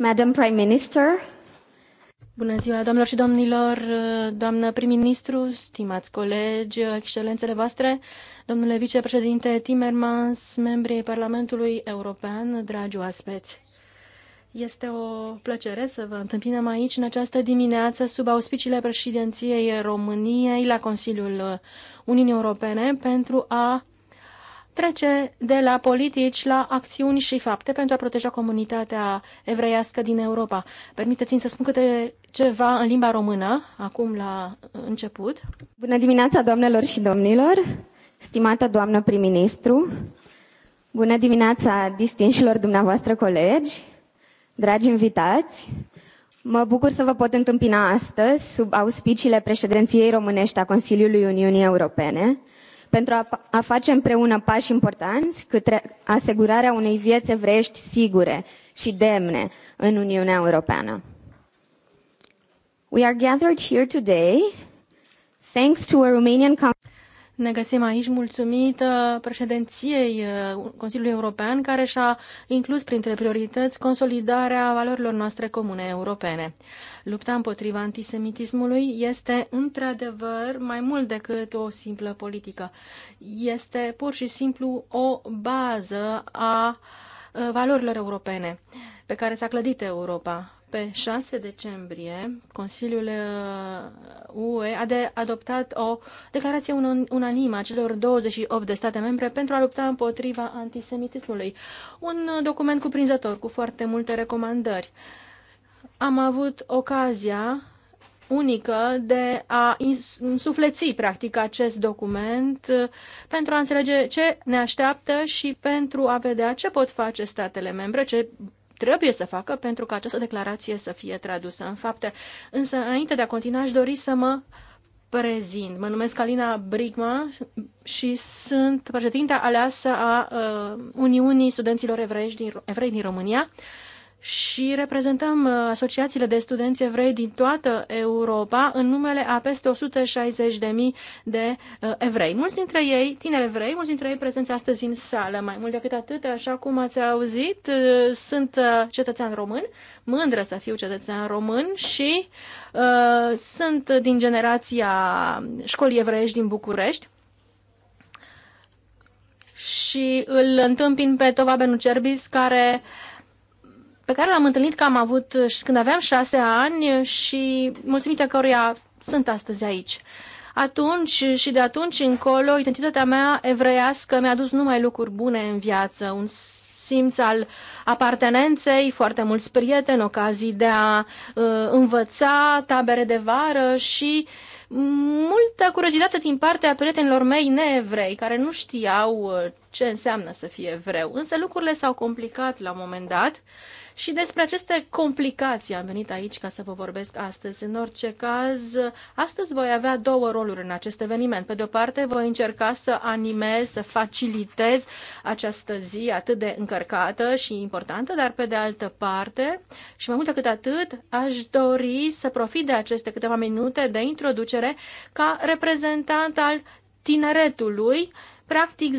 Madam Prime Minister. Bună ziua, doamnelor și domnilor, doamnă prim-ministru, stimați colegi, excelențele voastre, domnule vicepreședinte Timmermans, membrii Parlamentului European, dragi oaspeți. Este o plăcere să vă întâmpinăm aici în această dimineață sub auspiciile președinției României la Consiliul Uniunii Europene pentru a trece de la politici la acțiuni și fapte pentru a proteja comunitatea evreiască din Europa. Permiteți-mi să spun câte ceva în limba română, acum la uh, început. Bună dimineața, doamnelor și domnilor, stimată doamnă prim-ministru, bună dimineața distinșilor dumneavoastră colegi, dragi invitați, Mă bucur să vă pot întâmpina astăzi sub auspiciile președinției românești a Consiliului Uniunii Europene, pentru a face împreună pași importanți către asigurarea unei vieți evreiești sigure și demne în Uniunea Europeană. We are gathered here today thanks to a Romanian ne găsim aici mulțumită președinției uh, Consiliului European, care și-a inclus printre priorități consolidarea valorilor noastre comune europene. Lupta împotriva antisemitismului este, într-adevăr, mai mult decât o simplă politică. Este pur și simplu o bază a uh, valorilor europene pe care s-a clădit Europa pe 6 decembrie, Consiliul UE uh, a de adoptat o declarație unanimă a celor 28 de state membre pentru a lupta împotriva antisemitismului. Un document cuprinzător cu foarte multe recomandări. Am avut ocazia unică de a însufleți, practic acest document uh, pentru a înțelege ce ne așteaptă și pentru a vedea ce pot face statele membre, ce trebuie să facă pentru ca această declarație să fie tradusă în fapte. Însă, înainte de a continua, aș dori să mă prezint. Mă numesc Alina Brigma și sunt președinta aleasă a uh, Uniunii Studenților Evrești din, Evrei din România. Uh, și reprezentăm uh, asociațiile de studenți evrei din toată Europa în numele a peste 160.000 de uh, evrei. Mulți dintre ei, tineri evrei, mulți dintre ei prezenți astăzi în sală. Mai mult decât atât, așa cum ați auzit, uh, sunt cetățean român, mândră să fiu cetățean român și uh, sunt din generația școlii evreiești din București și îl întâmpin pe Tova Benucerbis, care uh, pe care l-am întâlnit că am avut uh, și când aveam șase ani uh, și mulțumită căruia sunt astăzi aici. Atunci uh, și de atunci încolo, identitatea mea evreiască mi-a dus numai lucruri bune în viață, un simț al apartenenței, foarte mulți prieteni, ocazii de a uh, învăța, tabere de vară și multă curiozitate din partea prietenilor mei neevrei, care nu știau ce înseamnă să fie evreu. Însă lucrurile s-au complicat la un moment dat și despre aceste complicații am venit aici ca să vă vorbesc astăzi. În orice caz, astăzi voi avea două roluri în acest eveniment. Pe de o parte, voi încerca să animez, să facilitez această zi atât de încărcată și importantă, dar pe de altă parte, și mai mult decât atât, aș dori să profit de aceste câteva minute de introducere ca reprezentant al tineretului practic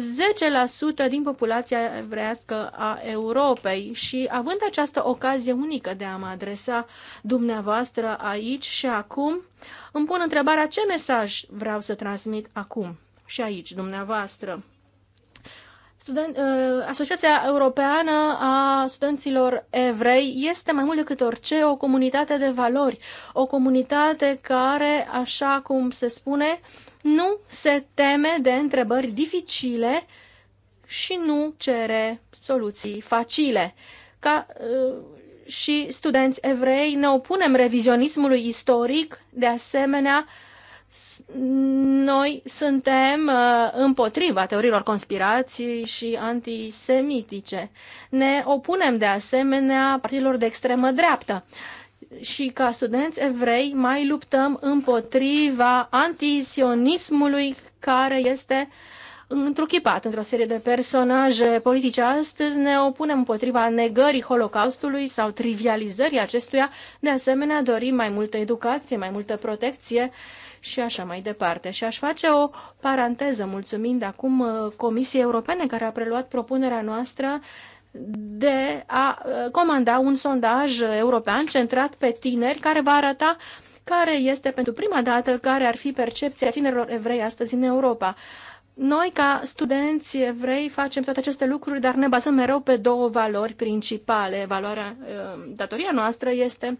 10% din populația evrească a Europei și având această ocazie unică de a mă adresa dumneavoastră aici și acum, îmi pun întrebarea ce mesaj vreau să transmit acum și aici dumneavoastră. Student, uh, Asociația Europeană a Studenților Evrei este mai mult decât orice o comunitate de valori, o comunitate care, așa cum se spune, nu se teme de întrebări dificile și nu cere soluții facile. Ca uh, și studenți evrei ne opunem revizionismului istoric, de asemenea, uh, noi suntem uh, împotriva teoriilor conspirații și antisemitice. Ne opunem de asemenea partidelor de extremă dreaptă și ca studenți evrei mai luptăm împotriva antisionismului care este întruchipat într-o serie de personaje politice. Astăzi ne opunem împotriva negării Holocaustului sau trivializării acestuia. De asemenea, dorim mai multă educație, mai multă protecție uh, și așa mai departe. Și aș face o paranteză mulțumind acum uh, Comisiei Europene care a preluat propunerea noastră de a uh, comanda un sondaj european centrat pe tineri care va arăta care este pentru prima dată care ar fi percepția tinerilor evrei astăzi în Europa. Noi, ca studenți evrei, facem toate aceste lucruri, dar ne bazăm mereu pe două valori principale. Valoarea, uh, datoria noastră este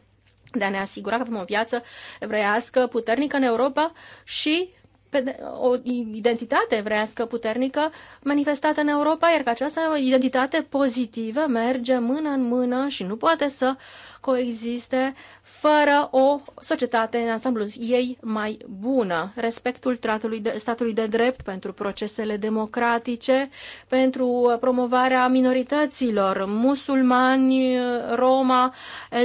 de a ne asigura că avem o viață evreiască puternică în Europa și o identitate evreiască puternică manifestată în Europa, iar că această identitate pozitivă merge mână în mână și nu poate să coexiste fără o societate în ansamblu ei mai bună. Respectul tratului de, statului de drept pentru procesele democratice, pentru promovarea minorităților, musulmani, roma,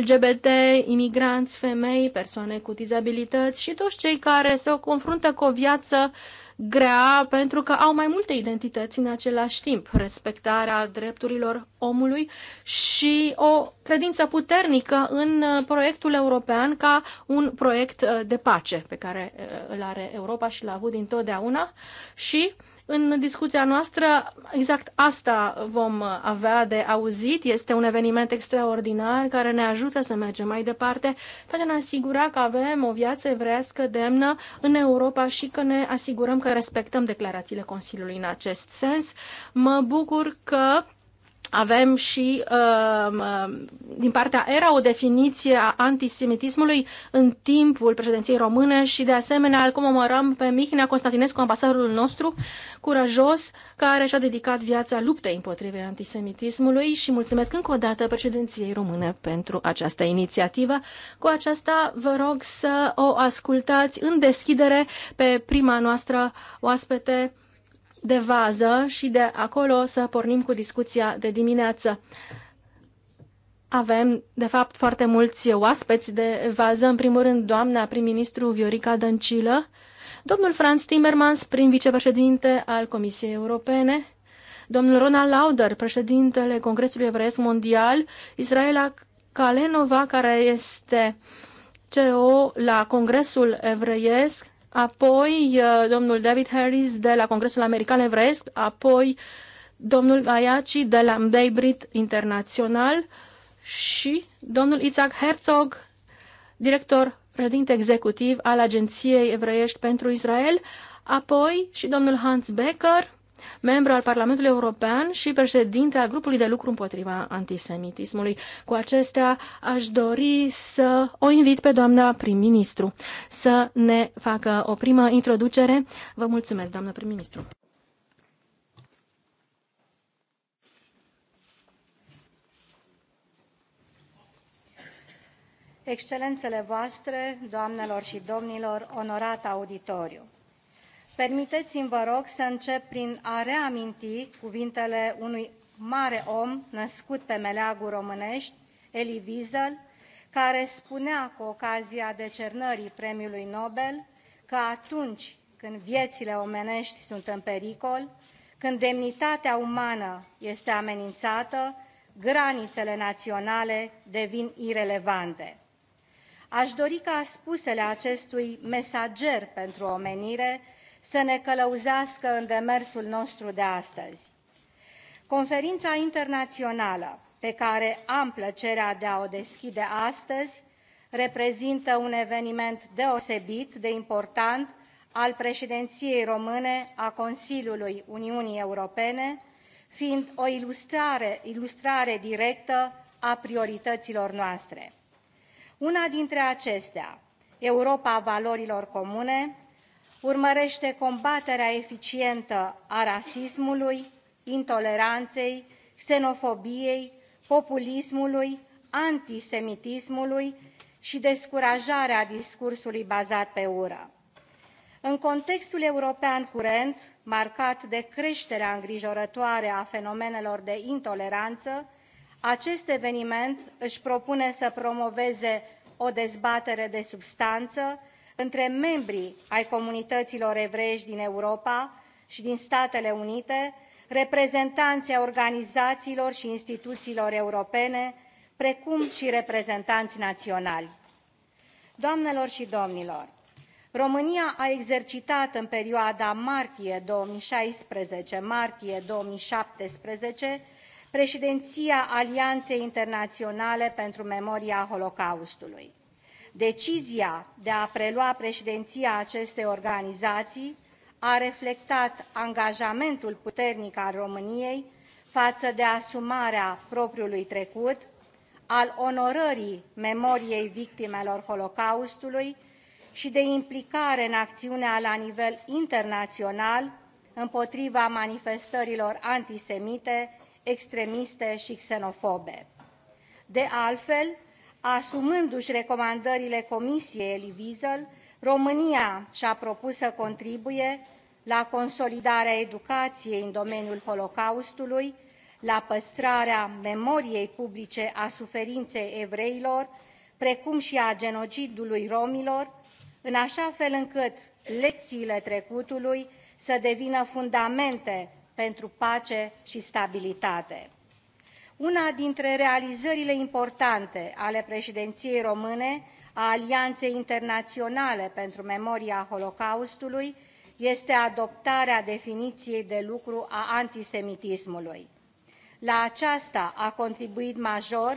LGBT, imigranți, femei, persoane cu dizabilități și toți cei care se confruntă cu o viață uh, grea pentru că au mai multe identități în același timp, respectarea drepturilor omului și o credință puternică în uh, proiectul european ca un proiect uh, de pace pe care uh, îl are Europa și l-a avut dintotdeauna și în discuția noastră, exact asta vom avea de auzit. Este un eveniment extraordinar care ne ajută să mergem mai departe pentru a ne asigura că avem o viață evrească demnă în Europa și că ne asigurăm că respectăm declarațiile Consiliului în acest sens. Mă bucur că avem și um, um, din partea ERA o definiție a antisemitismului în timpul președinției române și de asemenea îl comemorăm pe Mihnea Constantinescu, ambasadorul nostru curajos, care și-a dedicat viața luptei împotriva antisemitismului și mulțumesc încă o dată președinției române pentru această inițiativă. Cu aceasta vă rog să o ascultați în deschidere pe prima noastră oaspete de vază și de acolo să pornim cu discuția de dimineață. Avem, de fapt, foarte mulți oaspeți de vază. În primul rând, doamna prim-ministru Viorica Dăncilă, domnul Franz Timmermans, prim vicepreședinte al Comisiei Europene, domnul Ronald Lauder, președintele Congresului Evreiesc Mondial, Israela Kalenova, care este CEO la Congresul Evreiesc, apoi uh, domnul David Harris de la Congresul American Evresc, apoi domnul Ayachi de la Mdeibrit Internațional și domnul Isaac Herzog, director președinte executiv al Agenției Evreiești pentru Israel, apoi și domnul Hans Becker, membru al Parlamentului European și președinte al grupului de lucru împotriva antisemitismului. Cu acestea aș dori să o invit pe doamna prim-ministru să ne facă o primă introducere. Vă mulțumesc, doamna prim-ministru. Excelențele voastre, doamnelor și domnilor, onorat auditoriu! Permiteți-mi, vă rog, să încep prin a reaminti cuvintele unui mare om născut pe meleaguri românești, Elie Wiesel, care spunea cu ocazia decernării premiului Nobel că atunci când viețile omenești sunt în pericol, când demnitatea umană este amenințată, granițele naționale devin irelevante. Aș dori ca spusele acestui mesager pentru omenire să ne călăuzească în demersul nostru de astăzi. Conferința internațională pe care am plăcerea de a o deschide astăzi reprezintă un eveniment deosebit de important al președinției române a Consiliului Uniunii Europene, fiind o ilustrare, ilustrare directă a priorităților noastre. Una dintre acestea, Europa valorilor comune, urmărește combaterea eficientă a rasismului, intoleranței, xenofobiei, populismului, antisemitismului și descurajarea discursului bazat pe ură. În contextul european curent, marcat de creșterea îngrijorătoare a fenomenelor de intoleranță, acest eveniment își propune să promoveze o dezbatere de substanță între membrii ai comunităților evreiești din europa și din statele unite reprezentanți ai organizațiilor și instituțiilor europene precum și reprezentanți naționali. doamnelor și domnilor românia a exercitat în perioada martie două mii șaisprezece martie două mii șaptesprezece președinția alianței internaționale pentru memoria holocaustului decizia de a prelua președinția acestei organizații a reflectat angajamentul puternic al româniei față de asumarea propriului trecut al onorării memoriei victimelor holocaustului și de implicare în acțiunea la nivel internațional împotriva manifestărilor antisemite extremiste și xenofobe. de altfel asumându-și recomandările Comisiei Elie Wiesel, România și-a propus să contribuie la consolidarea educației în domeniul Holocaustului, la păstrarea memoriei publice a suferinței evreilor, precum și a genocidului romilor, în așa fel încât lecțiile trecutului să devină fundamente pentru pace și stabilitate. Una dintre realizările importante ale președinției române a Alianței Internaționale pentru Memoria Holocaustului este adoptarea definiției de lucru a antisemitismului. La aceasta a contribuit major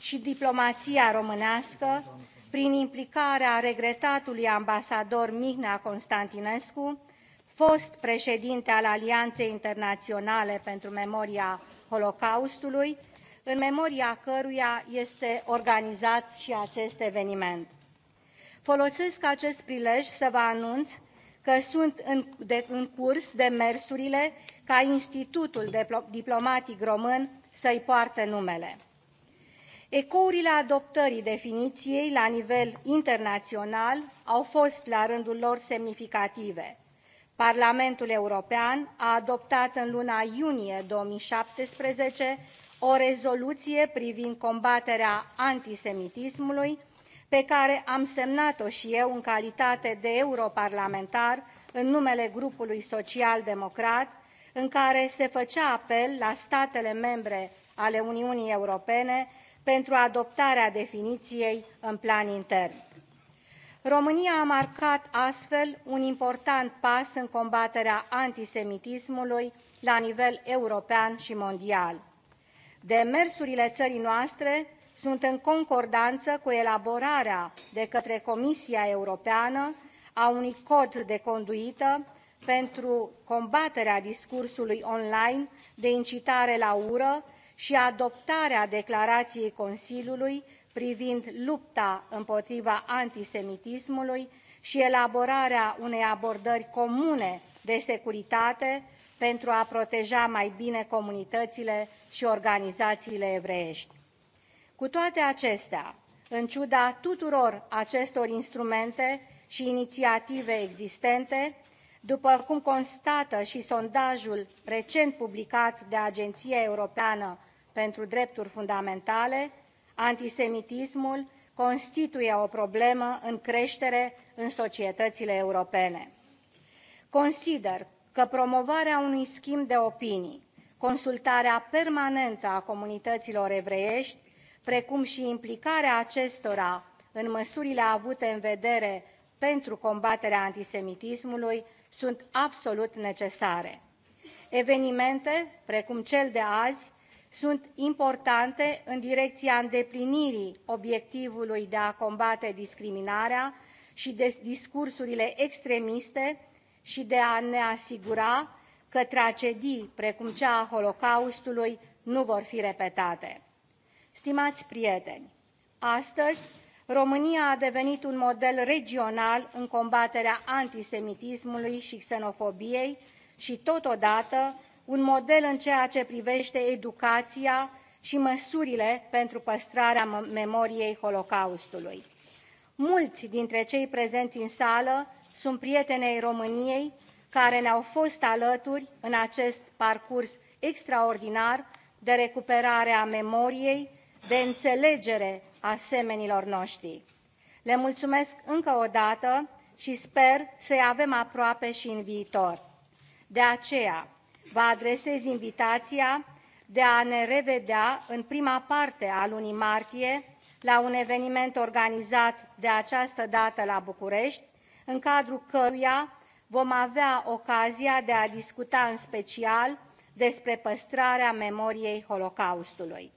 și diplomația românească prin implicarea regretatului ambasador Mihnea Constantinescu fost președinte al Alianței Internaționale pentru Memoria Holocaustului, în memoria căruia este organizat și acest eveniment. Folosesc acest prilej să vă anunț că sunt în, de, în curs demersurile ca Institutul Diplomatic Român să-i poarte numele. Ecourile adoptării definiției la nivel internațional au fost la rândul lor semnificative – parlamentul european a adoptat în luna iunie două mii șaptesprezece o rezoluție privind combaterea antisemitismului pe care am semnat o și eu în calitate de europarlamentar în numele grupului social democrat în care se făcea apel la statele membre ale uniunii europene pentru adoptarea definiției în plan intern românia a marcat astfel un important pas în combaterea antisemitismului la nivel european și mondial. demersurile țării noastre sunt în concordanță cu elaborarea de către comisia europeană a unui cod de conduită pentru combaterea discursului online de incitare la ură și adoptarea declarației consiliului privind lupta împotriva antisemitismului și elaborarea unei abordări comune de securitate pentru a proteja mai bine comunitățile și organizațiile evreiești. Cu toate acestea, în ciuda tuturor acestor instrumente și inițiative existente, după cum constată și sondajul recent publicat de Agenția Europeană pentru Drepturi Fundamentale, antisemitismul constituie o problemă în creștere în societățile europene. consider că promovarea unui schimb de opinii consultarea permanentă a comunităților evreiești precum și implicarea acestora în măsurile avute în vedere pentru combaterea antisemitismului sunt absolut necesare. evenimente precum cel de azi sunt importante în direcția îndeplinirii obiectivului de a combate discriminarea și discursurile extremiste și de a ne asigura că tragedii precum cea a holocaustului nu vor fi repetate. Stimați prieteni, astăzi România a devenit un model regional în combaterea antisemitismului și xenofobiei și totodată un model în ceea ce privește educația și măsurile pentru păstrarea memoriei holocaustului. mulți dintre cei prezenți în sală sunt prieteni ai româniei care ne au fost alături în acest parcurs extraordinar de recuperare a memoriei de înțelegere a semenilor noștri. le mulțumesc încă o dată și sper să i avem aproape și în viitor. de aceea vă adresez invitația de a ne revedea în prima parte a lunii martie la un eveniment organizat de această dată la bucurești în cadrul căruia vom avea ocazia de a discuta în special despre păstrarea memoriei holocaustului.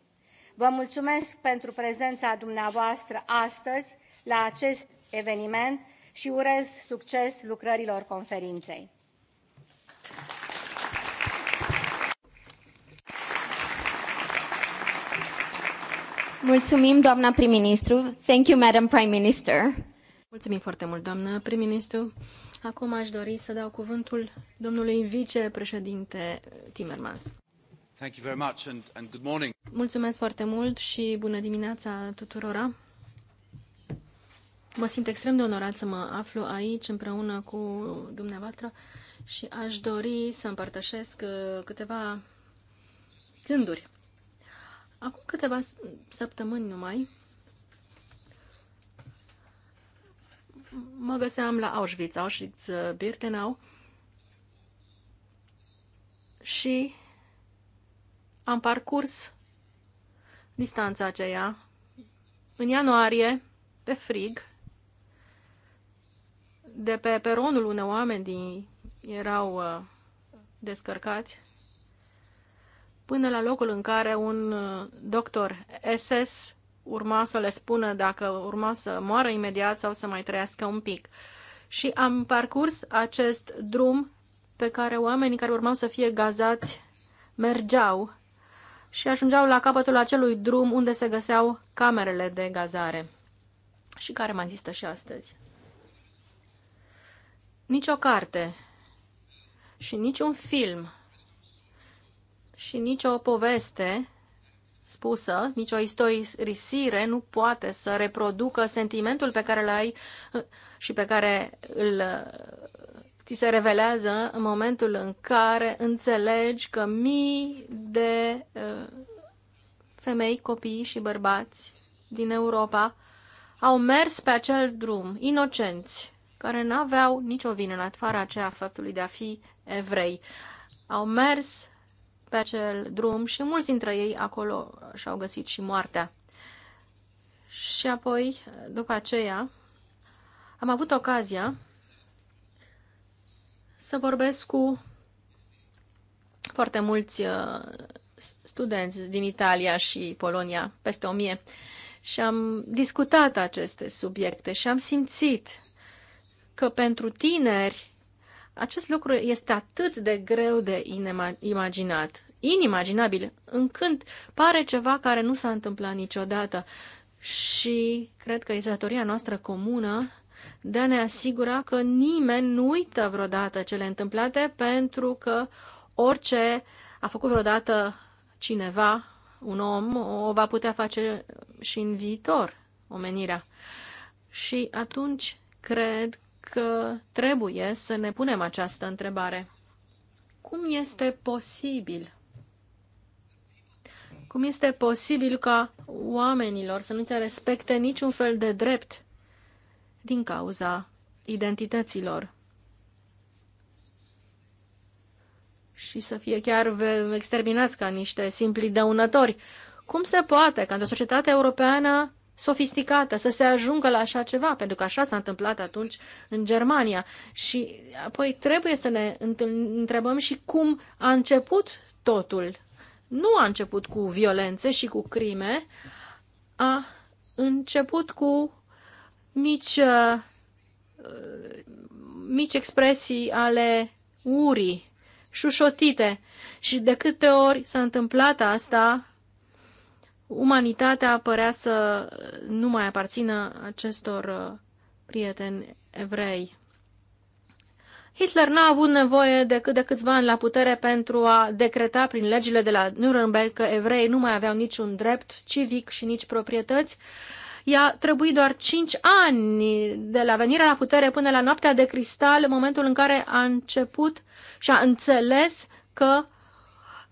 vă mulțumesc pentru prezența dumneavoastră astăzi la acest eveniment și urez succes lucrărilor conferinței. Mulțumim, doamna prim-ministru. Thank you, Madam Prime Minister. Mulțumim foarte mult, doamnă prim-ministru. Acum aș dori să dau cuvântul domnului vicepreședinte Timmermans. Thank you very much and, and good morning. Mulțumesc foarte mult și bună dimineața tuturora. Mă simt extrem de onorat să mă aflu aici împreună cu dumneavoastră și aș dori să împărtășesc uh, câteva gânduri Acum câteva săptămâni numai, mă găseam la Auschwitz, Auschwitz-Birkenau și am parcurs distanța aceea în ianuarie, pe frig, de pe peronul unei oameni din, erau uh, descărcați până la locul în care un uh, doctor SS urma să le spună dacă urma să moară imediat sau să mai trăiască un pic. Și am parcurs acest drum pe care oamenii care urmau să fie gazați mergeau și ajungeau la capătul acelui drum unde se găseau camerele de gazare și care mai există și astăzi. Nici o carte și nici un film și nicio poveste spusă, nicio istorisire nu poate să reproducă sentimentul pe care îl ai uh, și pe care îl uh, ți se revelează în momentul în care înțelegi că mii de uh, femei, copii și bărbați din Europa au mers pe acel drum, inocenți, care n-aveau nicio vină în afara aceea faptului de a fi evrei. Au mers pe acel drum și mulți dintre ei acolo și-au găsit și moartea. Și apoi, după aceea, am avut ocazia să vorbesc cu foarte mulți uh, studenți din Italia și Polonia, peste o mie, și am discutat aceste subiecte și am simțit că pentru tineri acest lucru este atât de greu de imaginat, inimaginabil, încât pare ceva care nu s-a întâmplat niciodată. Și cred că este datoria noastră comună de a ne asigura că nimeni nu uită vreodată cele întâmplate, pentru că orice a făcut vreodată cineva, un om, o va putea face și în viitor omenirea. Și atunci cred că trebuie să ne punem această întrebare. Cum este posibil? Cum este posibil ca oamenilor să nu se respecte niciun fel de drept din cauza identităților? Și să fie chiar exterminați ca niște simpli dăunători. Cum se poate ca într-o societate europeană sofisticată să se ajungă la așa ceva, pentru că așa s-a întâmplat atunci în Germania. Și apoi trebuie să ne întrebăm și cum a început totul. Nu a început cu violențe și cu crime, a început cu mici, uh, mici expresii ale urii, șușotite. Și de câte ori s-a întâmplat asta, umanitatea părea să nu mai aparțină acestor uh, prieteni evrei. Hitler n-a avut nevoie decât de câțiva ani la putere pentru a decreta prin legile de la Nuremberg că evrei nu mai aveau niciun drept civic și nici proprietăți. I-a trebuit doar 5 ani de la venirea la putere până la noaptea de cristal, momentul în care a început și a înțeles că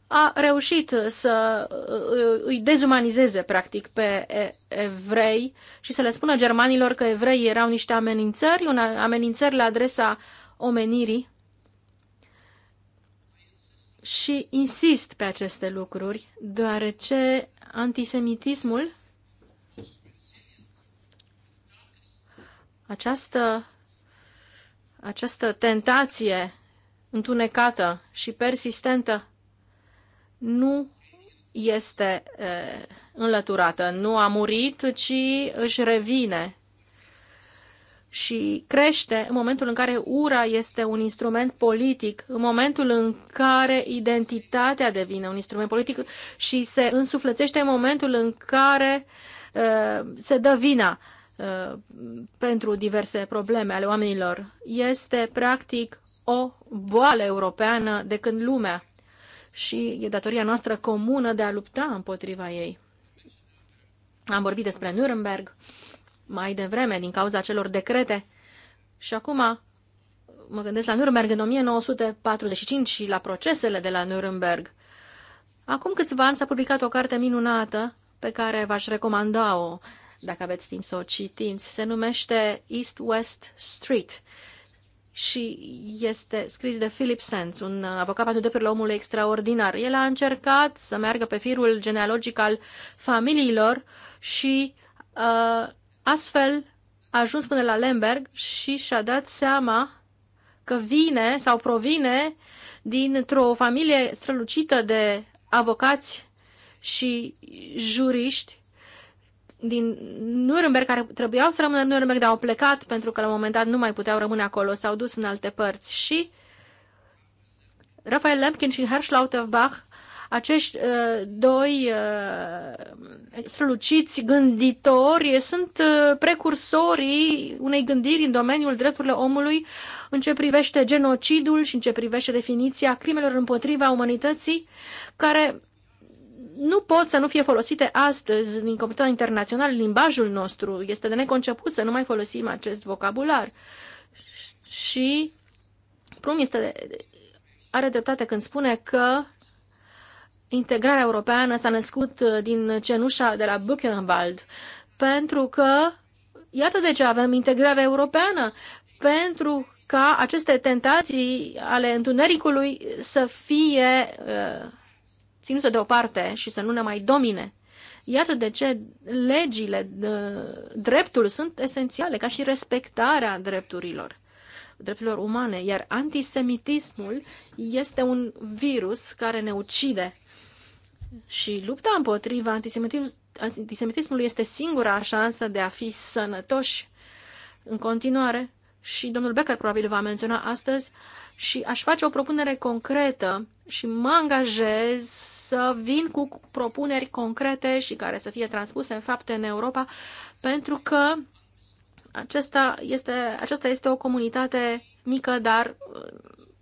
a reușit să uh, uh, îi dezumanizeze, practic, pe evrei și să le spună germanilor că evreii erau niște amenințări, una, amenințări la adresa omenirii. Și insist pe aceste lucruri, deoarece antisemitismul, această, această tentație întunecată și persistentă nu este înlăturată, nu a murit, ci își revine și crește în momentul în care ura este un instrument politic, în momentul în care identitatea devine un instrument politic și se însuflățește în momentul în care uh, se dă vina uh, pentru diverse probleme ale oamenilor. Este practic o boală europeană de când lumea și e datoria noastră comună de a lupta împotriva ei. Am vorbit despre Nuremberg mai devreme din cauza celor decrete și acum mă gândesc la Nuremberg în 1945 și la procesele de la Nuremberg. Acum câțiva ani s-a publicat o carte minunată pe care v-aș recomanda-o dacă aveți timp să o citiți. Se numește East-West Street și este scris de Philip Sands, un avocat pentru drepturile omului extraordinar. El a încercat să meargă pe firul genealogic al familiilor și uh, astfel a ajuns până la Lemberg și și-a dat seama că vine sau provine dintr-o familie strălucită de avocați și juriști din Nuremberg, care trebuiau să rămână în Nuremberg, dar au plecat pentru că la un moment dat nu mai puteau rămâne acolo, s-au dus în alte părți și Rafael Lemkin și Hersch Schlauterbach, acești uh, doi uh, străluciți gânditori, sunt uh, precursorii unei gândiri în domeniul drepturilor omului în ce privește genocidul și în ce privește definiția crimelor împotriva umanității, care nu pot să nu fie folosite astăzi din comitetul internațional limbajul nostru. Este de neconceput să nu mai folosim acest vocabular. Și Prum este, are dreptate când spune că integrarea europeană s-a născut din cenușa de la Buchenwald, pentru că, iată de ce avem integrarea europeană, pentru ca aceste tentații ale întunericului să fie uh, ținută deoparte și să nu ne mai domine. Iată de ce legile, dreptul sunt esențiale, ca și respectarea drepturilor, drepturilor umane, iar antisemitismul este un virus care ne ucide. Și lupta împotriva antisemitismului este singura șansă de a fi sănătoși în continuare. Și domnul Becker probabil va menționa astăzi uh, și aș face o propunere concretă și mă angajez să vin cu propuneri concrete și care să fie transpuse în fapte în Europa, pentru că acesta este, aceasta este o comunitate mică, dar uh,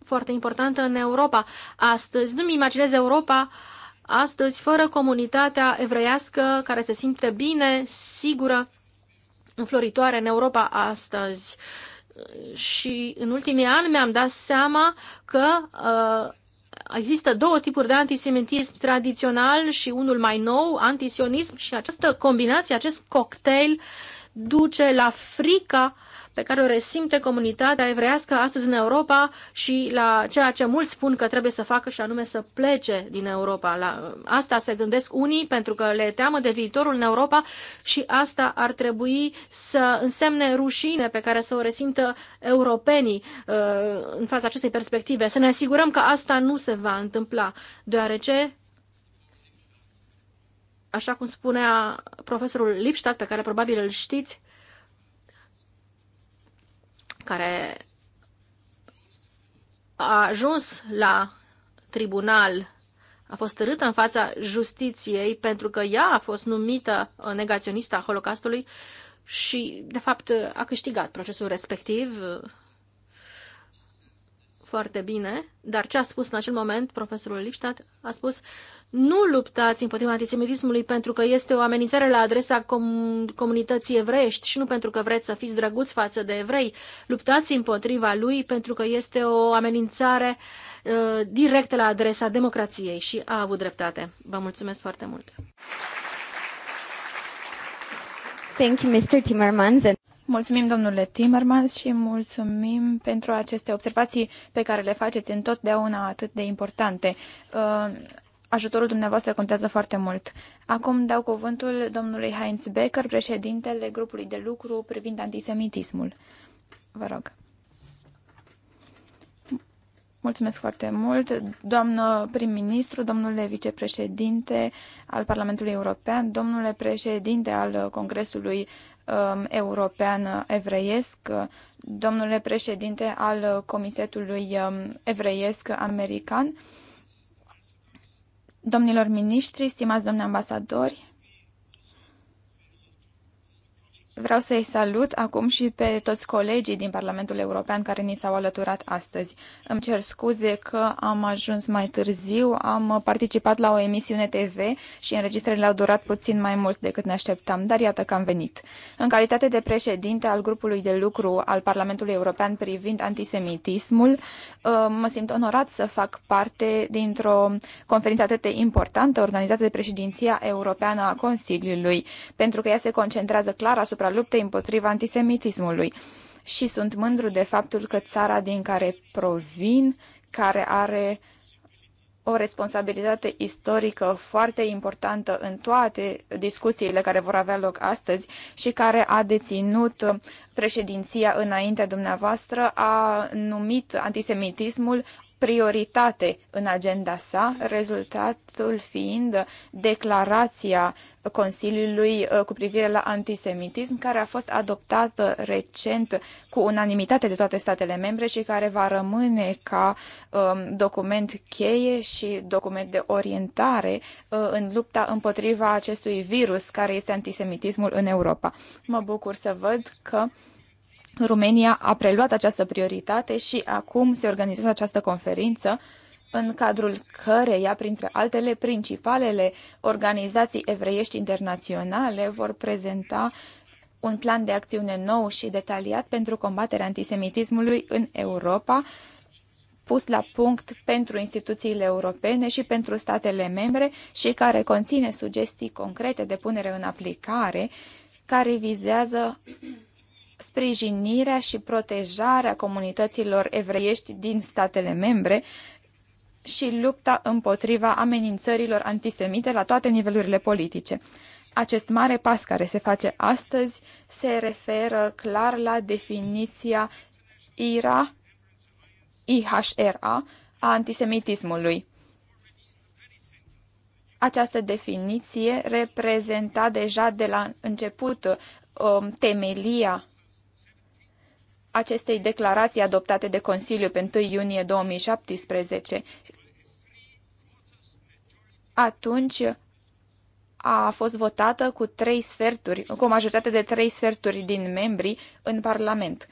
foarte importantă în Europa. Astăzi, nu-mi imaginez Europa astăzi fără comunitatea evreiască care se simte bine, sigură, înfloritoare în Europa astăzi. Uh, și în ultimii ani mi-am dat seama că uh, există două tipuri de antisemitism tradițional și unul mai nou, antisionism și această combinație, acest cocktail duce la frica pe care o resimte comunitatea evrească astăzi în Europa și la ceea ce mulți spun că trebuie să facă și anume să plece din Europa. La asta se gândesc unii pentru că le teamă de viitorul în Europa și asta ar trebui să însemne rușine pe care să o resimtă europenii uh, în fața acestei perspective. Să ne asigurăm că asta nu se va întâmpla, deoarece așa cum spunea profesorul Lipstadt, pe care probabil îl știți, care a ajuns la tribunal, a fost târâtă în fața justiției pentru că ea a fost numită uh, negaționistă a Holocaustului și, de fapt, a câștigat procesul respectiv uh, foarte bine, dar ce a spus în acel moment profesorul Lipstadt? A spus, nu luptați împotriva antisemitismului pentru că este o amenințare la adresa com- comunității evreiești și nu pentru că vreți să fiți drăguți față de evrei. Luptați împotriva lui pentru că este o amenințare uh, directă la adresa democrației și a avut dreptate. Vă mulțumesc foarte mult! Thank you, Mr. Timmermans. Mulțumim, domnule Timmermans, și mulțumim pentru aceste observații pe care le faceți întotdeauna atât de importante. Uh, ajutorul dumneavoastră contează foarte mult. Acum dau cuvântul domnului Heinz Becker, președintele grupului de lucru privind antisemitismul. Vă rog. Mulțumesc foarte mult, doamnă prim-ministru, domnule vicepreședinte al Parlamentului European, domnule președinte al Congresului Um, european evreiesc, domnule președinte al Comitetului um, Evreiesc American, domnilor miniștri, stimați domni ambasadori, Vreau să-i salut acum și pe toți colegii din Parlamentul European care ni s-au alăturat astăzi. Îmi cer scuze că am ajuns mai târziu, am participat la o emisiune TV și înregistrările au durat puțin mai mult decât ne așteptam, dar iată că am venit. În calitate de președinte al grupului de lucru al Parlamentului European privind antisemitismul, ă, mă simt onorat să fac parte dintr-o conferință atât de importantă organizată de președinția europeană a Consiliului, pentru că ea se concentrează clar asupra asupra luptei împotriva antisemitismului. Și sunt mândru de faptul că țara din care provin, care are o responsabilitate istorică foarte importantă în toate discuțiile care vor avea loc astăzi și care a deținut președinția înaintea dumneavoastră, a numit antisemitismul prioritate în agenda sa, rezultatul fiind declarația Consiliului uh, cu privire la antisemitism, care a fost adoptată recent cu unanimitate de toate statele membre și care va rămâne ca um, document cheie și document de orientare uh, în lupta împotriva acestui virus care este antisemitismul în Europa. Mă bucur să văd că uh, Rumenia a preluat această prioritate și acum se organizează această conferință în cadrul căreia, printre altele, principalele organizații evreiești internaționale vor prezenta un plan de acțiune nou și detaliat pentru combaterea antisemitismului în Europa, pus la punct pentru instituțiile europene și pentru statele membre și care conține sugestii concrete de punere în aplicare, care vizează sprijinirea și protejarea comunităților evreiești din statele membre și lupta împotriva amenințărilor antisemite la toate nivelurile politice. Acest mare pas care se face astăzi se referă clar la definiția IRA, IHRA, a antisemitismului. Această definiție reprezenta deja de la început um, temelia acestei declarații adoptate de Consiliu pe 1 iunie 2017. Atunci a fost votată cu trei sferturi, cu o majoritate de trei sferturi din membri în Parlament.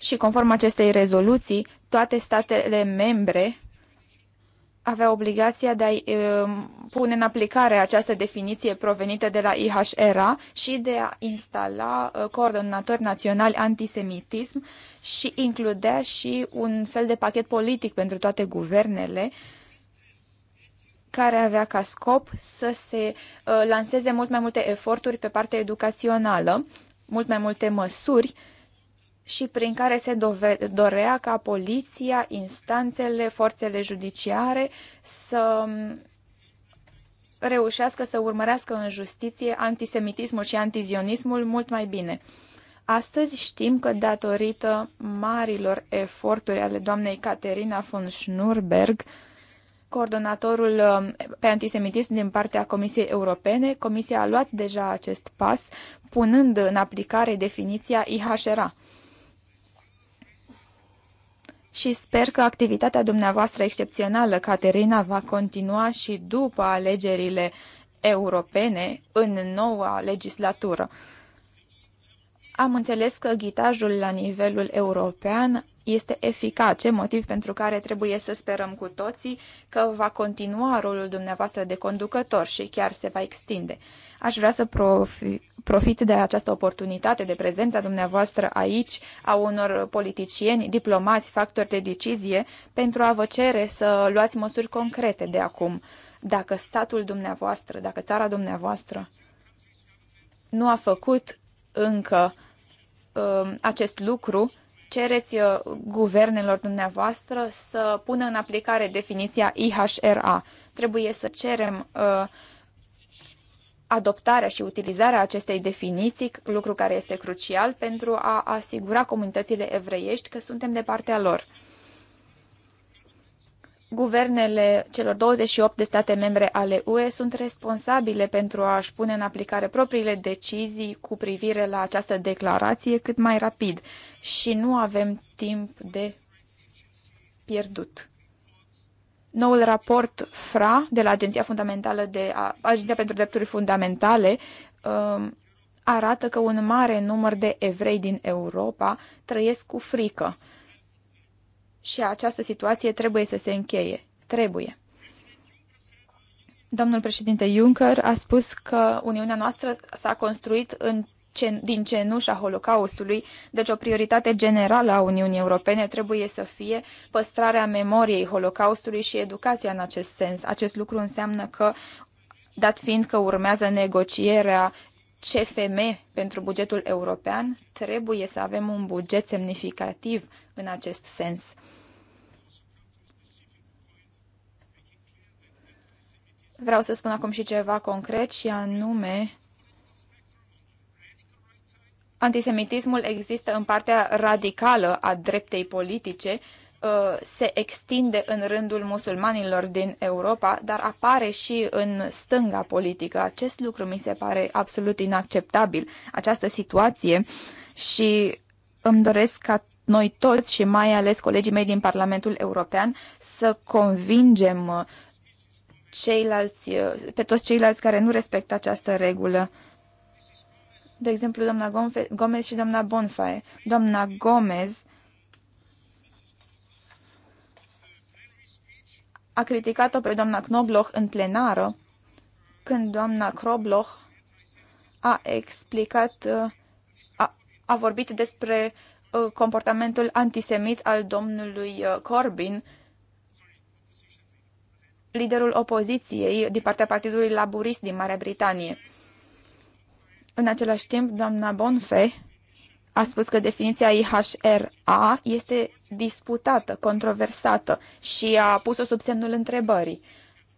Și conform acestei rezoluții, toate statele membre avea obligația de a pune în aplicare această definiție provenită de la IHRA și de a instala coordonatori naționali antisemitism și includea și un fel de pachet politic pentru toate guvernele care avea ca scop să se lanseze mult mai multe eforturi pe partea educațională, mult mai multe măsuri uh, și prin care se dorea ca poliția, instanțele, forțele judiciare să reușească să urmărească în justiție antisemitismul și antizionismul mult mai bine. Astăzi știm că datorită marilor eforturi ale doamnei Caterina von Schnurberg, coordonatorul um, pe antisemitism din partea Comisiei Europene, Comisia a luat deja acest pas, punând în aplicare definiția IHRA și sper că activitatea dumneavoastră excepțională, Caterina, va continua și după alegerile europene în noua legislatură. Am înțeles că ghitajul la nivelul european este eficace, motiv pentru care trebuie să sperăm cu toții că va continua rolul dumneavoastră de conducător și chiar se va extinde. Aș vrea să profi, profit de această oportunitate de prezența dumneavoastră aici a unor politicieni, diplomați, factori de decizie pentru a vă cere să luați măsuri concrete de acum. Dacă statul dumneavoastră, dacă țara dumneavoastră nu a făcut încă uh, acest lucru, cereți uh, guvernelor dumneavoastră să pună în aplicare definiția IHRA. Trebuie să cerem uh, adoptarea și utilizarea acestei definiții, lucru care este crucial pentru a asigura comunitățile evreiești că suntem de partea lor. Guvernele celor 28 de state membre ale UE sunt responsabile pentru a-și pune în aplicare propriile decizii cu privire la această declarație cât mai rapid și nu avem timp de pierdut. Noul raport FRA de la Agenția, Fundamentală de, Agenția pentru Drepturi Fundamentale um, arată că un mare număr de evrei din Europa trăiesc cu frică. Și această situație trebuie să se încheie. Trebuie. Domnul președinte Juncker a spus că Uniunea noastră s-a construit în din cenușa Holocaustului, deci o prioritate generală a Uniunii Europene trebuie să fie păstrarea memoriei Holocaustului și educația în acest sens. Acest lucru înseamnă că, dat fiind că urmează negocierea CFM pentru bugetul european, trebuie să avem un buget semnificativ în acest sens. Vreau să spun acum și ceva concret și anume antisemitismul există în partea radicală a dreptei politice, uh, se extinde în rândul musulmanilor din Europa, dar apare și în stânga politică. Acest lucru mi se pare absolut inacceptabil, această situație și îmi doresc ca noi toți și mai ales colegii mei din Parlamentul European să convingem uh, ceilalți, uh, pe toți ceilalți care nu respectă această regulă de exemplu, doamna Gomez și doamna Bonfae. Doamna Gomez a criticat-o pe doamna Knobloch în plenară, când doamna Knobloch a explicat, a, a vorbit despre ă, comportamentul antisemit al domnului ă, Corbyn, liderul opoziției din partea Partidului Laburist din Marea Britanie. În același timp, doamna Bonfe a spus că definiția IHRA este disputată, controversată și a pus-o sub semnul întrebării.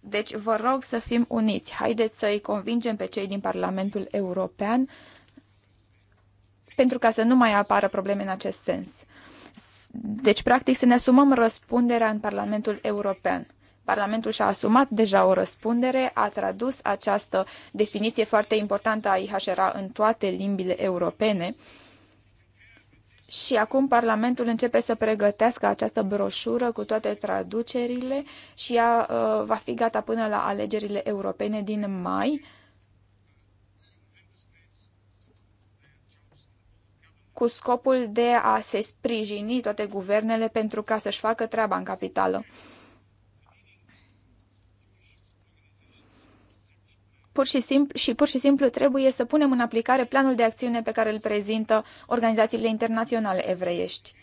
Deci vă rog să fim uniți. Haideți să-i convingem pe cei din Parlamentul European pentru ca să nu mai apară probleme în acest sens. Deci, practic, să ne asumăm răspunderea în Parlamentul European. Parlamentul și-a asumat deja o răspundere, a tradus această definiție foarte importantă a IHR în toate limbile europene și acum Parlamentul începe să pregătească această broșură cu toate traducerile și ea uh, va fi gata până la alegerile europene din mai. cu scopul de a se sprijini toate guvernele pentru ca să-și facă treaba în capitală. pur și, simplu, și pur și simplu trebuie să punem în aplicare planul de acțiune pe care îl prezintă organizațiile internaționale evreiești.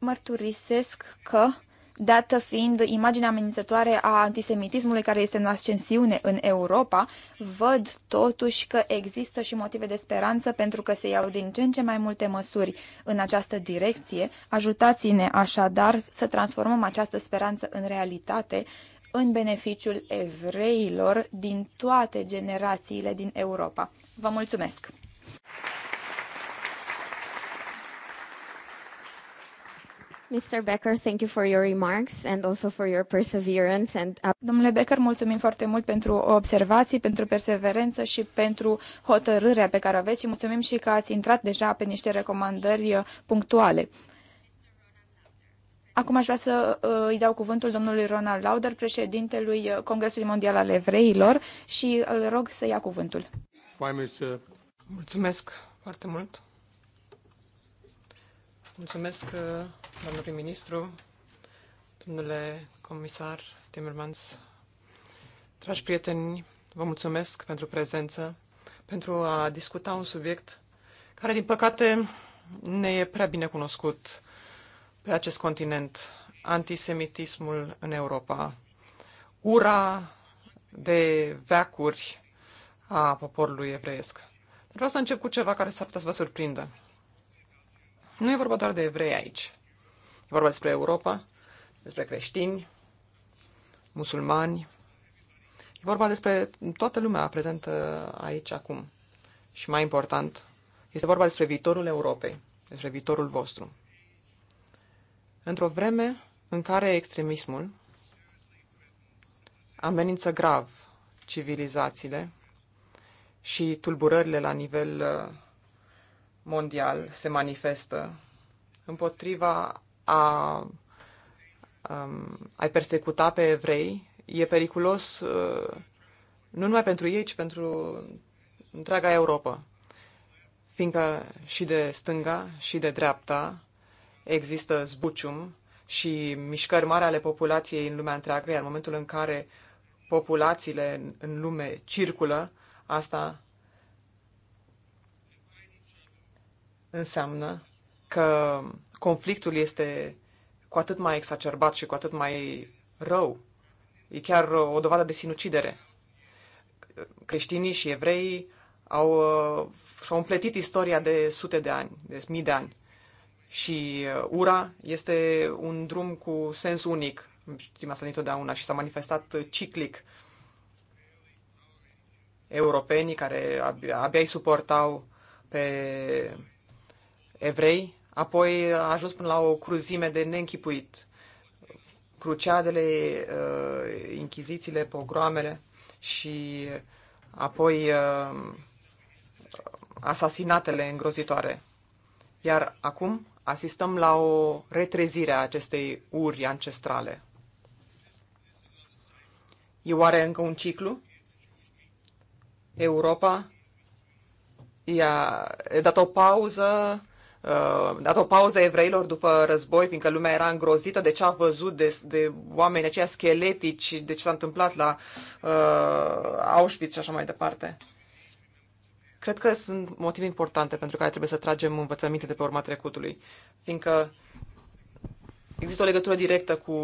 Mărturisesc că, dată fiind imaginea amenințătoare a antisemitismului care este în ascensiune în Europa, văd totuși că există și motive de speranță pentru că se iau din ce în ce mai multe măsuri în această direcție. Ajutați-ne așadar să transformăm această speranță în realitate în beneficiul evreilor din toate generațiile din Europa. Vă mulțumesc! Mr. Becker, thank you for your remarks and also for your perseverance and Domnule Becker, mulțumim foarte mult pentru observații, pentru perseverență și pentru hotărârea pe care o aveți și mulțumim și că ați intrat deja pe niște recomandări punctuale. Acum aș vrea să uh, îi dau cuvântul domnului Ronald Lauder, președintelui uh, Congresului Mondial al Evreilor, și îl rog să ia cuvântul. Mulțumesc foarte mult. Mulțumesc, uh, domnului ministru, domnule comisar Timmermans, dragi prieteni, vă mulțumesc pentru prezență, pentru a discuta un subiect care, din păcate, ne e prea bine cunoscut pe acest continent, antisemitismul în Europa, ura de veacuri a poporului evreiesc. Dar vreau să încep cu ceva care s-ar putea să vă surprindă. Nu e vorba doar de evrei aici. E vorba despre Europa, despre creștini, musulmani. E vorba despre toată lumea prezentă aici acum. Și mai important, este vorba despre viitorul Europei, despre viitorul vostru într-o vreme în care extremismul amenință grav civilizațiile și tulburările la nivel uh, mondial se manifestă împotriva a, um, a persecuta pe evrei e periculos uh, nu numai pentru ei, ci pentru întreaga Europa. Fiindcă și de stânga și de dreapta există zbucium și mișcări mari ale populației în lumea întreagă, iar în momentul în care populațiile în lume circulă, asta înseamnă că conflictul este cu atât mai exacerbat și cu atât mai rău. E chiar o dovadă de sinucidere. Creștinii și evreii au, uh, și-au împletit istoria de sute de ani, de mii de ani și uh, ura este un drum cu sens unic. Știm asta întotdeauna și s-a manifestat ciclic. Europenii care abia, îi suportau pe evrei, apoi a ajuns până la o cruzime de neînchipuit. Cruceadele, uh, inchizițiile, pogroamele și uh, apoi asasinatele îngrozitoare. Iar acum asistăm la o retrezire a acestei uri ancestrale. E oare încă un ciclu? Europa i-a dat o pauză Uh, dat o pauză evreilor după război, fiindcă lumea era îngrozită de ce a văzut de, de oameni aceia scheletici, de ce s-a întâmplat la uh, Auschwitz și așa mai departe. Cred că sunt motive importante pentru care trebuie să tragem învățăminte de pe urma trecutului, fiindcă există o legătură directă cu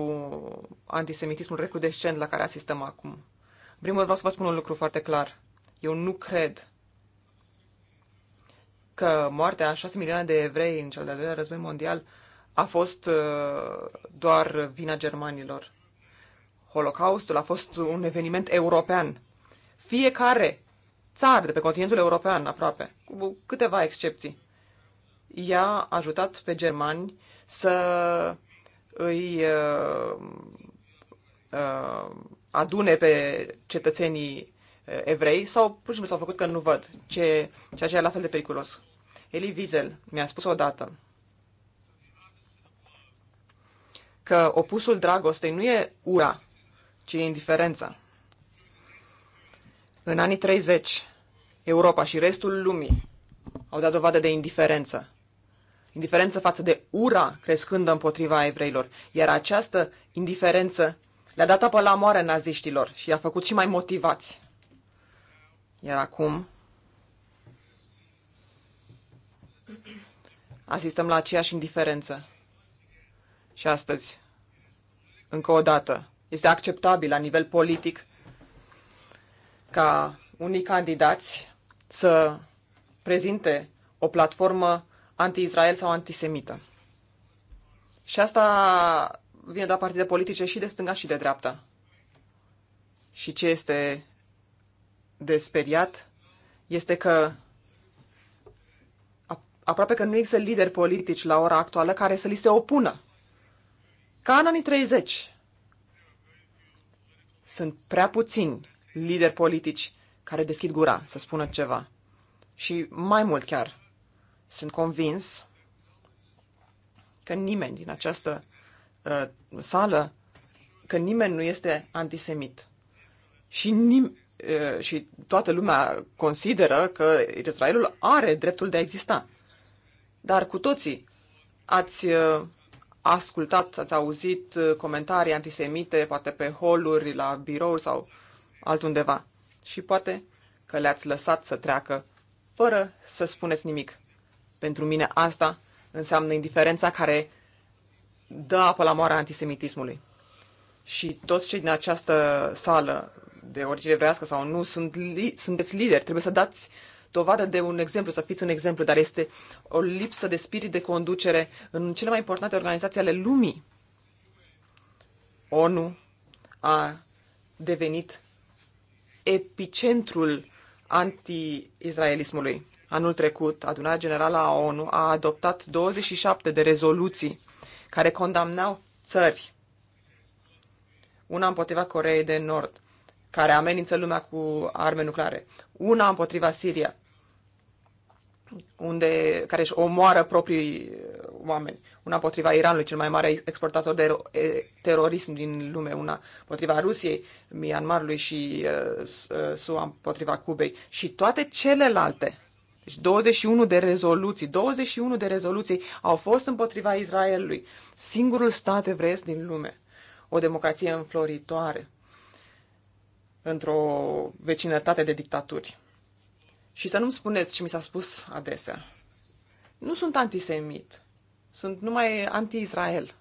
antisemitismul recrudescent la care asistăm acum. În primul rând vreau să vă spun un lucru foarte clar. Eu nu cred că moartea a șase milioane de evrei în cel de-al doilea război mondial a fost uh, doar vina germanilor. Holocaustul a fost un eveniment european. Fiecare țari de pe continentul european aproape, cu câteva excepții. Ea a ajutat pe germani să îi uh, uh, adune pe cetățenii uh, evrei sau pur și simplu s-au făcut că nu văd, ce, ceea ce e la fel de periculos. Eli Wiesel mi-a spus odată că opusul dragostei nu e ura, ci e indiferența. În anii 30, Europa și restul lumii au dat dovadă de indiferență. Indiferență față de ura crescândă împotriva evreilor, iar această indiferență le-a dat apă la moare naziștilor și i-a făcut și mai motivați. Iar acum asistăm la aceeași indiferență. Și astăzi, încă o dată, este acceptabil la nivel politic ca unii candidați să prezinte o platformă anti-Israel sau antisemită. Și asta vine de la partide politice și de stânga și de dreapta. Și ce este de speriat este că aproape că nu există lideri politici la ora actuală care să li se opună. Ca în anii 30. Sunt prea puțini lideri politici care deschid gura să spună ceva. Și mai mult chiar, sunt convins că nimeni din această uh, sală, că nimeni nu este antisemit. Și, nim- uh, și toată lumea consideră că Israelul are dreptul de a exista. Dar cu toții ați uh, ascultat, ați auzit uh, comentarii antisemite, poate pe holuri, la birouri sau uh, altundeva. Și poate că le-ați lăsat să treacă fără să spuneți nimic. Pentru mine asta înseamnă indiferența care dă apă la moara antisemitismului. Și toți cei din această sală, de origine evrească sau nu, sunt li- sunteți lideri, trebuie să dați dovadă de un exemplu, să fiți un exemplu, dar este o lipsă de spirit de conducere în cele mai importante organizații ale lumii. ONU a devenit epicentrul anti israelismului Anul trecut, adunarea generală a ONU a adoptat 27 de rezoluții care condamnau țări. Una împotriva Coreei de Nord, care amenință lumea cu arme nucleare. Una împotriva Siria, unde, care își omoară proprii uh, oameni una potriva Iranului, cel mai mare exportator de terorism din lume, una potriva Rusiei, Myanmarului și uh, SUA împotriva Cubei și toate celelalte. Deci 21 de rezoluții, 21 de rezoluții au fost împotriva Israelului, singurul stat evreiesc din lume, o democrație înfloritoare într-o vecinătate de dictaturi. Și să nu-mi spuneți ce mi s-a spus adesea. Nu sunt antisemit sunt numai anti-Israel.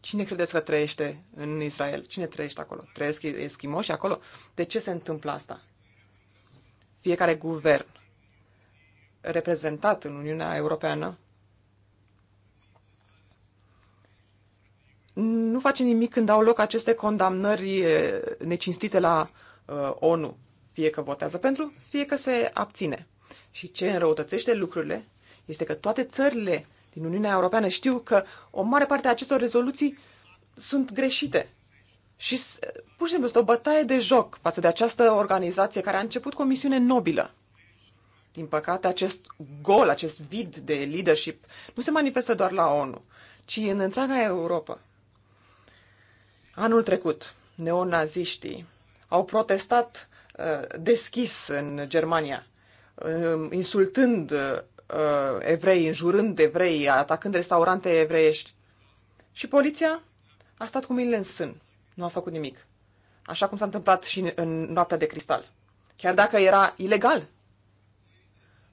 Cine credeți că trăiește în Israel? Cine trăiește acolo? Trăiesc eschimoși acolo? De ce se întâmplă asta? Fiecare guvern reprezentat în Uniunea Europeană nu face nimic când au loc aceste condamnări necinstite la uh, ONU. Fie că votează pentru, fie că se abține. Și ce înrăutățește lucrurile este că toate țările din Uniunea Europeană știu că o mare parte a acestor rezoluții sunt greșite. Și pur și simplu este o bătaie de joc față de această organizație care a început cu o misiune nobilă. Din păcate, acest gol, acest vid de leadership nu se manifestă doar la ONU, ci în întreaga Europa. Anul trecut, neonaziștii au protestat uh, deschis în Germania, um, uh, insultând uh, evrei, înjurând evrei, atacând restaurante evreiești. Și poliția a stat cu mâinile în sân. Nu a făcut nimic. Așa cum s-a întâmplat și în noaptea de cristal. Chiar dacă era ilegal.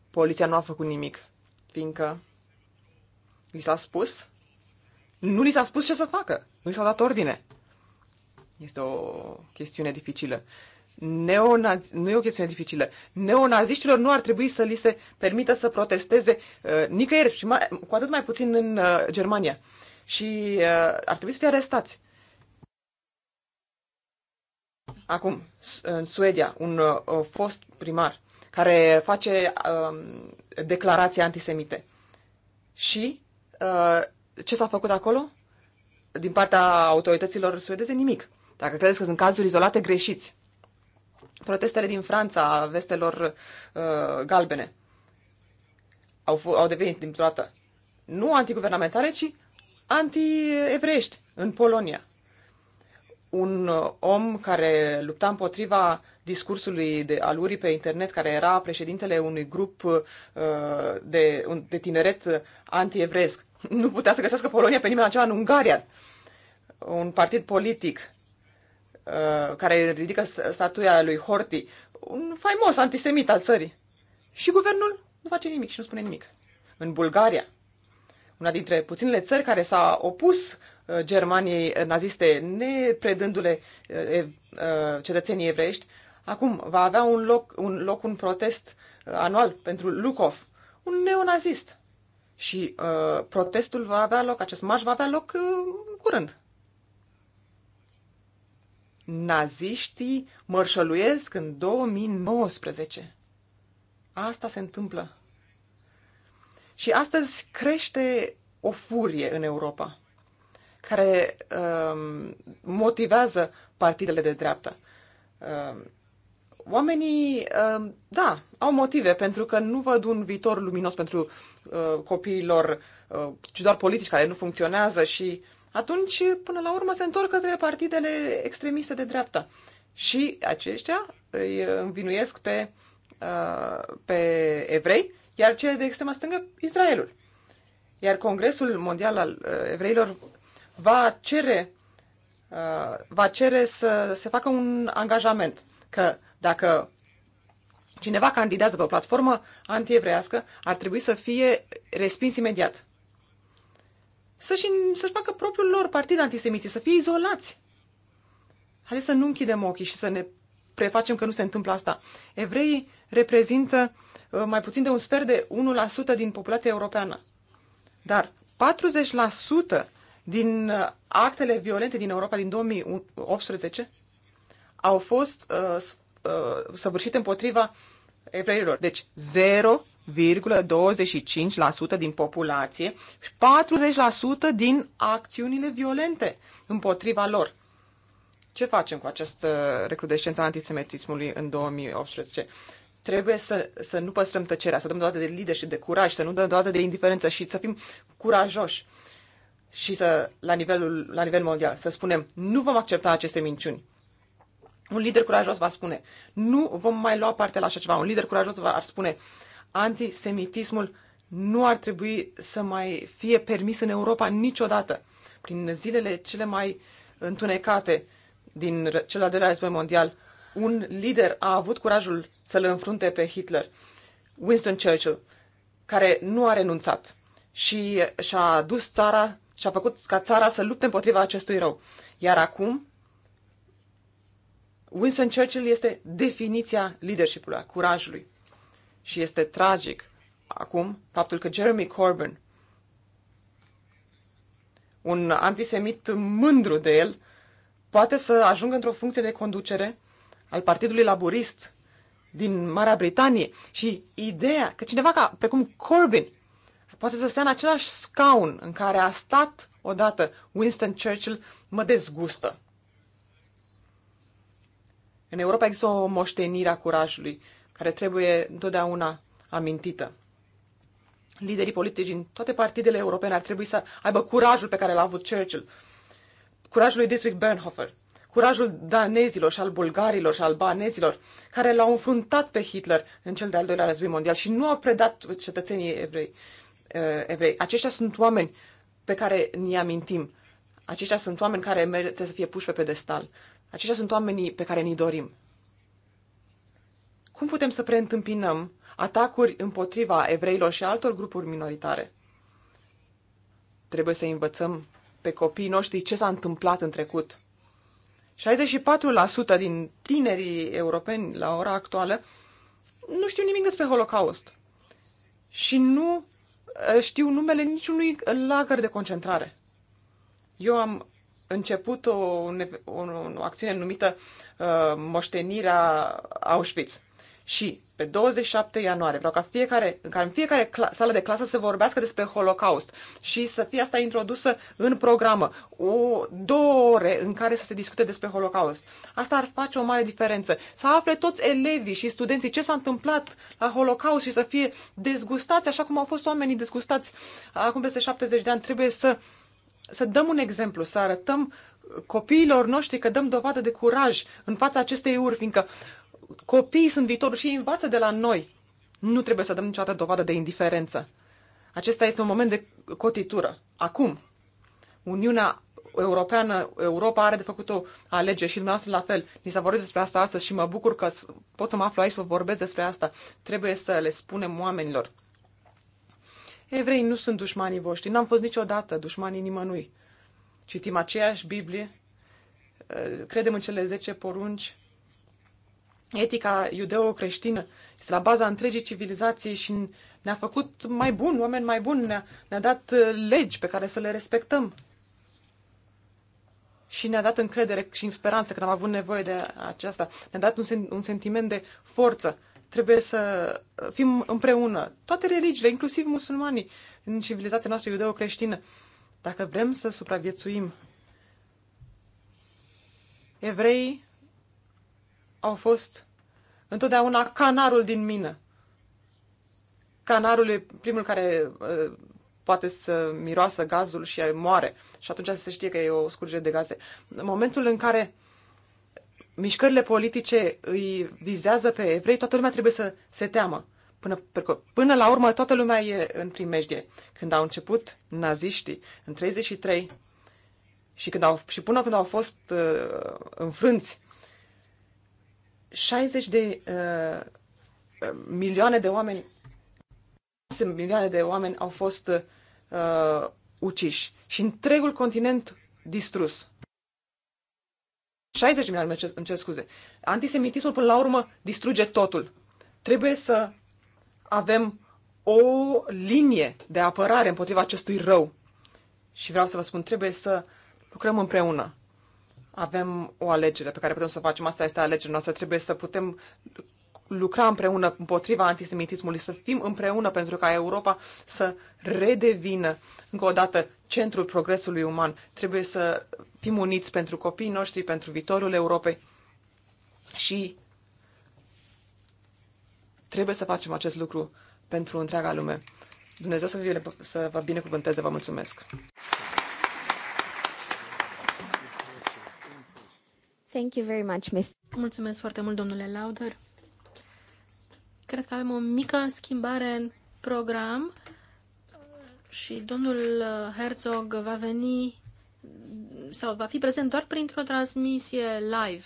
Poliția nu a făcut nimic, fiindcă li s-a spus, nu li s-a spus ce să facă. Nu i s-au dat ordine. Este o chestiune dificilă neonazi, nu e o chestiune dificilă, neonaziștilor nu ar trebui să li se permită să protesteze uh, nicăieri, și mai, cu atât mai puțin în uh, Germania. Și uh, ar trebui să fie arestați. Acum, în Suedia, un uh, fost primar care face uh, declarații antisemite. Și uh, ce s-a făcut acolo? Din partea autorităților suedeze, nimic. Dacă credeți că sunt cazuri izolate, greșiți protestele din Franța a vestelor uh, galbene au, au devenit dintr-o dată nu antiguvernamentale, ci anti evrești în Polonia. Un uh, om care lupta împotriva discursului de alurii pe internet, care era președintele unui grup uh, de, un, de tineret anti-evresc, nu putea să găsească Polonia pe nimeni altceva în Ungaria. Un partid politic Uh, care ridică statuia lui Horti, un faimos antisemit al țării. Și guvernul nu face nimic și nu spune nimic. În Bulgaria, una dintre puținele țări care s-a opus uh, Germaniei naziste, nepredându-le uh, cetățenii evreiești, acum va avea un loc, un loc, un protest anual pentru Lukov, un neonazist. Și uh, protestul va avea loc, acest marș va avea loc uh, curând naziștii mărșăluiesc în 2019. Asta se întâmplă. Și astăzi crește o furie în Europa care um, uh, motivează partidele de dreapta. Um, uh, oamenii, um, uh, da, au motive pentru că nu văd un viitor luminos pentru uh, copiilor, uh, ci doar politici care nu funcționează și uh, atunci, până la urmă, se întorc către partidele extremiste de dreapta. Și aceștia îi învinuiesc pe, uh, pe evrei, iar cele de extrema stângă, Israelul. Iar Congresul Mondial al uh, Evreilor va cere, uh, va cere să se facă un angajament că dacă cineva candidează pe o platformă antievreiască, ar trebui să fie respins imediat să-și, să-și facă propriul lor partid antisemit, să fie izolați. Haideți să nu închidem ochii și să ne prefacem că nu se întâmplă asta. Evreii reprezintă uh, mai puțin de un sfert de 1% din populația europeană. Dar 40% din uh, actele violente din Europa din 2018 au fost uh, uh, săvârșite împotriva evreilor. Deci zero 0,25% din populație și 40% din acțiunile violente împotriva lor. Ce facem cu această recrudescență a antisemitismului în 2018? Trebuie să, să nu păstrăm tăcerea, să dăm doar de lider și de curaj, să nu dăm doar de indiferență și să fim curajoși și să, la, nivelul, la nivel mondial, să spunem, nu vom accepta aceste minciuni. Un lider curajos va spune, nu vom mai lua parte la așa ceva. Un lider curajos va ar spune, uh, antisemitismul nu ar trebui să mai fie permis în Europa niciodată. Prin zilele cele mai întunecate din cel al doilea război mondial, un lider a avut curajul să-l înfrunte pe Hitler, Winston Churchill, care nu a renunțat și și-a dus țara și a făcut ca țara să lupte împotriva acestui rău. Iar acum, Winston Churchill este definiția leadership-ului, curajului și este tragic acum faptul că Jeremy Corbyn, un antisemit mândru de el, poate să ajungă într-o funcție de conducere al Partidului Laborist din Marea Britanie și ideea că cineva ca, precum Corbyn poate să stea în același scaun în care a stat odată Winston Churchill mă dezgustă. În Europa există o moștenire a curajului care trebuie întotdeauna amintită. Liderii politici din toate partidele europene ar trebui să aibă curajul pe care l-a avut Churchill, curajul lui Dietrich Bernhofer, curajul danezilor și al bulgarilor și albanezilor, care l-au înfruntat pe Hitler în cel de-al doilea război mondial și nu au predat cetățenii evrei. Eh, evrei. Aceștia sunt oameni pe care ni amintim. Aceștia sunt oameni care merită să fie puși pe pedestal. Aceștia sunt oamenii pe care ni dorim. Cum putem să preîntâmpinăm atacuri împotriva evreilor și altor grupuri minoritare? Trebuie să învățăm pe copiii noștri ce s-a întâmplat în trecut. 64% din tinerii europeni la ora actuală nu știu nimic despre Holocaust și nu eh, știu numele niciunui lagăr de concentrare. Eu am început o, o, o acțiune numită uh, Moștenirea Auschwitz și pe 27 ianuarie vreau ca, fiecare, ca în fiecare sală de clasă să vorbească despre Holocaust și să fie asta introdusă în programă. O, două ore în care să se discute despre Holocaust. Asta ar face o mare diferență. Să afle toți elevii și studenții ce s-a întâmplat la Holocaust și să fie dezgustați așa cum au fost oamenii dezgustați acum peste 70 de ani. Trebuie să, să dăm un exemplu, să arătăm copiilor noștri că dăm dovadă de curaj în fața acestei uri, fiindcă uh, copiii sunt viitorul și ei învață de la noi. Nu trebuie să dăm niciodată dovadă de indiferență. Acesta este un moment de cotitură. Acum, Uniunea Europeană, Europa are de făcut o alegere și dumneavoastră la fel. Ni s-a vorbit despre asta astăzi și mă bucur că pot să mă aflu aici să vorbesc despre asta. Trebuie să le spunem oamenilor. Evrei nu sunt dușmanii voștri, n-am fost niciodată dușmanii nimănui. Citim aceeași Biblie, credem în cele 10 porunci, Etica iudeo-creștină este la baza întregii civilizații și ne-a făcut mai buni, oameni mai buni, ne-a, ne-a dat uh, legi pe care să le respectăm. Și ne-a dat încredere și în speranță când am avut nevoie de aceasta. Ne-a dat un, sen- un sentiment de forță. Trebuie să uh, fim împreună. Toate religiile, inclusiv musulmanii, în civilizația noastră iudeo-creștină. Dacă vrem să supraviețuim, evrei au fost întotdeauna canarul din mină. Canarul e primul care uh, poate să miroasă gazul și moare. Și atunci se știe că e o scurgere de gaze. În momentul în care mișcările politice îi vizează pe evrei, toată lumea trebuie să se teamă. Până, până la urmă, toată lumea e în primejdie. Când au început naziștii, în 33, și, când au, și până când au fost uh, înfrânți 60 de uh, milioane de oameni, 6 milioane de oameni au fost uh, uciși și întregul continent distrus. 60 de milioane, îmi cer scuze. Antisemitismul, până la urmă, distruge totul. Trebuie să avem o linie de apărare împotriva acestui rău. Și vreau să vă spun, trebuie să lucrăm împreună avem o alegere pe care putem să o facem. Asta este alegerea noastră. Trebuie să putem lucra împreună împotriva antisemitismului, să fim împreună pentru ca Europa să redevină încă o dată centrul progresului uman. Trebuie să fim uniți pentru copiii noștri, pentru viitorul Europei și trebuie să facem acest lucru pentru întreaga lume. Dumnezeu să, să vă binecuvânteze, vă mulțumesc! Thank you very much, Miss. Mulțumesc foarte mult, domnule Lauder. Cred că avem o mică schimbare în program și domnul uh, Herzog va veni sau va fi prezent doar printr-o transmisie live.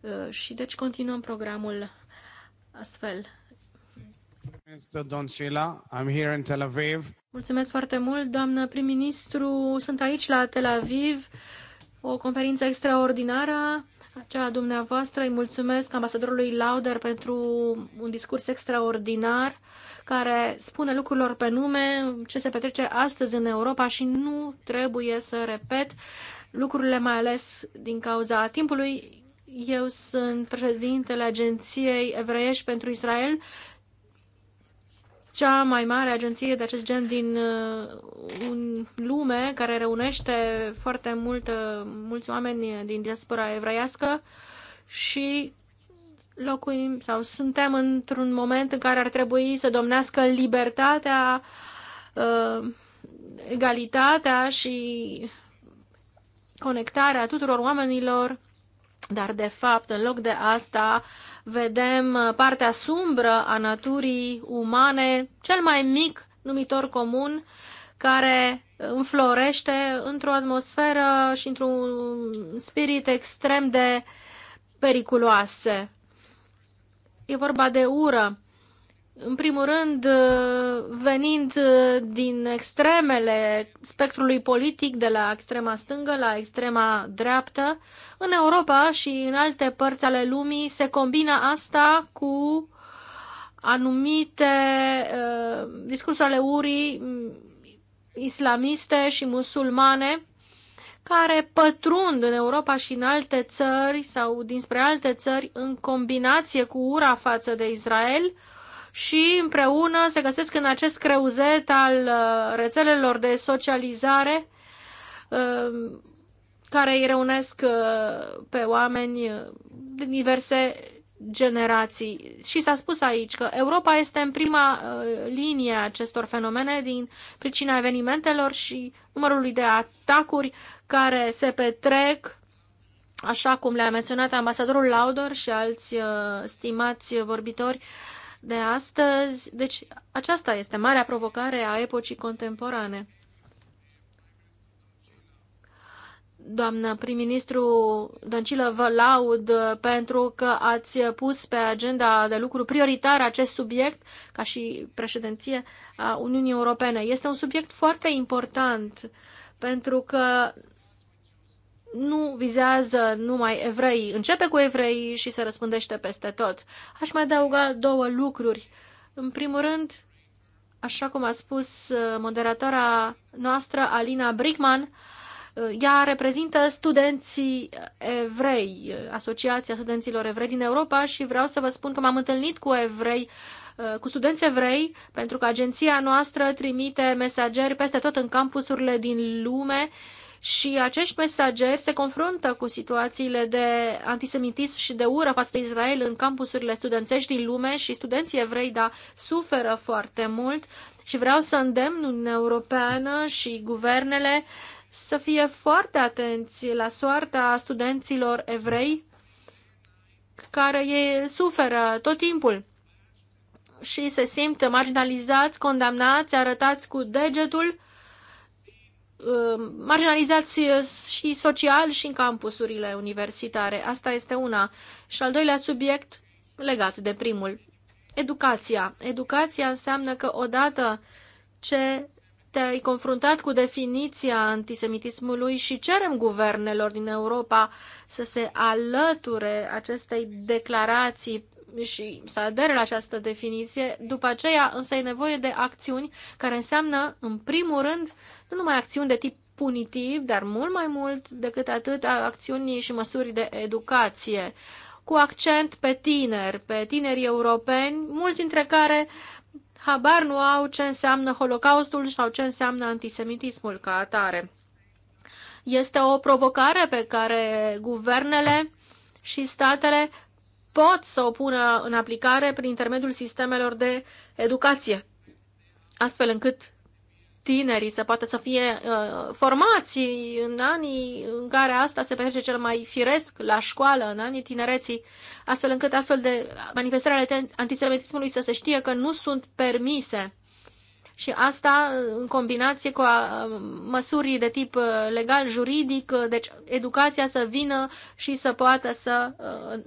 Uh, și deci continuăm programul astfel. Don Sheila, I'm here in Tel Aviv. Mulțumesc foarte mult, doamnă prim-ministru. Sunt aici la Tel Aviv o conferință extraordinară, aceea a dumneavoastră. Îi mulțumesc ambasadorului Lauder pentru un discurs extraordinar care spune lucrurilor pe nume, ce se petrece astăzi în Europa și nu trebuie să repet lucrurile, mai ales din cauza timpului. Eu sunt președintele Agenției Evreiești pentru Israel cea mai mare agenție de acest gen din un uh, lume care reunește foarte mult, uh, mulți oameni din diaspora evreiască și locuim sau suntem într-un moment în care ar trebui să domnească libertatea, uh, egalitatea și conectarea tuturor oamenilor dar, de fapt, în loc de asta, vedem uh, partea sumbră a naturii umane, cel mai mic numitor comun, care uh, înflorește într-o atmosferă și într-un spirit extrem de periculoase. E vorba de ură în primul rând, uh, venind uh, din extremele spectrului politic, de la extrema stângă la extrema dreaptă, în Europa și în alte părți ale lumii se combina asta cu anumite uh, discursuri ale urii mm, islamiste și musulmane, care pătrund în Europa și în alte țări sau dinspre alte țări în combinație cu ura față de Israel, uh, și împreună se găsesc în acest creuzet al uh, rețelelor de socializare uh, care îi reunesc uh, pe oameni din diverse generații. Și s-a spus aici că Europa este în prima linie a acestor fenomene din pricina evenimentelor și numărului de atacuri care se petrec, așa cum le-a menționat ambasadorul Lauder și alți uh, stimați vorbitori, uh, de astăzi. Deci aceasta este marea provocare a epocii contemporane. Doamnă prim-ministru Dăncilă, vă laud pentru că ați pus pe agenda de lucru prioritar acest subiect ca și președinție a Uniunii Europene. Este un subiect foarte important pentru că nu vizează numai evrei, începe cu evrei și se răspândește peste tot. Aș mai adăuga două lucruri. În primul rând, așa cum a spus uh, moderatora noastră, Alina Brickman, uh, ea reprezintă studenții evrei, uh, Asociația Studenților Evrei din Europa și vreau să vă spun că m-am întâlnit cu evrei cu studenți evrei, pentru că agenția noastră trimite mesageri peste tot în campusurile din lume și acești mesageri se confruntă cu situațiile de antisemitism și de ură față de Israel în campusurile studențești din lume și studenții evrei, da, suferă foarte mult și vreau să îndemn Uniunea Europeană și guvernele să fie foarte atenți la soarta studenților evrei care ei suferă tot timpul și se simt marginalizați, condamnați, arătați cu degetul Um, marginalizați uh, și social și în campusurile universitare. Asta este una. Și al doilea subiect legat de primul, educația. Educația înseamnă că odată ce te-ai confruntat cu definiția antisemitismului și cerem guvernelor din Europa să se alăture acestei declarații și să adere la această definiție. După aceea, însă, e nevoie de acțiuni care înseamnă, în primul rând, nu numai acțiuni de tip punitiv, dar mult mai mult decât atât acțiuni și măsuri de educație, cu accent pe tineri, pe tineri europeni, mulți dintre care habar nu au ce înseamnă Holocaustul sau ce înseamnă antisemitismul ca atare. Este o provocare pe care guvernele și statele pot să o pună în aplicare prin intermediul sistemelor de educație, astfel încât tinerii să poată să fie uh, formați în anii în care asta se petrece cel mai firesc la școală, în anii tinereții, astfel încât astfel de manifestări ale antisemitismului să se știe că nu sunt permise și asta în combinație cu uh, măsuri de tip uh, legal, juridic, uh, deci educația să vină și să poată să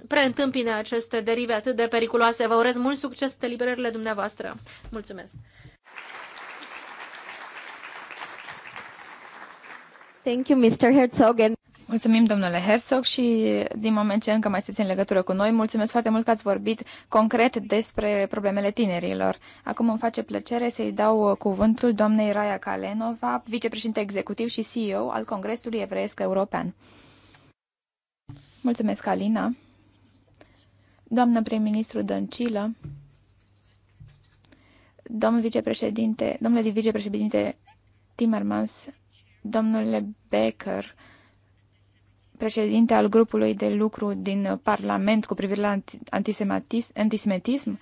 preîntâmpine aceste derive atât de periculoase. Vă urez mult succes de liberările dumneavoastră. Mulțumesc! Thank you, Mr. Herzog. Mulțumim, domnule Herzog, și din moment ce încă mai sunteți în legătură cu noi, mulțumesc foarte mult că ați vorbit concret despre problemele tinerilor. Acum îmi face plăcere să-i dau cuvântul doamnei Raia Kalenova, vicepreședinte executiv și CEO al Congresului Evreiesc European. Mulțumesc, Alina. Doamnă prim-ministru Dăncilă, domnul vicepreședinte, domnule vicepreședinte Timmermans, domnule Becker, președinte al grupului de lucru din Parlament cu privire la antisemitism.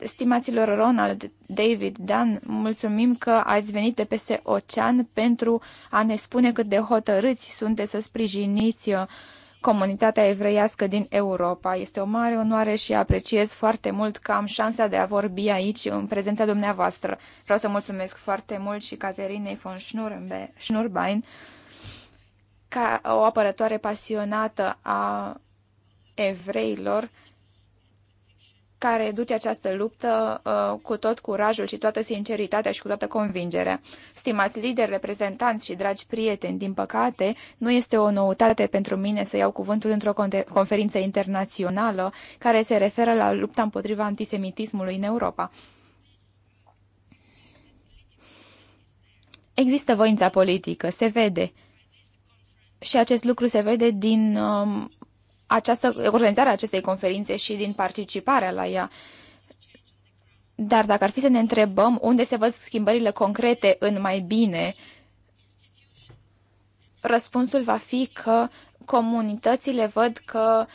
Stimaților Ronald, David, Dan, mulțumim că ați venit de peste ocean pentru a ne spune cât de hotărâți sunteți să sprijiniți uh, comunitatea evreiască din Europa. Este o mare onoare și apreciez foarte mult că am șansa de a vorbi aici în prezența dumneavoastră. Vreau să mulțumesc foarte mult și Caterinei von Schnurbein ca o apărătoare pasionată a evreilor care duce această luptă uh, cu tot curajul și toată sinceritatea și cu toată convingerea. Stimați lideri, reprezentanți și dragi prieteni, din păcate, nu este o noutate pentru mine să iau cuvântul într-o conferință internațională care se referă la lupta împotriva antisemitismului în Europa. Există voința politică, se vede. Și acest lucru se vede din um, această, organizarea acestei conferințe și din participarea la ea. Dar dacă ar fi să ne întrebăm unde se văd schimbările concrete în mai bine, răspunsul va fi că comunitățile văd că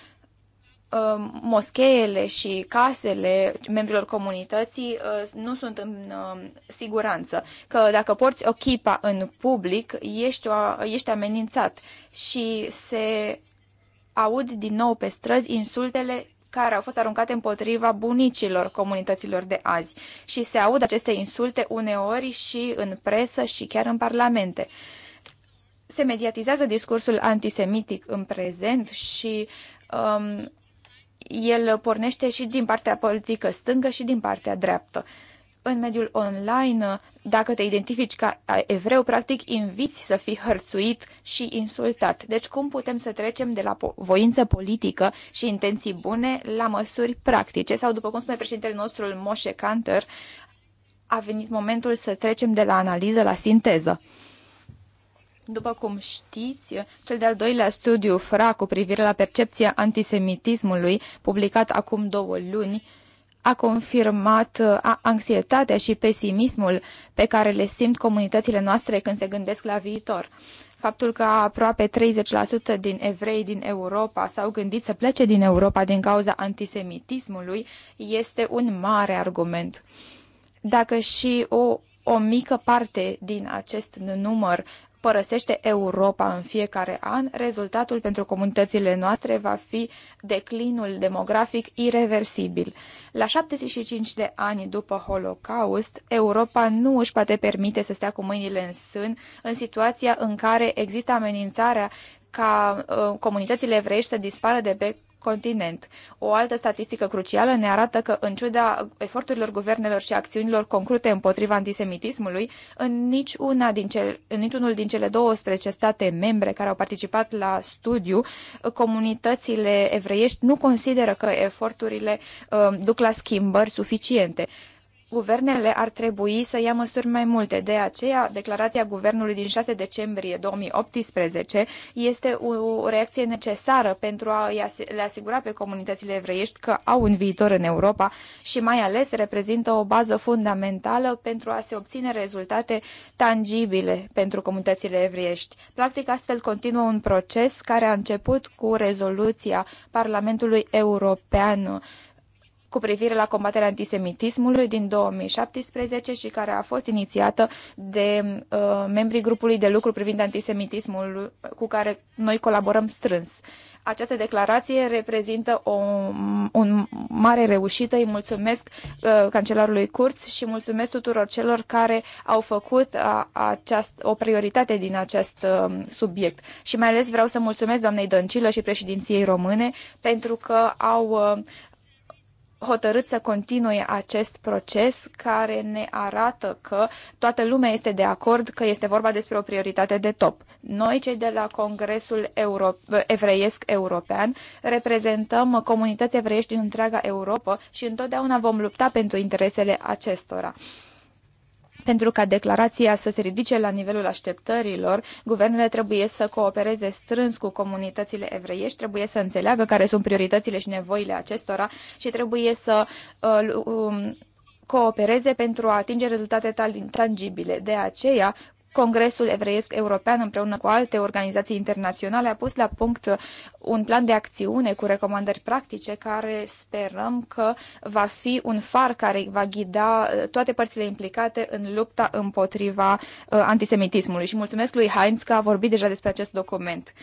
uh, moscheele și casele membrilor comunității uh, nu sunt în uh, siguranță, că dacă porți o chipa în public, ești, o, ești amenințat și se aud din nou pe străzi insultele care au fost aruncate împotriva bunicilor comunităților de azi. Și se aud aceste insulte uneori și în presă și chiar în parlamente. Se mediatizează discursul antisemitic în prezent și um, el pornește și din partea politică stângă și din partea dreaptă. Uh, în mediul online, dacă te identifici ca evreu, practic inviți să fii hărțuit și insultat. Deci cum putem să trecem de la voință politică și intenții bune la măsuri practice? Sau, după cum spune președintele nostru, Moshe Kanter, a venit momentul să trecem de la analiză la sinteză. După cum știți, cel de-al doilea studiu FRA cu privire la percepția antisemitismului, publicat acum două luni, a confirmat uh, anxietatea și pesimismul pe care le simt comunitățile noastre când se gândesc la viitor. Faptul că aproape 30% din evrei din Europa s-au gândit să plece din Europa din cauza antisemitismului este un mare argument. Dacă și o, o mică parte din acest număr părăsește Europa în fiecare an, rezultatul pentru comunitățile noastre va fi declinul demografic irreversibil. La 75 de ani după Holocaust, Europa nu își poate permite să stea cu mâinile în sân în situația în care există amenințarea ca uh, comunitățile evreiești să dispară de pe continent. O altă statistică crucială ne arată că, în ciuda eforturilor guvernelor și acțiunilor concrete împotriva antisemitismului, în, nici una din cel, în niciunul din cele 12 state membre care au participat la studiu, comunitățile evreiești nu consideră că eforturile uh, duc la schimbări suficiente guvernele ar trebui să ia măsuri mai multe. De aceea, declarația guvernului din 6 decembrie 2018 este o reacție necesară pentru a le asigura pe comunitățile evreiești că au un viitor în Europa și mai ales reprezintă o bază fundamentală pentru a se obține rezultate tangibile pentru comunitățile evreiești. Practic, astfel continuă un proces care a început cu rezoluția Parlamentului European cu privire la combaterea antisemitismului din 2017 și care a fost inițiată de uh, membrii grupului de lucru privind antisemitismul cu care noi colaborăm strâns. Această declarație reprezintă o un mare reușită. Îi mulțumesc uh, cancelarului Kurz și mulțumesc tuturor celor care au făcut a, uh, aceast, o prioritate din acest uh, subiect. Și mai ales vreau să mulțumesc doamnei Dăncilă și președinției române pentru că au uh, hotărât să continue acest proces care ne arată că toată lumea este de acord că este vorba despre o prioritate de top. Noi, cei de la Congresul Euro- Evreiesc European, reprezentăm comunități evreiești din întreaga Europa și întotdeauna vom lupta pentru interesele acestora. Pentru ca declarația să se ridice la nivelul așteptărilor, guvernele trebuie să coopereze strâns cu comunitățile evreiești, trebuie să înțeleagă care sunt prioritățile și nevoile acestora și trebuie să uh, um, coopereze pentru a atinge rezultate tangibile. De aceea, Congresul Evreiesc European împreună cu alte organizații internaționale a pus la punct un plan de acțiune cu recomandări practice care sperăm că va fi un far care va ghida uh, toate părțile implicate în lupta împotriva uh, antisemitismului. Și mulțumesc lui Heinz că a vorbit deja despre acest document.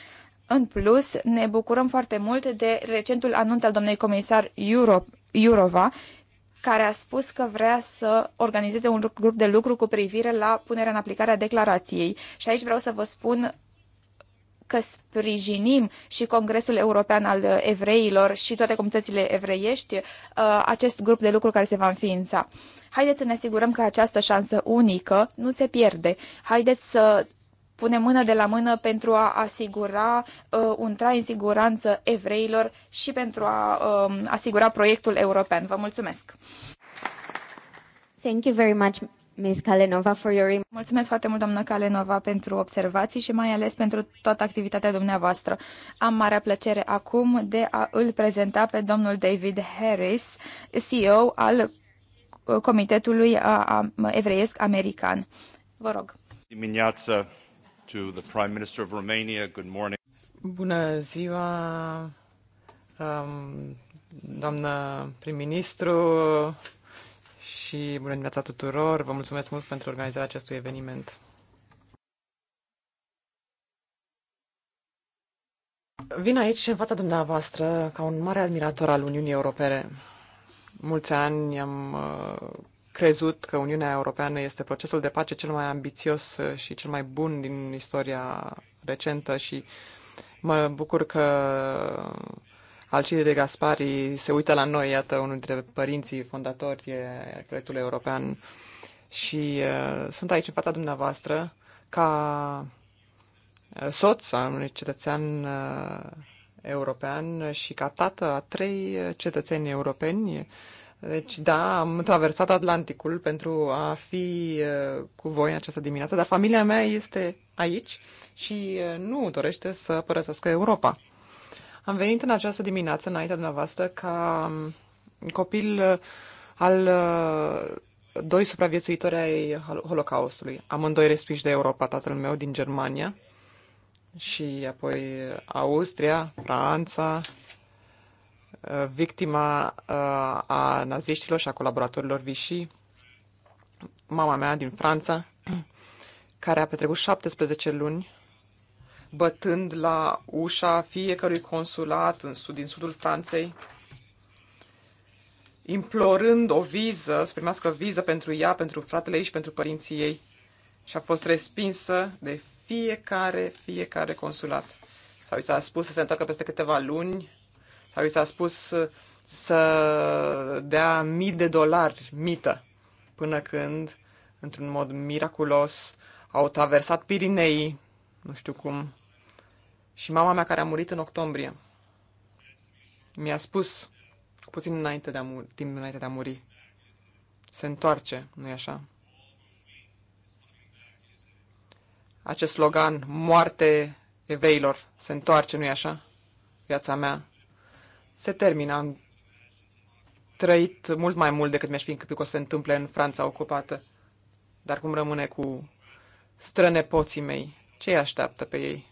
În plus, ne bucurăm foarte mult de recentul anunț al domnului comisar Euro, Iurova, care a spus că vrea să organizeze un grup de lucru cu privire la punerea în aplicare a declarației. Și aici vreau să vă spun că sprijinim și Congresul European al Evreilor și toate comunitățile evreiești uh, acest grup de lucru care se va înființa. Haideți să ne asigurăm că această șansă unică nu se pierde. Haideți să pune mână de la mână pentru a asigura uh, un trai în siguranță evreilor și pentru a uh, asigura proiectul european. Vă mulțumesc! Thank you very much, Ms. Kalenova, for your... Mulțumesc foarte mult, doamnă Kalenova, pentru observații și mai ales pentru toată activitatea dumneavoastră. Am marea plăcere acum de a îl prezenta pe domnul David Harris, CEO al uh, Comitetului uh, Evreiesc American. Vă rog. Dimineața to the Prime Minister of Romania. Good morning. Bună ziua, um, doamnă prim-ministru și bună dimineața tuturor. Vă mulțumesc mult pentru organizarea acestui eveniment. Vin aici în fața dumneavoastră ca un mare admirator al Uniunii Europene. Mulți ani am uh, crezut că Uniunea Europeană este procesul de pace cel mai ambițios uh, și cel mai bun din istoria recentă și mă bucur că Alcide de Gaspari se uită la noi, iată, unul dintre părinții fondatori ai proiectului european și uh, sunt aici în fața dumneavoastră ca uh, soț al unui cetățean uh, european și ca tată a trei cetățeni europeni deci, da, am traversat Atlanticul pentru a fi eh, cu voi în această dimineață, dar familia mea este aici și eh, nu dorește să părăsească Europa. Am venit în această dimineață, înaintea dumneavoastră, ca mm, copil eh, al doi supraviețuitori ai Holocaustului. Amândoi respinși de Europa, tatăl meu din Germania și apoi Austria, Franța victima uh, a naziștilor și a colaboratorilor Vichy, mama mea din Franța, care a petrecut 17 luni bătând la ușa fiecărui consulat în sud, din sudul Franței, implorând o viză, să primească viză pentru ea, pentru fratele ei și pentru părinții ei. Și a fost respinsă de fiecare, fiecare consulat. Sau i s-a spus să se întoarcă peste câteva luni sau i s-a spus uh, să dea mii de dolari mită, până când, într-un mod miraculos, au traversat Pirinei, nu știu cum, și mama mea care a murit în octombrie mi-a spus, cu puțin înainte de a muri, timp înainte de a muri, se întoarce, nu-i așa? Acest slogan, moarte evreilor, se întoarce, nu-i așa? Viața mea se termină. Am trăit mult mai mult decât mi-aș fi încăpit că o să se întâmple în Franța ocupată. Dar cum rămâne cu strănepoții mei? Ce îi așteaptă pe ei?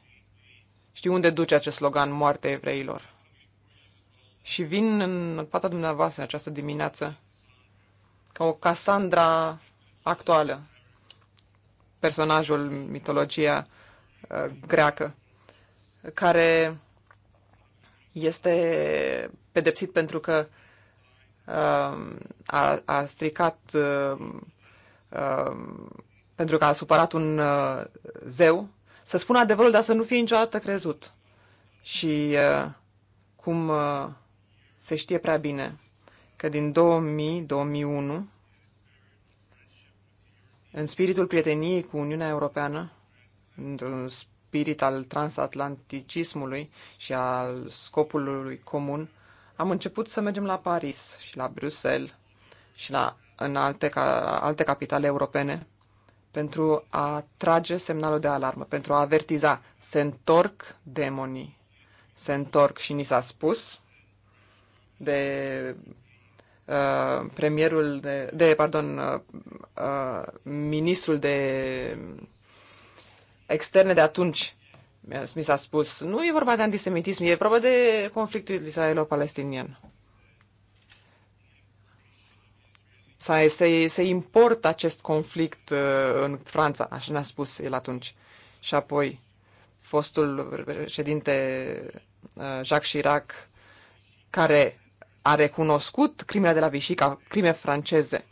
Știu unde duce acest slogan, moartea evreilor. Și vin în fața dumneavoastră în această dimineață ca o Cassandra actuală, personajul, mitologia uh, greacă, care este pedepsit pentru că um, a, a stricat um, um, pentru că a supărat un uh, zeu, să spună adevărul, dar să nu fie niciodată crezut. Și uh, cum uh, se știe prea bine că din 2000-2001, în spiritul prieteniei cu Uniunea Europeană, într-un spirit al transatlanticismului și al scopului comun, am început să mergem la Paris și la Bruxelles și la, în alte, alte capitale europene pentru a trage semnalul de alarmă, pentru a avertiza. Se întorc demonii. Se întorc și ni s-a spus de uh, premierul de, de pardon, uh, uh, ministrul de externe de atunci, mi s-a spus, nu e vorba de antisemitism, e vorba de conflictul israelo-palestinian. să, se, se importă acest conflict uh, în Franța, așa ne-a spus el atunci. Și apoi, fostul președinte uh, Jacques Chirac, care a recunoscut crimele de la Vichy ca crime franceze,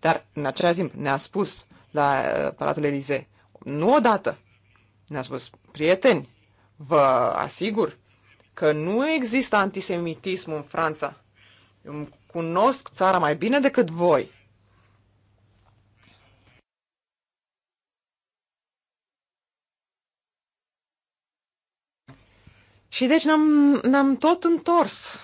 dar în același timp ne-a spus la uh, Palatul Elysee, nu odată, ne-a spus, prieteni, vă asigur că nu există antisemitism în Franța. Îmi cunosc țara mai bine decât voi. Și deci ne-am, ne-am tot întors.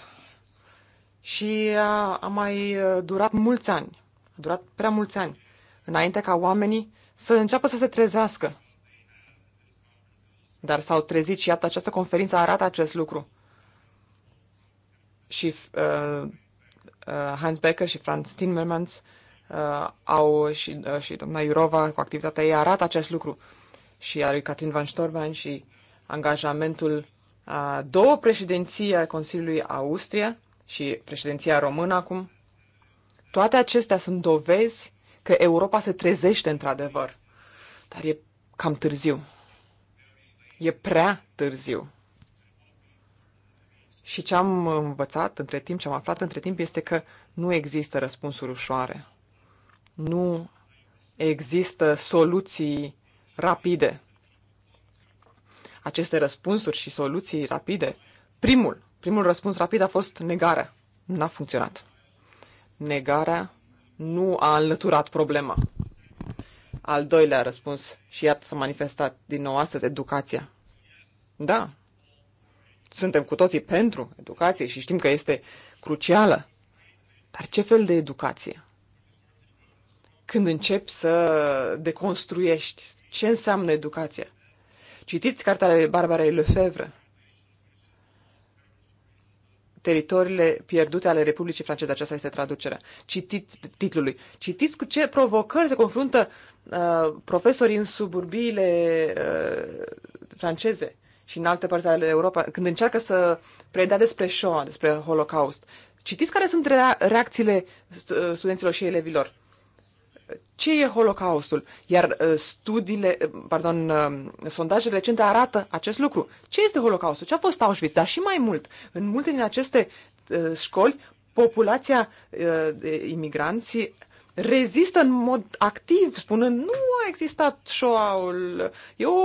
Și a, a mai uh, durat mulți ani. A durat prea mulți ani. Înainte ca oamenii să înceapă să se trezească. Dar s-au trezit și iată, această conferință arată acest lucru. Și uh, uh, Hans Becker și Franz Timmermans uh, au și, uh, și doamna Iurova cu activitatea ei arată acest lucru. Și a lui Catrin Van Storban și angajamentul a două președinții a Consiliului Austria și președinția română acum. Toate acestea sunt dovezi că Europa se trezește într-adevăr. Dar e cam târziu. E prea târziu. Și ce am învățat între timp, ce am aflat între timp, este că nu există răspunsuri ușoare. Nu există soluții rapide. Aceste răspunsuri și soluții rapide, primul, primul răspuns rapid a fost negarea. N-a funcționat. Negarea nu a înlăturat problema. Al doilea răspuns, și iată s-a manifestat din nou astăzi, educația. Da, suntem cu toții pentru educație și știm că este crucială. Dar ce fel de educație? Când începi să deconstruiești, ce înseamnă educația? Citiți cartea Barbarei Lefebvre, teritoriile pierdute ale Republicii Franceze. Aceasta este traducerea. Citiți titlului. Citiți cu ce provocări se confruntă profesorii uh, profesori în suburbiile uh, franceze și în alte părți ale Europa, când încearcă să predea despre Shoah, despre Holocaust, citiți care sunt reacțiile uh, studenților și elevilor. Ce e Holocaustul? Iar studiile, pardon, sondajele recente arată acest lucru. Ce este Holocaustul? Ce a fost Auschwitz? Dar și mai mult, în multe din aceste școli, populația de imigranți rezistă în mod activ, spunând nu a existat șoaul, e o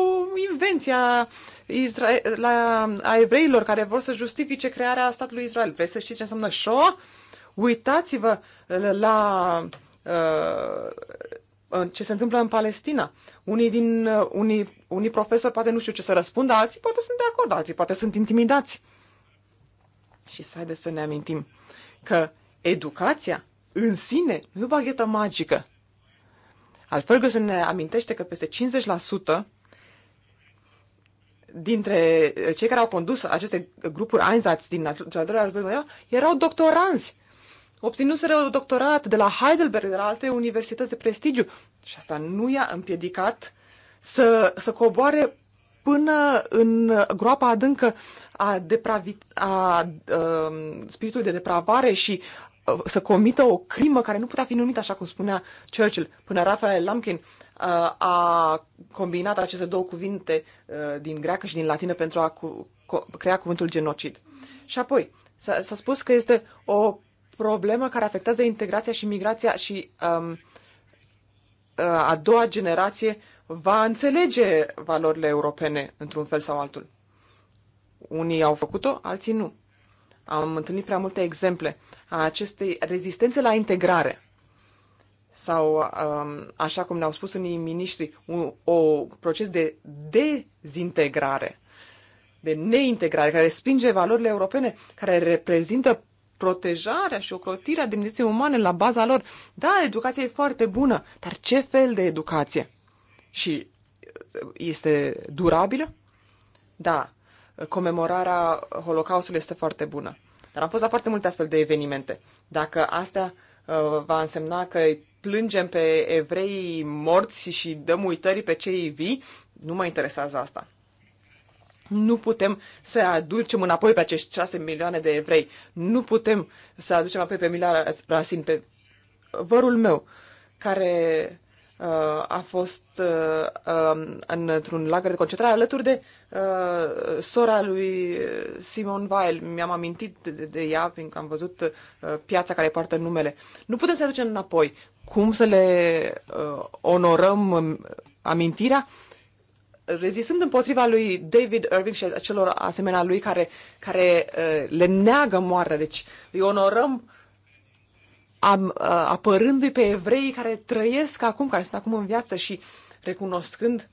invenție a, Israel, la, a evreilor care vor să justifice crearea statului Israel. Vreți să știți ce înseamnă șoa? Uitați-vă la uh, ce se întâmplă în Palestina. Unii, din, uh, unii, unii profesori poate nu știu ce să răspundă, alții poate sunt de acord, alții poate sunt intimidați. Și să haideți să ne amintim că educația în sine, nu e baghetă magică. Al Ferguson ne amintește că peste 50% dintre eh, cei care au condus aceste grupuri Einsatz din cel al doilea război erau doctoranzi. Obținuseră doctorat de la Heidelberg, de la alte universități de prestigiu. Și asta nu i-a împiedicat să, să coboare până în groapa adâncă a, depravit, a, a um, spiritului de depravare și să comită o crimă care nu putea fi numită așa cum spunea Churchill. Până Raphael Lamkin uh, a combinat aceste două cuvinte uh, din greacă și din latină pentru a cu, crea cuvântul genocid. Și apoi, s-a, spus că este o problemă care afectează integrația și migrația și um, uh, a doua generație va înțelege valorile europene într-un fel sau altul. Unii au făcut-o, alții nu. Am întâlnit prea multe exemple a acestei rezistențe la integrare. Sau, um, așa cum ne-au spus unii miniștri, un o proces de dezintegrare, de neintegrare, care respinge valorile europene, care reprezintă protejarea și ocrotirea demnității umane la baza lor. Da, educația e foarte bună, dar ce fel de educație? Și este durabilă? Da, comemorarea Holocaustului este foarte bună. Dar am fost la foarte multe astfel de evenimente. Dacă astea uh, va însemna că plângem pe evrei morți și dăm uitării pe cei vii, nu mă interesează asta. Nu putem să aducem înapoi pe acești 6 milioane de evrei. Nu putem să aducem apoi pe Mila Rasin, pe vărul meu, care a fost uh, um, într-un lagăr de concentrare alături de uh, sora lui Simon Weil. Mi-am amintit de, de ea, fiindcă am văzut uh, piața care poartă numele. Nu putem să le aducem înapoi. Cum să le onorăm um, amintirea? rezistând împotriva lui David Irving și celor asemenea lui care, care le neagă moartea. Deci îi onorăm Uh, apărându-i pe evreii care trăiesc acum, care sunt acum în viață și recunoscând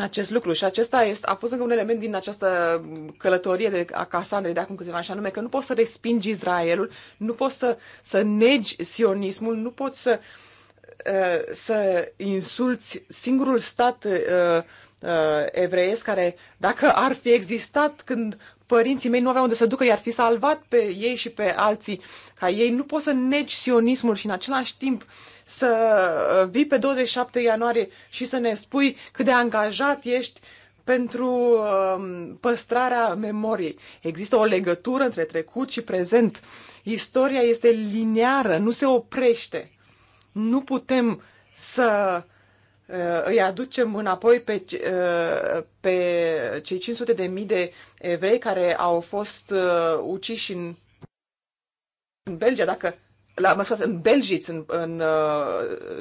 acest lucru. Și acesta este, a fost încă un element din această călătorie de, a Casandrei de acum câțiva, așa anume că nu poți să respingi Israelul, nu poți să, să negi sionismul, nu poți să, uh, să insulți singurul stat uh, evreiesc care, dacă ar fi existat când părinții mei nu aveau unde să ducă, i-ar fi salvat pe ei și pe alții ca ei. Nu poți să negi sionismul și în același timp să uh, vii pe 27 ianuarie și să ne spui cât de angajat ești pentru um, păstrarea memoriei. Există o legătură între trecut și prezent. Istoria este liniară, nu se oprește. Nu putem să uh, Uh, îi aducem înapoi pe, uh, pe cei 500 de mii de evrei care au fost uh, uciși în, în Belgia, dacă la, mă scuze, în Belgiți, în, în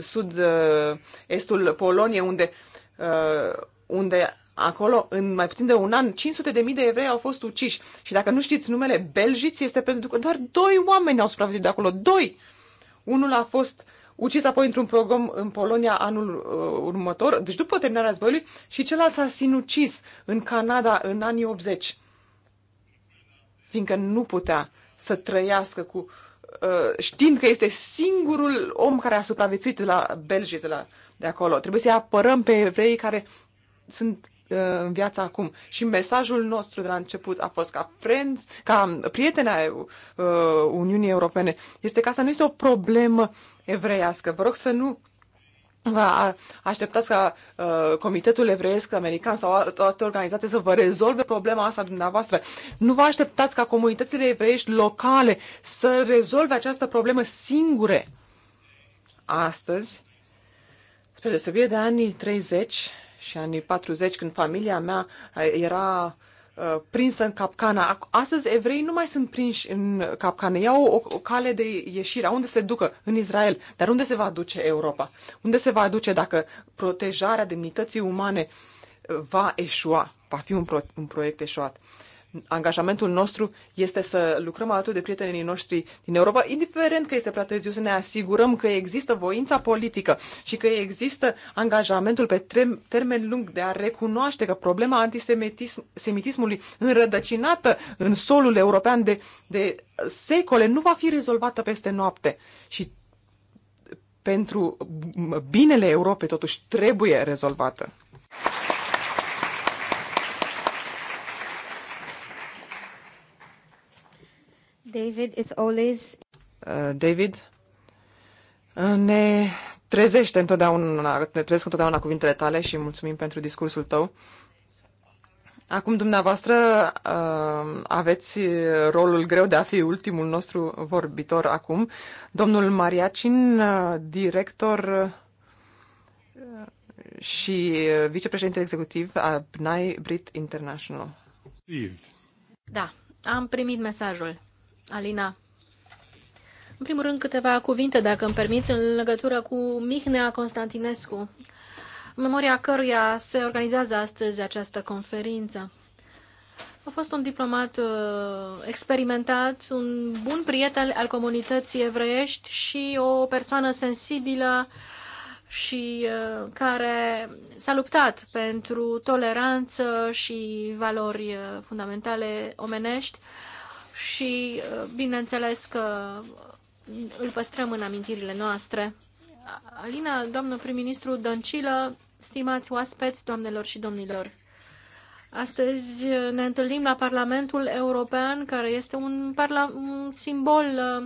sud-estul Poloniei, unde, unde acolo, în mai puțin de un an, 500 de mii de evrei au fost uciși. Și dacă nu știți numele Belgiți, este pentru că doar doi oameni au supraviețuit de acolo. Doi! Unul a fost ucis apoi într-un program în Polonia anul uh, următor, deci după terminarea războiului, și celălalt s-a sinucis în Canada în anii 80, fiindcă nu putea să trăiască cu uh, știind că este singurul om care a supraviețuit de la Belgii, de, la, de acolo. Trebuie să-i apărăm pe evrei care sunt Uh, în viața acum. Și mesajul nostru de la început a fost ca friends, ca prietena uh, Uniunii Europene, este ca să nu este o problemă evreiască. Vă rog să nu vă așteptați ca uh, Comitetul Evreiesc American sau alte organizații să vă rezolve problema asta dumneavoastră. Nu vă așteptați ca comunitățile evreiești locale să rezolve această problemă singure. Astăzi, spre deosebire de anii 30, și anii 40, când familia mea eh, era eh, prinsă în capcana. Astăzi evreii nu mai sunt prinși în capcană. Iau o, o cale de ieșire. Unde se ducă? În Israel. Dar unde se va duce Europa? Unde se va duce dacă protejarea demnității umane eh, va eșua? Va fi un, pro, un proiect eșuat. Uh, angajamentul nostru este să lucrăm alături de prietenii noștri din Europa, indiferent că este prea târziu, să ne asigurăm că există voința politică și că există angajamentul pe termen lung de a recunoaște că problema antisemitismului înrădăcinată în solul european de, de secole nu va fi rezolvată peste noapte. Și pentru binele Europei, totuși, trebuie rezolvată. David, it's always... Uh, David, uh, ne trezește întotdeauna, ne trezesc întotdeauna cuvintele tale și mulțumim pentru discursul tău. Acum, dumneavoastră, uh, aveți rolul greu de a fi ultimul nostru vorbitor acum. Domnul Mariacin, director și vicepreședinte executiv al PNAI Brit International. Da, am primit mesajul. Alina. În primul rând, câteva cuvinte, dacă îmi permiți, în legătură cu Mihnea Constantinescu, în memoria căruia se organizează astăzi această conferință. A fost un diplomat uh, experimentat, un bun prieten al comunității evreiești și o persoană sensibilă și uh, care s-a luptat pentru toleranță și valori uh, fundamentale omenești și uh, bineînțeles că îl păstrăm în amintirile noastre. Alina, doamnă prim-ministru Dăncilă, stimați oaspeți, doamnelor și domnilor, astăzi ne întâlnim la Parlamentul European, care este un, parla- un simbol uh,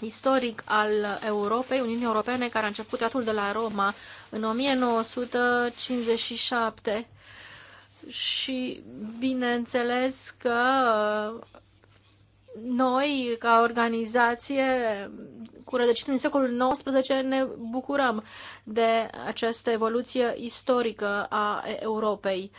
istoric al Europei, Uniunii Europene, care a început atul de la Roma în 1957 și bineînțeles că noi, ca organizație cu rădăcini în secolul XIX, ne bucurăm de această evoluție istorică a Europei.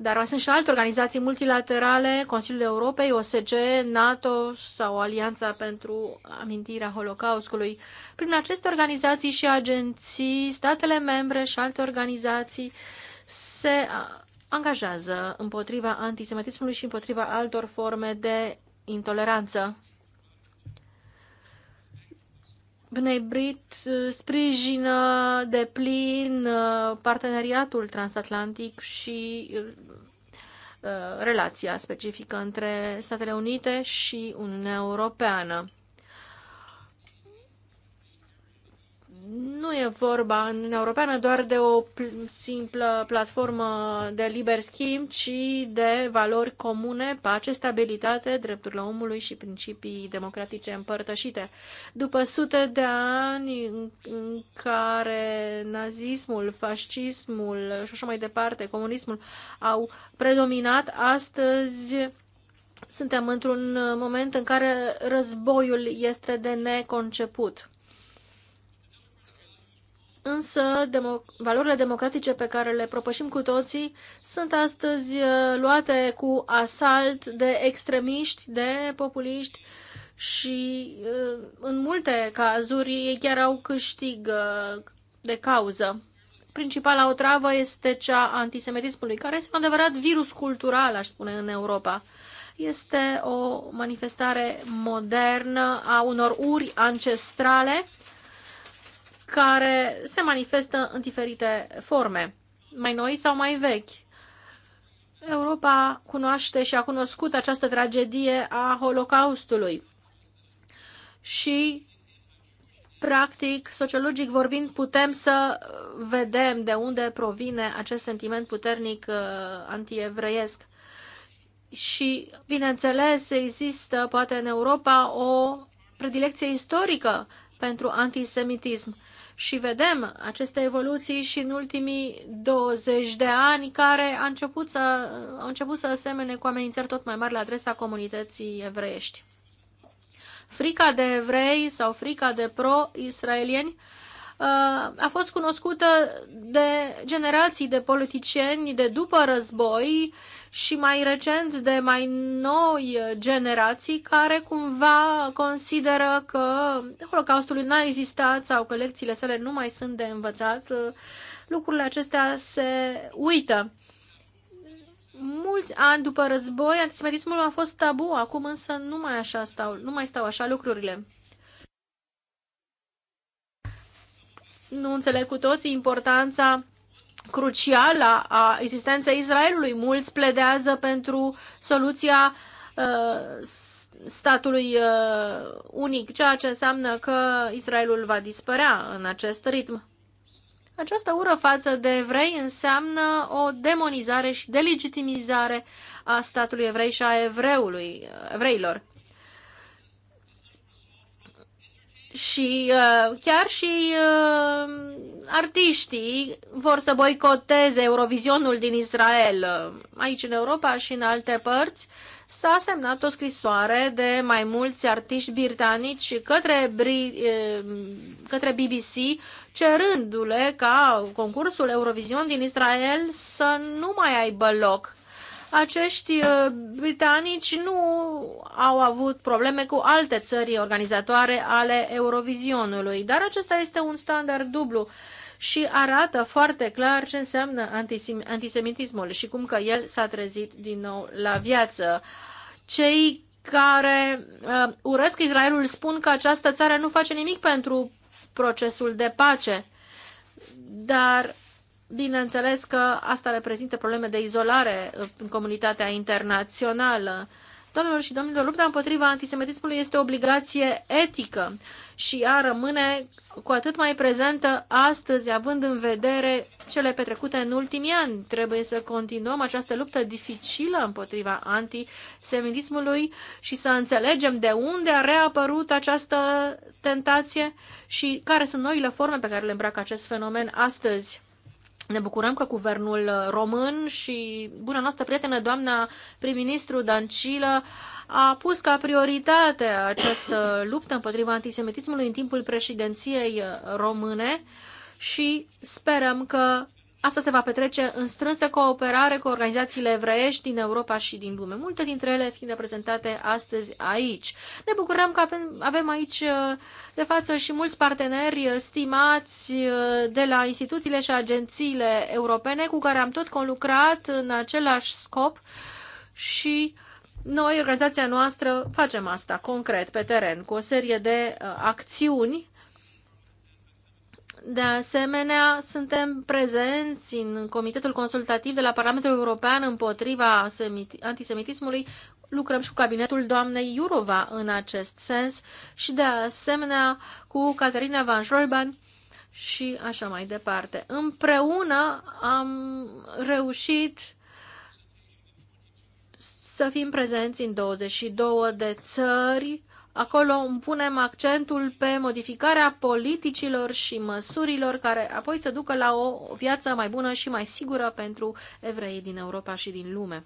Dar mai sunt și alte organizații multilaterale, Consiliul Europei, OSCE, NATO sau Alianța pentru Amintirea Holocaustului. Prin aceste organizații și agenții, statele membre și alte organizații se angajează împotriva antisemitismului și împotriva altor forme de intoleranță. Bnebrit uh, sprijină de plin uh, parteneriatul transatlantic și uh, relația specifică între Statele Unite și Uniunea Europeană. nu e vorba în Uniunea Europeană doar de o simplă platformă de liber schimb, ci de valori comune, pace, stabilitate, drepturile omului și principii democratice împărtășite. După sute de ani în care nazismul, fascismul și așa mai departe, comunismul au predominat, astăzi suntem într-un moment în care războiul este de neconceput însă demo- valorile democratice pe care le propășim cu toții sunt astăzi uh, luate cu asalt de extremiști, de populiști și uh, în multe cazuri ei chiar au câștig uh, de cauză. Principala otravă este cea antisemitismului, care este un adevărat virus cultural, aș spune, în Europa. Este o manifestare modernă a unor uri ancestrale care se manifestă în diferite forme, mai noi sau mai vechi. Europa cunoaște și a cunoscut această tragedie a Holocaustului și, practic, sociologic vorbind, putem să vedem de unde provine acest sentiment puternic uh, antievreiesc. Și, bineînțeles, există, poate în Europa, o predilecție istorică pentru antisemitism și vedem aceste evoluții și în ultimii 20 de ani care a început să, au început să asemene cu amenințări tot mai mari la adresa comunității evreiești. Frica de evrei sau frica de pro-israelieni uh, a fost cunoscută de generații de politicieni de după război și mai recent de mai noi generații care cumva consideră că Holocaustul n-a existat sau că lecțiile sale nu mai sunt de învățat. Lucrurile acestea se uită. Mulți ani după război, antisemitismul a fost tabu, acum însă nu mai, așa stau, nu mai stau așa lucrurile. Nu înțeleg cu toți importanța crucială a existenței Israelului. Mulți pledează pentru soluția uh, statului uh, unic, ceea ce înseamnă că Israelul va dispărea în acest ritm. Această ură față de evrei înseamnă o demonizare și delegitimizare a statului evrei și a evreului, uh, evreilor. și uh, chiar și uh, artiștii vor să boicoteze Eurovizionul din Israel, aici în Europa și în alte părți. S-a semnat o scrisoare de mai mulți artiști britanici către, uh, către BBC, cerându-le ca concursul Eurovision din Israel să nu mai aibă loc acești uh, britanici nu au avut probleme cu alte țări organizatoare ale Eurovizionului, dar acesta este un standard dublu și arată foarte clar ce înseamnă antisemitismul și cum că el s-a trezit din nou la viață. Cei care uh, urăsc Israelul spun că această țară nu face nimic pentru procesul de pace, dar Bineînțeles că asta reprezintă probleme de izolare în comunitatea internațională. Domnilor și domnilor, lupta împotriva antisemitismului este o obligație etică și ea rămâne cu atât mai prezentă astăzi, având în vedere cele petrecute în ultimii ani. Trebuie să continuăm această luptă dificilă împotriva antisemitismului și să înțelegem de unde a reapărut această tentație și care sunt noile forme pe care le îmbracă acest fenomen astăzi. Ne bucurăm că guvernul român și bună noastră prietenă, doamna prim-ministru Dancilă, a pus ca prioritate această luptă împotriva antisemitismului în timpul președinției române și sperăm că Asta se va petrece în strânsă cooperare cu organizațiile evreiești din Europa și din lume, multe dintre ele fiind reprezentate astăzi aici. Ne bucurăm că avem, avem aici uh, de față și mulți parteneri uh, stimați uh, de la instituțiile și agențiile europene cu care am tot conlucrat în același scop și noi, organizația noastră, facem asta concret pe teren cu o serie de acțiuni de asemenea, suntem prezenți în Comitetul Consultativ de la Parlamentul European împotriva antisemitismului. Lucrăm și cu cabinetul doamnei Iurova în acest sens și, de asemenea, cu Caterina Van Jolban și așa mai departe. Împreună am reușit să fim prezenți în 22 de țări Acolo punem accentul pe modificarea politicilor și măsurilor care apoi să ducă la o viață mai bună și mai sigură pentru evreii din Europa și din lume.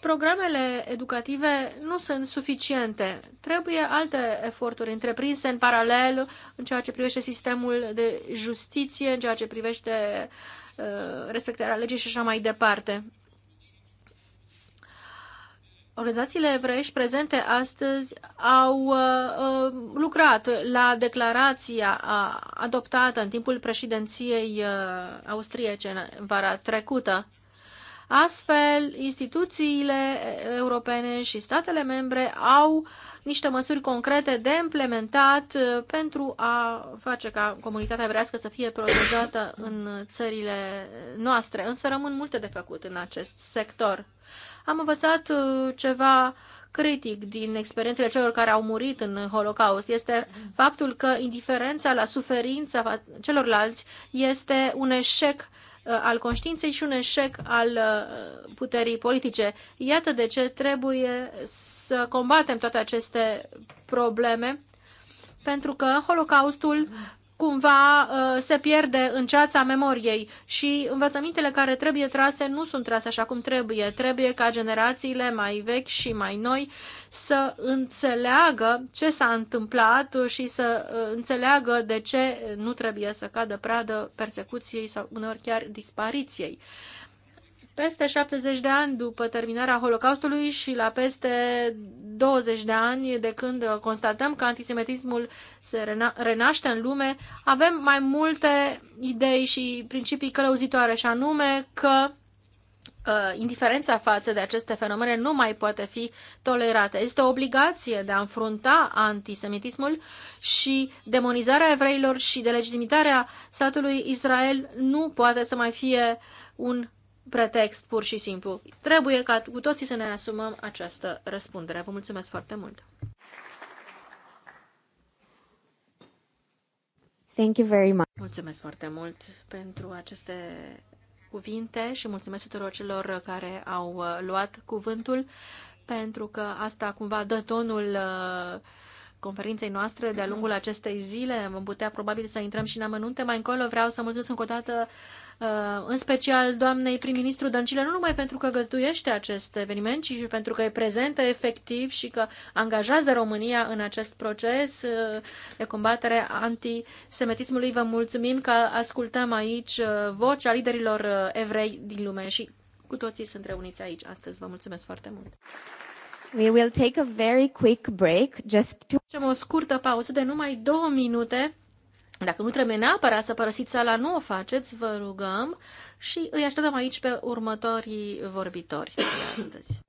Programele educative nu sunt suficiente. Trebuie alte eforturi întreprinse în paralel în ceea ce privește sistemul de justiție, în ceea ce privește uh, respectarea legii și așa mai departe. Organizațiile evreiești prezente astăzi au uh, uh lucrat la declarația adoptată în timpul președinției uh, austriece în vara trecută. Astfel, instituțiile europene și statele membre au niște măsuri concrete de implementat uh, pentru a face ca comunitatea evrească să fie protejată în țările noastre, însă rămân multe de făcut în acest sector. Am învățat uh, ceva critic din experiențele celor care au murit în Holocaust este faptul că indiferența la suferința celorlalți este un eșec uh, al conștiinței și un eșec al uh, puterii politice. Iată de ce trebuie să combatem toate aceste probleme, pentru că Holocaustul cumva uh, se pierde în ceața memoriei și învățămintele care trebuie trase nu sunt trase așa cum trebuie. Trebuie ca generațiile mai vechi și mai noi să înțeleagă ce s-a întâmplat și să uh, înțeleagă de ce nu trebuie să cadă pradă persecuției sau uneori chiar dispariției. Peste 70 de ani după terminarea Holocaustului și la peste 20 de ani de când constatăm că antisemitismul se rena renaște în lume, avem mai multe idei și principii călăuzitoare, și anume că ă, indiferența față de aceste fenomene nu mai poate fi tolerată. Este o obligație de a înfrunta antisemitismul și demonizarea evreilor și de legitimitarea statului Israel nu poate să mai fie un pretext pur și simplu. Trebuie ca cu toții să ne asumăm această răspundere. Vă mulțumesc foarte mult! Thank you very much. Mulțumesc foarte mult pentru aceste cuvinte și mulțumesc tuturor celor care au uh, luat cuvântul pentru că asta cumva dă tonul uh, conferinței noastre de-a lungul acestei zile. Vom putea probabil să intrăm și în amănunte. Mai încolo vreau să mulțumesc încă o dată uh, în special doamnei prim-ministru Dăncilă, nu numai pentru că găzduiește acest eveniment, ci și pentru că e prezentă efectiv și că angajează România în acest proces uh, de combatere antisemitismului. Vă mulțumim că ascultăm aici uh, vocea liderilor evrei din lume și cu toții sunt reuniți aici astăzi. Vă mulțumesc foarte mult! We will take a very quick break. Just to... Facem o scurtă pauză de numai două minute. Dacă nu trebuie neapărat să părăsiți sala, nu o faceți, vă rugăm și îi așteptăm aici pe următorii vorbitori de astăzi.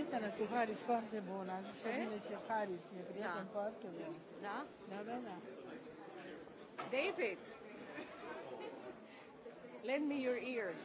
prietena cu Haris foarte bună. A zis că vine și Haris, mi-e prieten da. foarte bun. Da? Da, da, da. David, lend me your ears.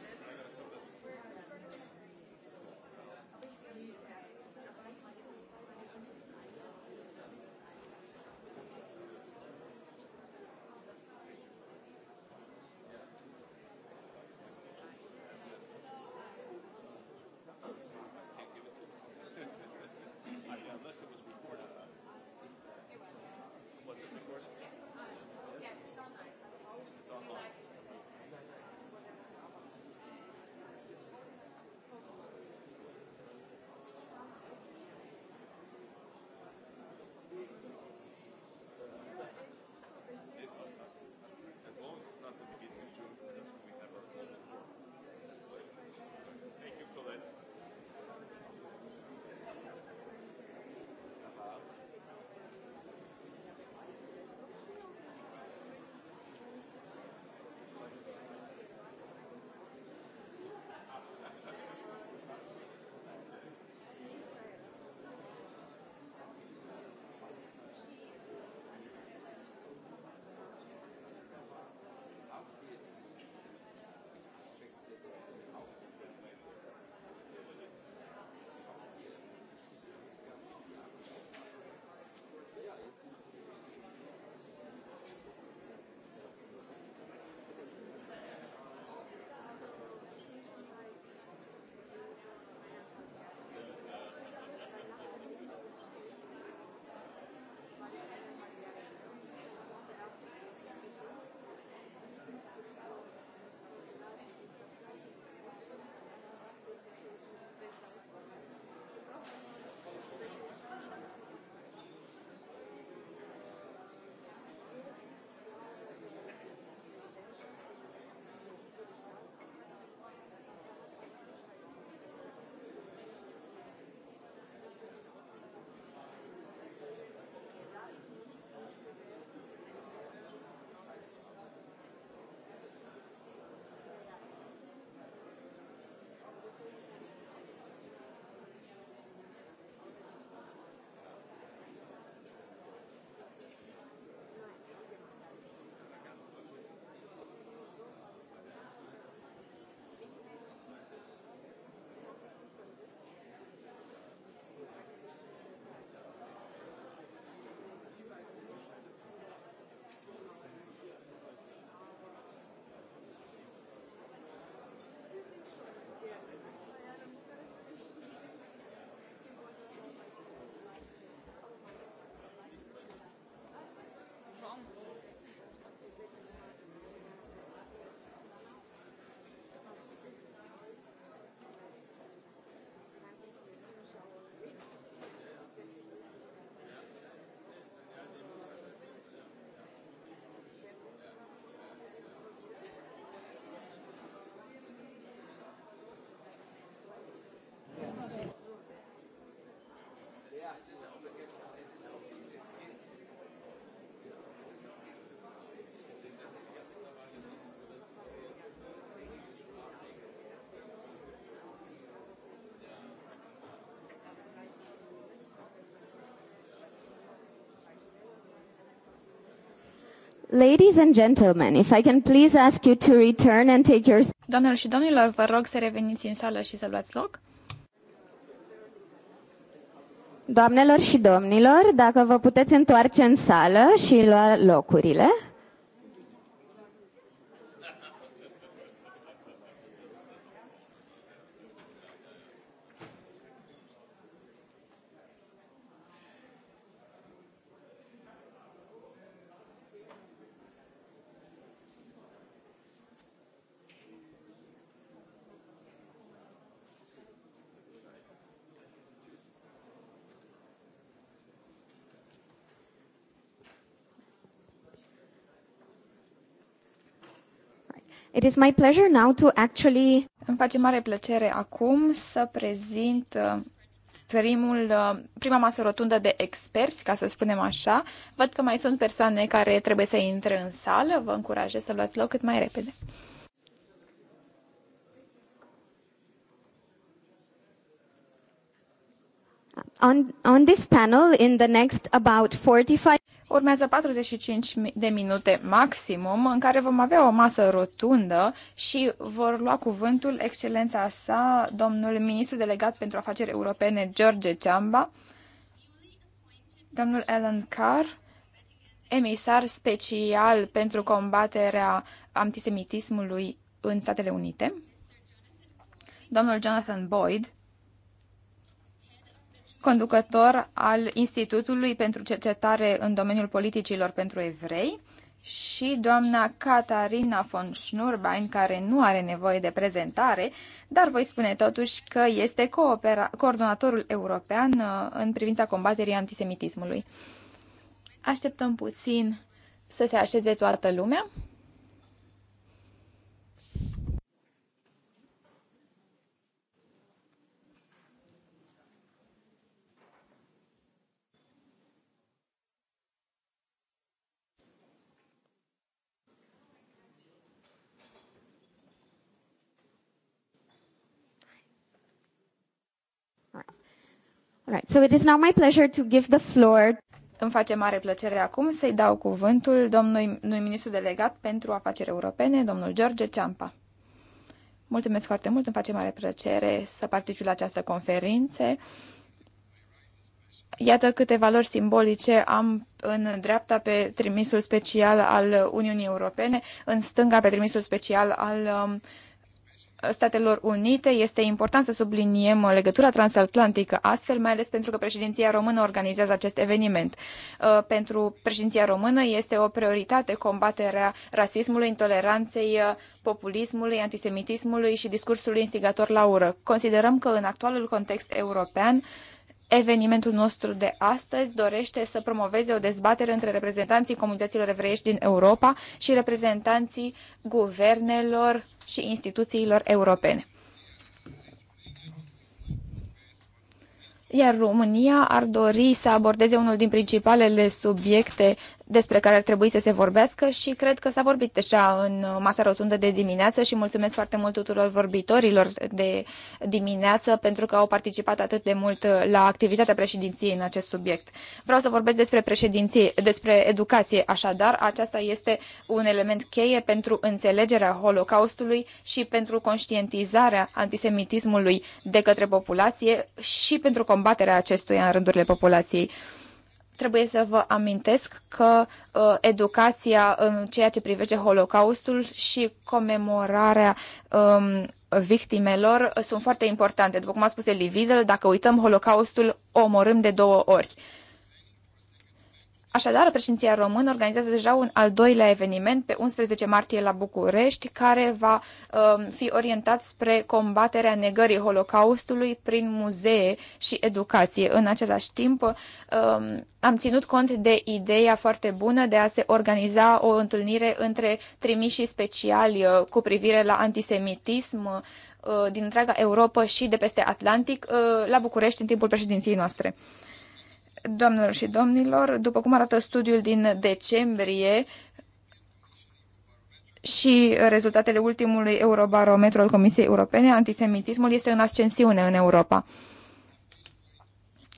Ladies and gentlemen, if I can please ask you to return and take your... Doamnelor și domnilor, vă rog să reveniți în sală și să luați loc. Doamnelor și domnilor, dacă vă puteți întoarce în sală și lua locurile. It is my pleasure now to actually... Îmi face mare plăcere acum să prezint uh, primul, uh, prima masă rotundă de experți, ca să spunem așa. Văd că mai sunt persoane care trebuie să intre în sală. Vă încurajez să luați loc cât mai repede. On, on this panel, in the next about 45 Urmează 45 de minute maximum în care vom avea o masă rotundă și vor lua cuvântul excelența sa, domnul ministru delegat pentru afaceri europene George Ciamba, domnul Alan Carr, emisar special pentru combaterea antisemitismului în Statele Unite, domnul Jonathan Boyd, conducător al Institutului pentru Cercetare în domeniul politicilor pentru evrei, și doamna Catarina von Schnurbein, care nu are nevoie de prezentare, dar voi spune totuși că este coordonatorul european uh, în privința combaterii antisemitismului. Așteptăm puțin să se așeze toată lumea. right, so it is now my pleasure to give the floor îmi face mare plăcere acum să-i dau cuvântul domnului ministru delegat pentru afaceri europene, domnul George Ciampa. Mulțumesc foarte mult, îmi face mare plăcere să particip la această conferință. Iată câte valori simbolice am în dreapta pe trimisul special al Uniunii Europene, în stânga pe trimisul special al um, Statelor Unite este important să subliniem legătura transatlantică astfel, mai ales pentru că președinția română organizează acest eveniment. Uh, pentru președinția română este o prioritate combaterea rasismului, intoleranței, uh, populismului, antisemitismului și discursului instigator la ură. Considerăm că în actualul context european, Evenimentul nostru de astăzi dorește să promoveze o dezbatere între reprezentanții comunităților evreiești din Europa și reprezentanții guvernelor și instituțiilor europene. Iar România ar dori să abordeze unul din principalele subiecte despre care ar trebui să se vorbească și cred că s-a vorbit deja în masa rotundă de dimineață și mulțumesc foarte mult tuturor vorbitorilor de dimineață pentru că au participat atât de mult la activitatea președinției în acest subiect. Vreau să vorbesc despre președinție, despre educație, așadar aceasta este un element cheie pentru înțelegerea Holocaustului și pentru conștientizarea antisemitismului de către populație și pentru combaterea acestuia în rândurile populației trebuie să vă amintesc că uh, educația în ceea ce privește Holocaustul și comemorarea um, victimelor sunt foarte importante. După cum a spus Elivizel, dacă uităm Holocaustul, omorâm de două ori. Uh, Așadar, președinția română organizează deja un al doilea eveniment pe 11 martie la București, care va um, fi orientat spre combaterea negării Holocaustului prin muzee și educație. În același timp, um, am ținut cont de ideea foarte bună de a se organiza o întâlnire între trimișii speciali uh, cu privire la antisemitism uh, din întreaga Europa și de peste Atlantic uh, la București în timpul președinției noastre. Doamnelor și domnilor, după cum arată studiul din decembrie și rezultatele ultimului eurobarometru al Comisiei Europene, antisemitismul este în ascensiune în Europa.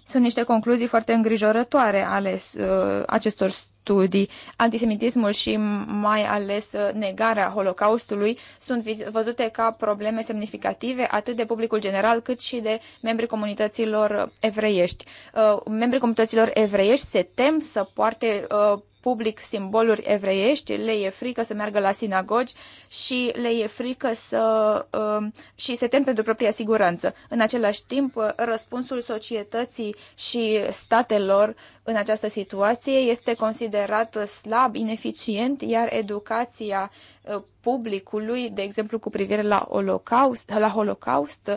Sunt niște concluzii foarte îngrijorătoare ale uh, acestor studii. Antisemitismul și mai ales uh, negarea Holocaustului sunt văzute ca probleme semnificative atât de publicul general cât și de membrii comunităților evreiești. Uh, membrii comunităților evreiești se tem să poarte uh, public simboluri evreiești, le e frică să meargă la sinagogi și le e frică să um, și se tem pentru propria siguranță. În același timp, răspunsul societății și statelor în această situație este considerat slab, ineficient, iar educația uh, publicului, de exemplu cu privire la Holocaust, la Holocaust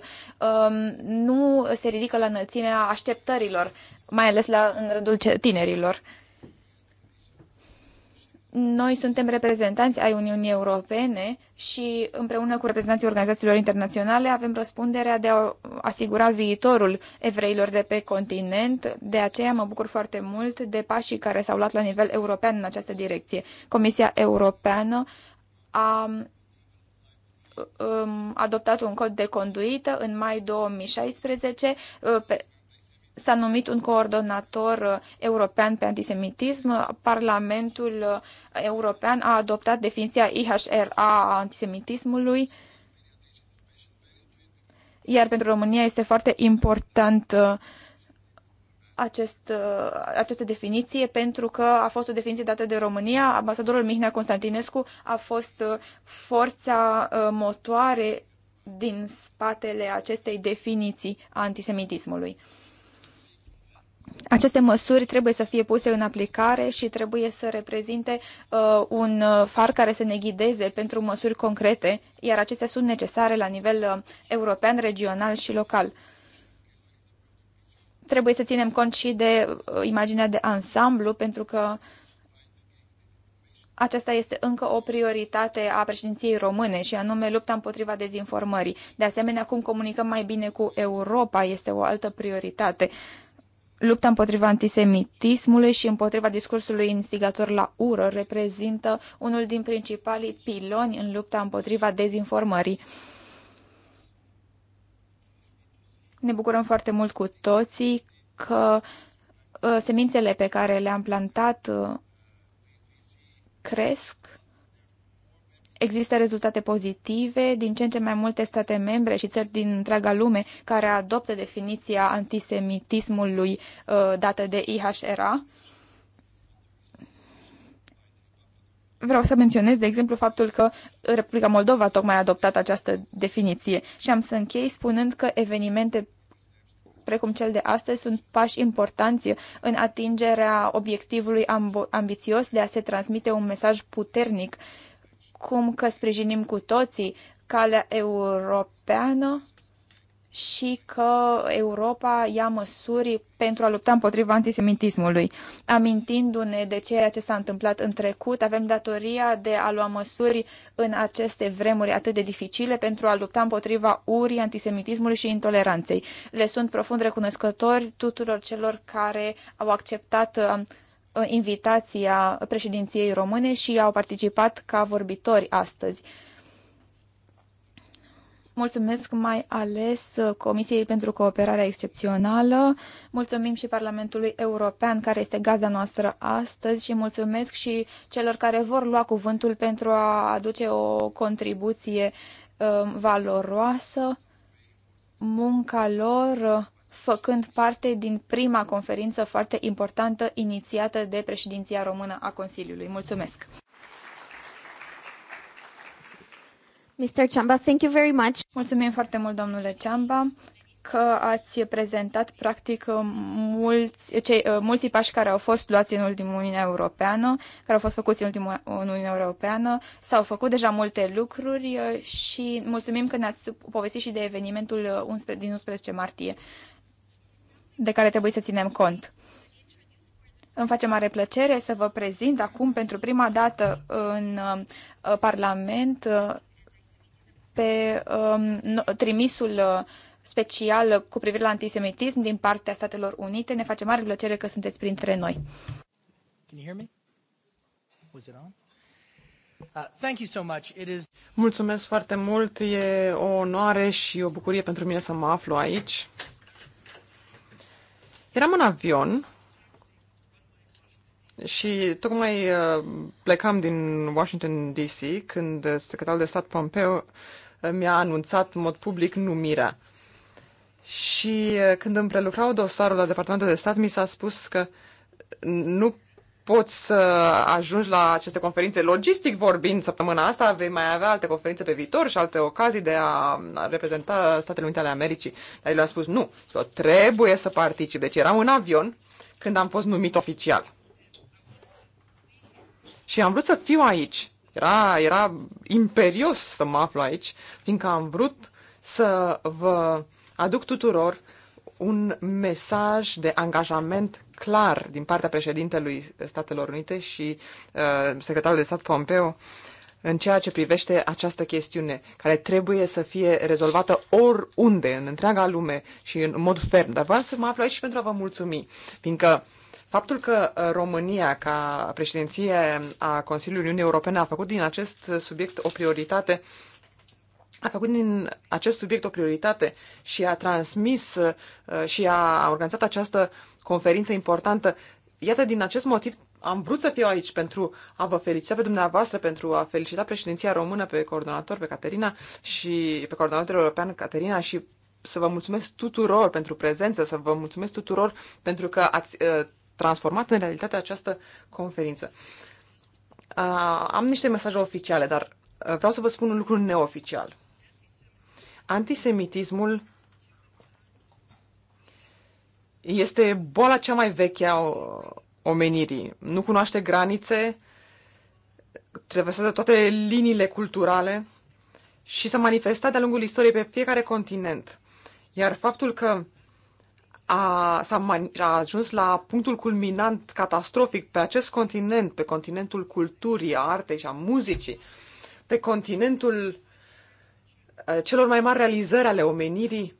um, nu se ridică la înălțimea așteptărilor, mai ales la, în rândul tinerilor. Noi suntem reprezentanți ai Uniunii Europene și împreună cu reprezentanții organizațiilor internaționale avem răspunderea de a asigura viitorul evreilor de pe continent. De aceea mă bucur foarte mult de pașii care s-au luat la nivel european în această direcție. Comisia Europeană a um, adoptat un cod de conduită în mai 2016 uh, pe S-a numit un coordonator uh, european pe antisemitism. Parlamentul uh, European a adoptat definiția IHRA a antisemitismului. Iar pentru România este foarte important uh, acest, această definiție pentru că a fost o definiție dată de România. Ambasadorul Mihnea Constantinescu a fost forța motoare din spatele acestei definiții a antisemitismului aceste măsuri trebuie să fie puse în aplicare și trebuie să reprezinte uh, un uh, far care să ne ghideze pentru măsuri concrete, iar acestea sunt necesare la nivel uh, european, regional și local. Trebuie să ținem cont și de uh, imaginea de ansamblu, pentru că aceasta este încă o prioritate a președinției române și anume lupta împotriva dezinformării. De asemenea, cum comunicăm mai bine cu Europa este o altă prioritate. Uh, Lupta împotriva antisemitismului și împotriva discursului instigator la ură reprezintă unul din principalii piloni în lupta împotriva dezinformării. Ne bucurăm foarte mult cu toții că uh, semințele pe care le-am plantat uh, cresc Există rezultate pozitive din ce în ce mai multe state membre și țări din întreaga lume care adoptă definiția antisemitismului uh, dată de IHRA. vreau să menționez, de exemplu, faptul că Republica Moldova tocmai a adoptat această definiție și am să închei spunând că evenimente precum cel de astăzi sunt pași importanți în atingerea obiectivului ambițios de a se transmite un mesaj puternic cum că sprijinim cu toții calea europeană și că Europa ia măsuri pentru a lupta împotriva antisemitismului. Amintindu-ne de ceea ce s-a întâmplat în trecut, avem datoria de a lua măsuri în aceste vremuri atât de dificile pentru a lupta împotriva urii, antisemitismului și intoleranței. Le sunt profund recunoscători tuturor celor care au acceptat um, Uh, invitația președinției române și au participat ca vorbitori astăzi. Mulțumesc mai ales Comisiei pentru Cooperarea Excepțională, mulțumim și Parlamentului European, care este gazda noastră astăzi și mulțumesc și celor care vor lua cuvântul pentru a aduce o contribuție um, valoroasă. Munca lor făcând parte din prima conferință foarte importantă inițiată de președinția română a Consiliului. Mulțumesc! Mr. Ciamba, thank you very much. Mulțumim foarte mult, domnule Ciamba, că ați prezentat practic mulți, cei, mulți pași care au fost luați în ultimul Uniunea Europeană, care au fost făcuți în ultimul în Uniunea Europeană. S-au făcut deja multe lucruri uh, și mulțumim că ne-ați povestit și de evenimentul 11, uh, din 11 martie de care trebuie să ținem cont. Îmi face mare plăcere să vă prezint acum pentru prima dată în uh, Parlament uh, pe um, trimisul uh, special cu privire la antisemitism din partea Statelor Unite. Ne face mare plăcere că sunteți printre noi. Mulțumesc foarte mult. E o onoare și o bucurie pentru mine să mă aflu aici. Eram în avion și tocmai uh, plecam din Washington DC când secretarul de stat Pompeo uh, mi-a anunțat în mod public numirea. Și uh, când îmi prelucrau dosarul la Departamentul de Stat, mi s-a spus că nu poți să ajungi la aceste conferințe logistic vorbind săptămâna asta, vei mai avea alte conferințe pe viitor și alte ocazii de a reprezenta Statele Unite ale Americii. Dar el a spus, nu, eu trebuie să particip. Deci eram în avion când am fost numit oficial. Și am vrut să fiu aici. Era, era imperios să mă aflu aici, fiindcă am vrut să vă aduc tuturor uh, un mesaj de angajament clar din partea președintelui Statelor Unite și uh, secretarul de stat Pompeo în ceea ce privește această chestiune, care trebuie să fie rezolvată oriunde, în întreaga lume și în mod ferm. Dar vreau să mă aflu aici și pentru a vă mulțumi, fiindcă Faptul că uh, România, ca președinție a Consiliului Uniunii Europene, a făcut din acest subiect o prioritate uh, a făcut din acest subiect o prioritate și a transmis uh, și a organizat această conferință importantă. Iată, din acest motiv am vrut să fiu aici pentru a vă felicita pe dumneavoastră, pentru a felicita președinția română pe coordonator, pe Caterina și pe coordonatorul european Caterina și să vă mulțumesc tuturor pentru prezență, să vă mulțumesc tuturor pentru că ați uh, transformat în realitate această conferință. Uh, am niște mesaje oficiale, dar vreau să vă spun un lucru neoficial antisemitismul este boala cea mai veche a omenirii. Nu cunoaște granițe, traversează toate liniile culturale și s-a manifestat de-a lungul istoriei pe fiecare continent. Iar faptul că a, s-a a ajuns la punctul culminant catastrofic pe acest continent, pe continentul culturii, a artei și a muzicii, pe continentul Eh, celor mai mari realizări ale omenirii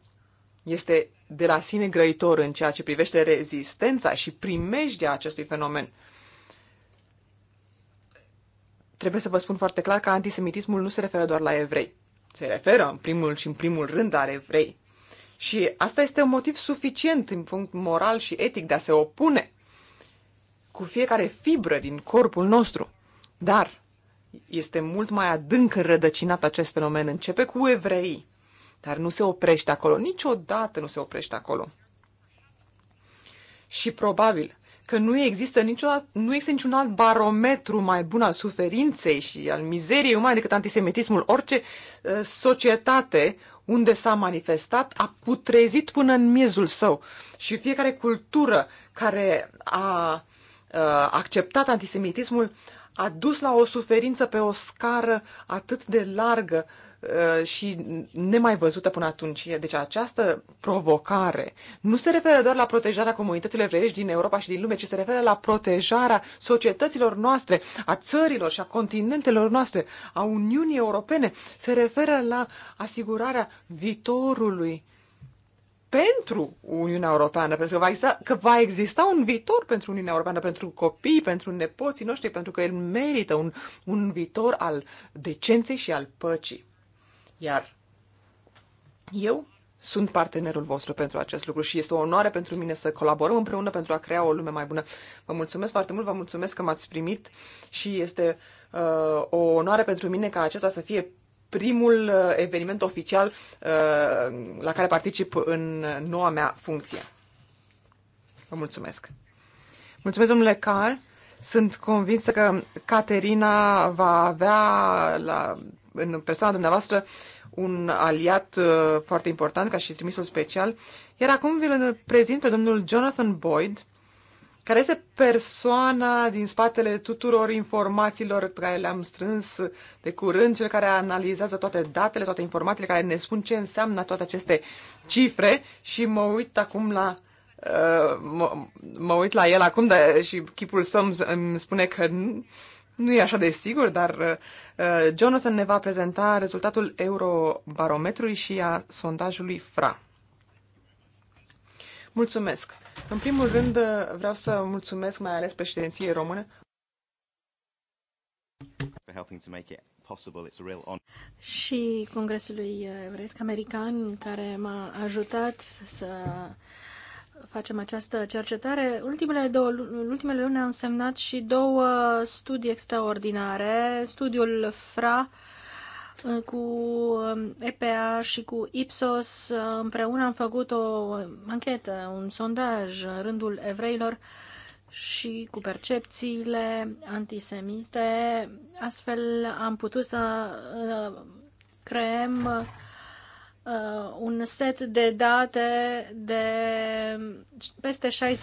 este de la sine grăitor în ceea ce privește rezistența și primejdea acestui fenomen. Trebuie să vă spun foarte clar că antisemitismul nu se referă doar la evrei. Se referă în primul și în primul rând la evrei. Și asta este un motiv suficient în punct moral și etic de a se opune cu fiecare fibră din corpul nostru. Dar este mult mai adânc rădăcinat acest fenomen. Începe cu evrei, dar nu se oprește acolo. Niciodată nu se oprește acolo. Și probabil că nu există, niciodată, nu există niciun alt barometru mai bun al suferinței și al mizeriei umane decât antisemitismul. Orice uh, societate unde s-a manifestat a putrezit până în miezul său. Și fiecare cultură care a uh, acceptat antisemitismul a dus la o suferință pe o scară atât de largă uh, și nemai văzută până atunci. Deci această provocare nu se referă doar la protejarea comunităților evreiești din Europa și din lume, ci se referă la protejarea societăților noastre, a țărilor și a continentelor noastre, a Uniunii Europene. Se referă la asigurarea viitorului pentru Uniunea Europeană, pentru că va, exista, că va exista un viitor pentru Uniunea Europeană, pentru copii, pentru nepoții noștri, pentru că el merită un, un viitor al decenței și al păcii. Iar eu sunt partenerul vostru pentru acest lucru și este o onoare pentru mine să colaborăm împreună pentru a crea o lume mai bună. Vă mulțumesc foarte mult, vă mulțumesc că m-ați primit și este uh, o onoare pentru mine ca acesta să fie primul uh, eveniment oficial uh, la care particip în noua mea funcție. Vă mulțumesc. Mulțumesc, domnule Carl. Sunt convinsă că Caterina va avea la, în persoana dumneavoastră un aliat uh, foarte important ca și trimisul special. Iar acum vi-l prezint pe domnul Jonathan Boyd, care este persoana din spatele tuturor informațiilor pe care le-am strâns de curând, cel care analizează toate datele, toate informațiile, care ne spun ce înseamnă toate aceste cifre și mă uit acum la uh, mă, mă uit la el acum de, și chipul său îmi spune că nu, nu e așa de sigur, dar uh, Jonathan ne va prezenta rezultatul Eurobarometrului și a sondajului FRA. Mulțumesc! În primul rând vreau să mulțumesc mai ales președinției române și Congresului Evreiesc American care m-a ajutat să facem această cercetare. Ultimele, două, ultimele luni au însemnat și două studii extraordinare. Studiul FRA uh, cu um, EPA și cu Ipsos. Uh, împreună am făcut o anchetă, un sondaj în rândul evreilor și cu percepțiile antisemite. Astfel am putut să uh, creăm uh, un set de date de peste 60.000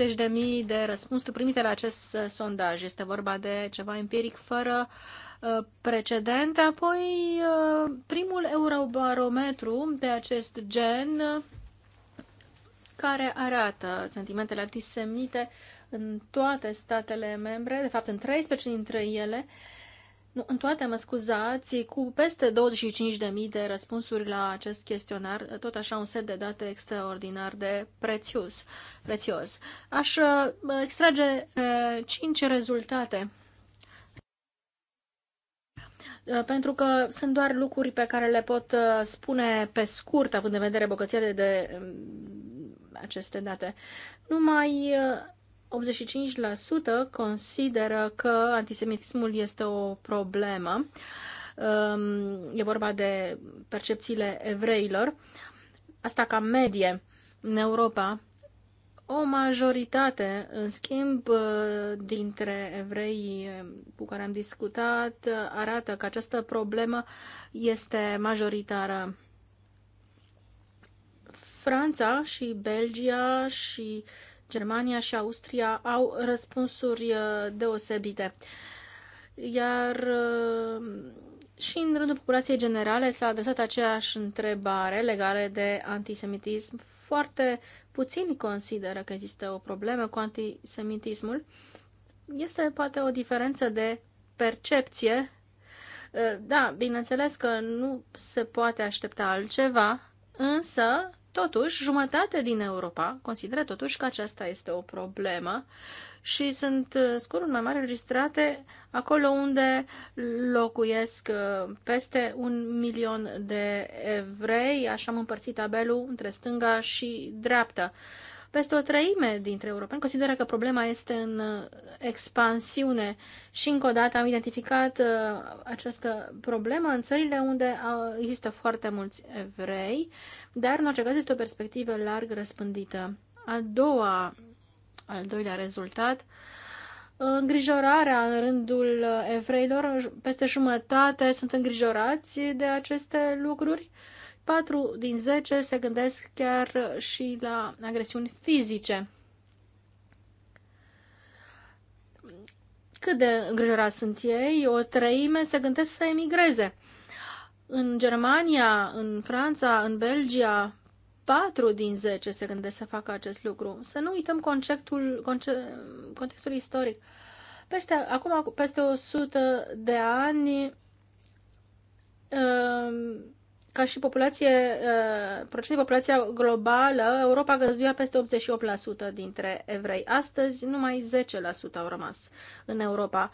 de răspunsuri primite la acest sondaj. Este vorba de ceva empiric fără uh, Uh, precedent. Apoi, uh, primul eurobarometru de acest gen care arată sentimentele antisemite în toate statele membre, de fapt în 13 dintre ele, nu, în toate, mă scuzați, cu peste 25.000 de răspunsuri la acest chestionar, tot așa un set de date extraordinar de prețios. prețios. Aș uh, extrage 5 rezultate Uh, pentru că sunt doar lucruri pe care le pot uh, spune pe scurt, având în vedere bogăția de, de um, aceste date. Numai 85% uh, consideră că antisemitismul este o problemă. Um, e vorba de percepțiile evreilor. Asta ca medie în Europa. O majoritate, în schimb, dintre evreii cu care am discutat arată că această problemă este majoritară. Franța și Belgia și Germania și Austria au răspunsuri uh, deosebite. Iar uh, și în rândul populației generale s-a adresat aceeași întrebare legare de antisemitism foarte puțini consideră că există o problemă cu antisemitismul. Este poate o diferență de percepție. Da, bineînțeles că nu se poate aștepta altceva, însă Totuși, jumătate din Europa consideră totuși că aceasta este o problemă și sunt uh, scorul mai mari înregistrate acolo unde locuiesc uh, peste un milion de evrei. Așa am împărțit tabelul între stânga și dreapta. Peste o treime dintre europeni consideră că problema este în uh, expansiune și încă o dată am identificat această problemă în țările unde există foarte mulți evrei, dar în orice caz este o perspectivă larg răspândită. A doua al doilea rezultat, îngrijorarea în rândul evreilor, peste jumătate sunt îngrijorați de aceste lucruri. 4 din 10 se gândesc chiar și la agresiuni fizice. Cât de îngrijorați sunt ei? O treime se gândesc să emigreze. În Germania, în Franța, în Belgia, 4 din 10 se gândesc să facă acest lucru. Să nu uităm conceptul, conce, contextul istoric. Peste, acum, peste 100 de ani, um, ca și populație, uh, procent de populația globală, Europa găzduia peste 88% dintre evrei. Astăzi, numai 10% au rămas în Europa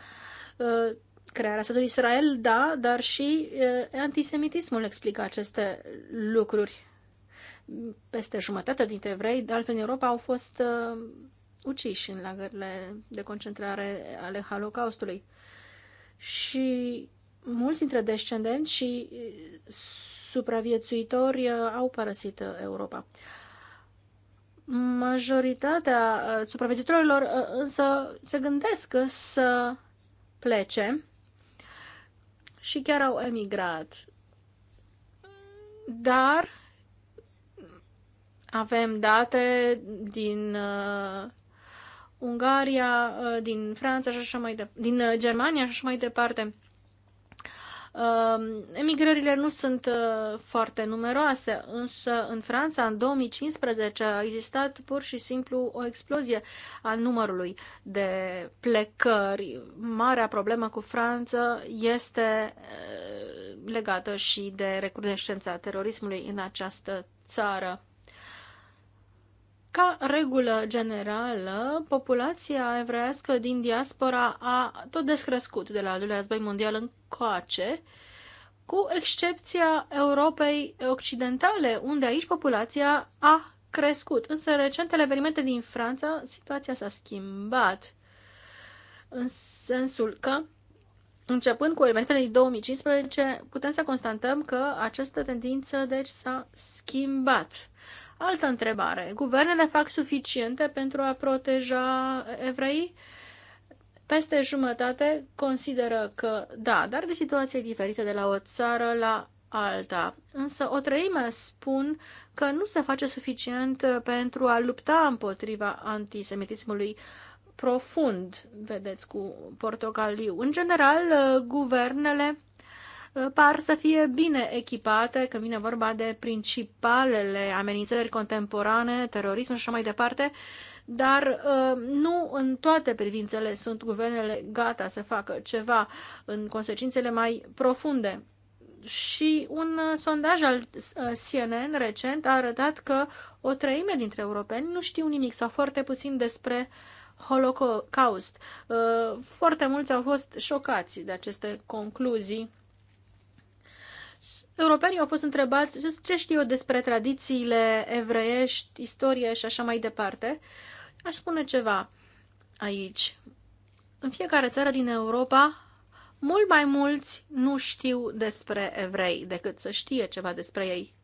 uh, crearea statului Israel, da, dar și uh, antisemitismul explică aceste lucruri. Peste jumătate dintre evrei de altfel în Europa au fost uh, uciși în lagările de concentrare ale Holocaustului. Și mulți dintre descendenți și uh, supraviețuitori uh, au părăsit uh, Europa. Majoritatea supraviețuitorilor însă se gândesc să plece și chiar au emigrat. Dar avem date din uh, Ungaria, uh, din Franța și așa mai departe, din uh, Germania și așa mai departe. Uh, emigrările nu sunt uh, foarte numeroase, însă în Franța, în 2015, a existat pur și simplu o explozie a numărului de plecări. Marea problemă cu Franța este uh, legată și de recrudescența terorismului în această țară. Ca regulă generală, populația evrească din diaspora a tot descrescut de la al doilea război mondial în coace, cu excepția Europei Occidentale, unde aici populația a crescut. Însă recentele evenimente din Franța, situația s-a schimbat în sensul că Începând cu evenimentele din 2015, putem să constatăm că această tendință deci s-a schimbat. Altă întrebare. Guvernele fac suficiente pentru a proteja evrei? Peste jumătate consideră că da, dar de situație diferită de la o țară la alta. Însă o treime spun că nu se face suficient pentru a lupta împotriva antisemitismului profund, vedeți, cu portocaliu. În general, guvernele Uh, par să fie bine echipate când vine vorba de principalele amenințări contemporane, terorismul și așa mai departe, dar uh, nu în toate privințele sunt guvernele gata să facă ceva în consecințele mai profunde. Și un uh, sondaj al CNN recent a arătat că o treime dintre europeni nu știu nimic sau foarte puțin despre Holocaust. Foarte mulți au fost șocați de aceste concluzii europenii au fost întrebați ce știu eu despre tradițiile evreiești, istorie și așa mai departe. Aș spune ceva aici. În fiecare țară din Europa, mult mai mulți nu știu despre evrei decât să știe ceva despre ei.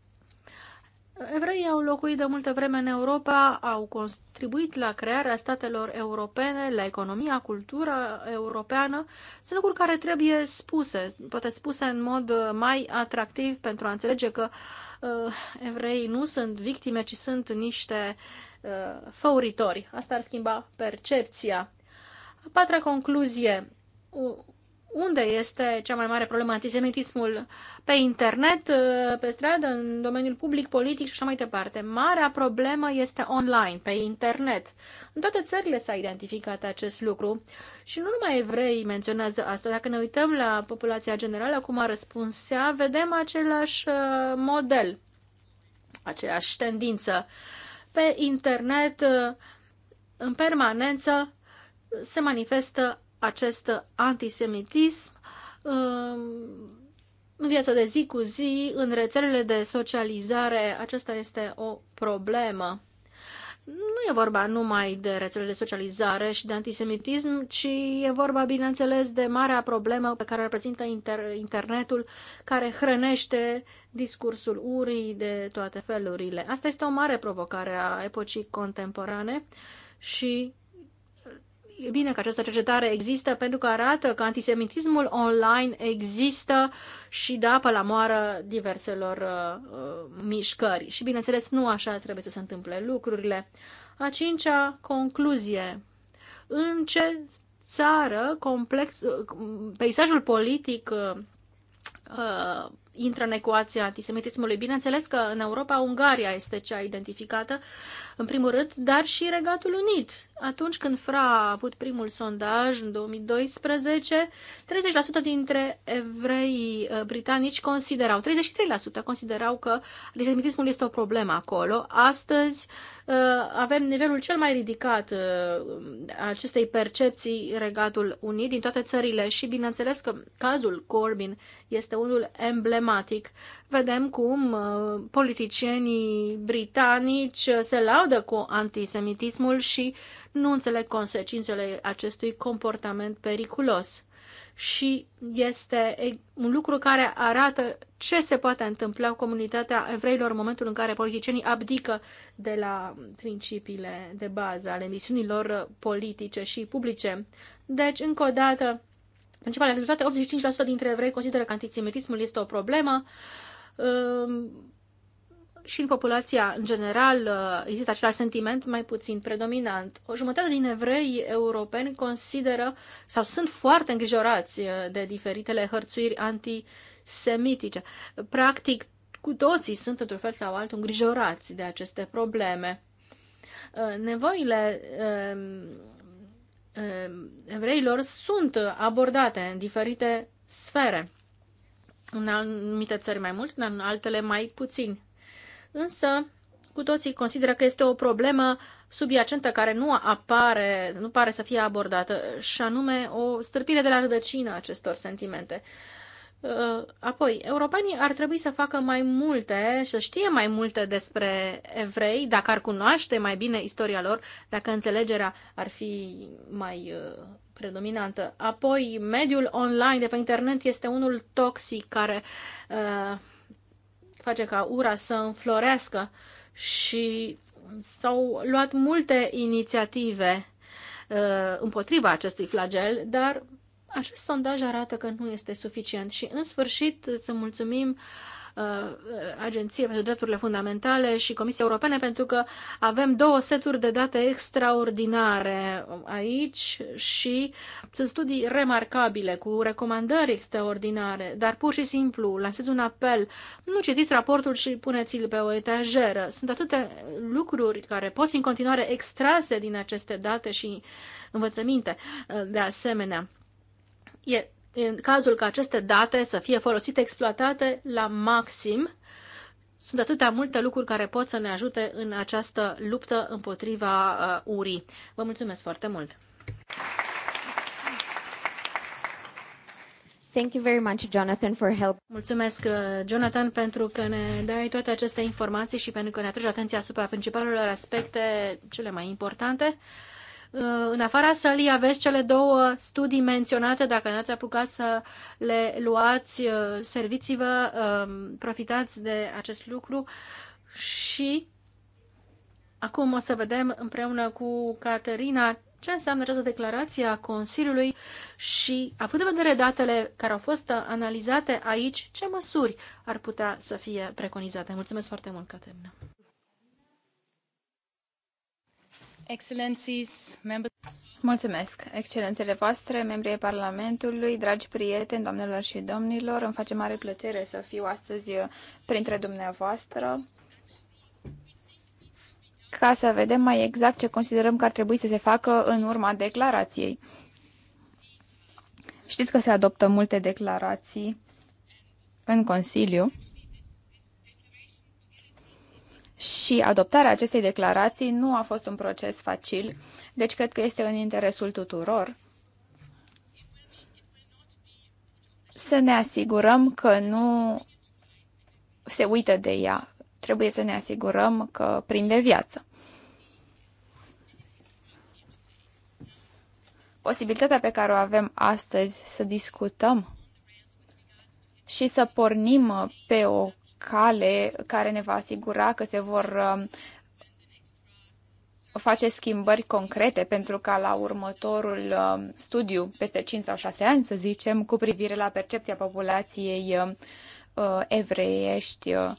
Evreii au locuit de multă vreme în Europa, au contribuit la crearea statelor europene, la economia, cultura europeană. Sunt lucruri care trebuie spuse, poate spuse în mod mai atractiv pentru a înțelege că uh, evreii nu sunt victime, ci sunt niște uh, făuritori. Asta ar schimba percepția. A patra concluzie unde este cea mai mare problemă antisemitismul? Pe internet, uh, pe stradă, în domeniul public, politic și așa mai departe. Marea problemă este online, pe internet. În toate țările s-a identificat acest lucru și nu numai evrei menționează asta. Dacă ne uităm la populația generală, cum a răspuns ea, vedem același uh, model, aceeași tendință. Pe internet, uh, în permanență, se manifestă acest antisemitism um, în viața de zi cu zi, în rețelele de socializare, acesta este o problemă. Nu e vorba numai de rețelele de socializare și de antisemitism, ci e vorba, bineînțeles, de marea problemă pe care reprezintă inter- internetul, care hrănește discursul urii de toate felurile. Asta este o mare provocare a epocii contemporane și E bine că această cercetare există pentru că arată că antisemitismul online există și dă apă la moară diverselor uh, uh mișcări. Și bineînțeles, nu așa trebuie să se întâmple lucrurile. A cincea concluzie. În ce țară complex, uh, peisajul politic uh, uh intră în ecuația antisemitismului. Bineînțeles că în Europa Ungaria este cea identificată, în primul rând, dar și Regatul Unit. Atunci când FRA a avut primul sondaj în 2012, 30% dintre evrei uh, britanici considerau, 33% considerau că antisemitismul este o problemă acolo. Astăzi uh, avem nivelul cel mai ridicat uh, acestei percepții Regatul Unit din toate țările și bineînțeles că cazul Corbyn este unul emblematic problematic. Vedem cum uh, politicienii britanici uh, se laudă cu antisemitismul și nu înțeleg consecințele acestui comportament periculos. Și este un lucru care arată ce se poate întâmpla cu comunitatea evreilor în momentul în care politicienii abdică de la principiile de bază ale misiunilor politice și publice. Deci, încă o dată, principale rezultate, 85% dintre evrei consideră că antisemitismul este o problemă ehm, și în populația în general uh, există același sentiment mai puțin predominant. O jumătate din evrei europeni consideră sau sunt foarte îngrijorați uh, de diferitele hărțuiri antisemitice. Practic, cu toții sunt într-un fel sau altul îngrijorați de aceste probleme. Uh, nevoile ehm, Uh, evreilor sunt abordate în diferite sfere. În anumite țări mai mult, în altele mai puțin. Însă, cu toții consideră că este o problemă subiacentă care nu apare, nu pare să fie abordată, și anume o stârpire de la rădăcină acestor sentimente. Uh, apoi, europenii ar trebui să facă mai multe, să știe mai multe despre evrei, dacă ar cunoaște mai bine istoria lor, dacă înțelegerea ar fi mai uh, predominantă. Apoi, mediul online de pe internet este unul toxic care uh, face ca ura să înflorească și s-au luat multe inițiative împotriva acestui flagel, dar acest sondaj arată că nu este suficient și, în sfârșit, să mulțumim uh, Agenției pentru Drepturile Fundamentale și Comisia Europene pentru că avem două seturi de date extraordinare aici și sunt studii remarcabile cu recomandări extraordinare, dar pur și simplu lansez un apel, nu citiți raportul și puneți-l pe o etajeră. Sunt atâtea lucruri care pot fi în continuare extrase din aceste date și învățăminte uh, de asemenea e în cazul ca aceste date să fie folosite, exploatate la maxim. Sunt atâtea multe lucruri care pot să ne ajute în această luptă împotriva uh, uri. Vă mulțumesc foarte mult! Thank you very much, Jonathan, for help. Mulțumesc, uh, Jonathan, pentru că ne dai toate aceste informații și pentru că ne atragi atenția asupra principalelor aspecte cele mai importante. În afara sălii aveți cele două studii menționate, dacă n-ați apucat să le luați, uh, serviți-vă, um, profitați de acest lucru și acum o să vedem împreună cu Caterina ce înseamnă această declarație a Consiliului și, având în vedere datele care au fost analizate aici, ce măsuri ar putea să fie preconizate. Mulțumesc foarte mult, Caterina! Mulțumesc, excelențele voastre, membrii Parlamentului, dragi prieteni, doamnelor și domnilor, îmi face mare plăcere să fiu astăzi printre dumneavoastră ca să vedem mai exact ce considerăm că ar trebui să se facă în urma declarației. Știți că se adoptă multe declarații în Consiliu și adoptarea acestei declarații nu a fost un proces facil, deci cred că este în interesul tuturor să ne asigurăm că nu se uită de ea. Trebuie să ne asigurăm că prinde viață. Posibilitatea pe care o avem astăzi să discutăm și să pornim pe o cale care ne va asigura că se vor um, face schimbări concrete pentru ca la următorul um, studiu, peste 5 sau 6 ani, să zicem, cu privire la percepția populației um, uh, evreiești uh,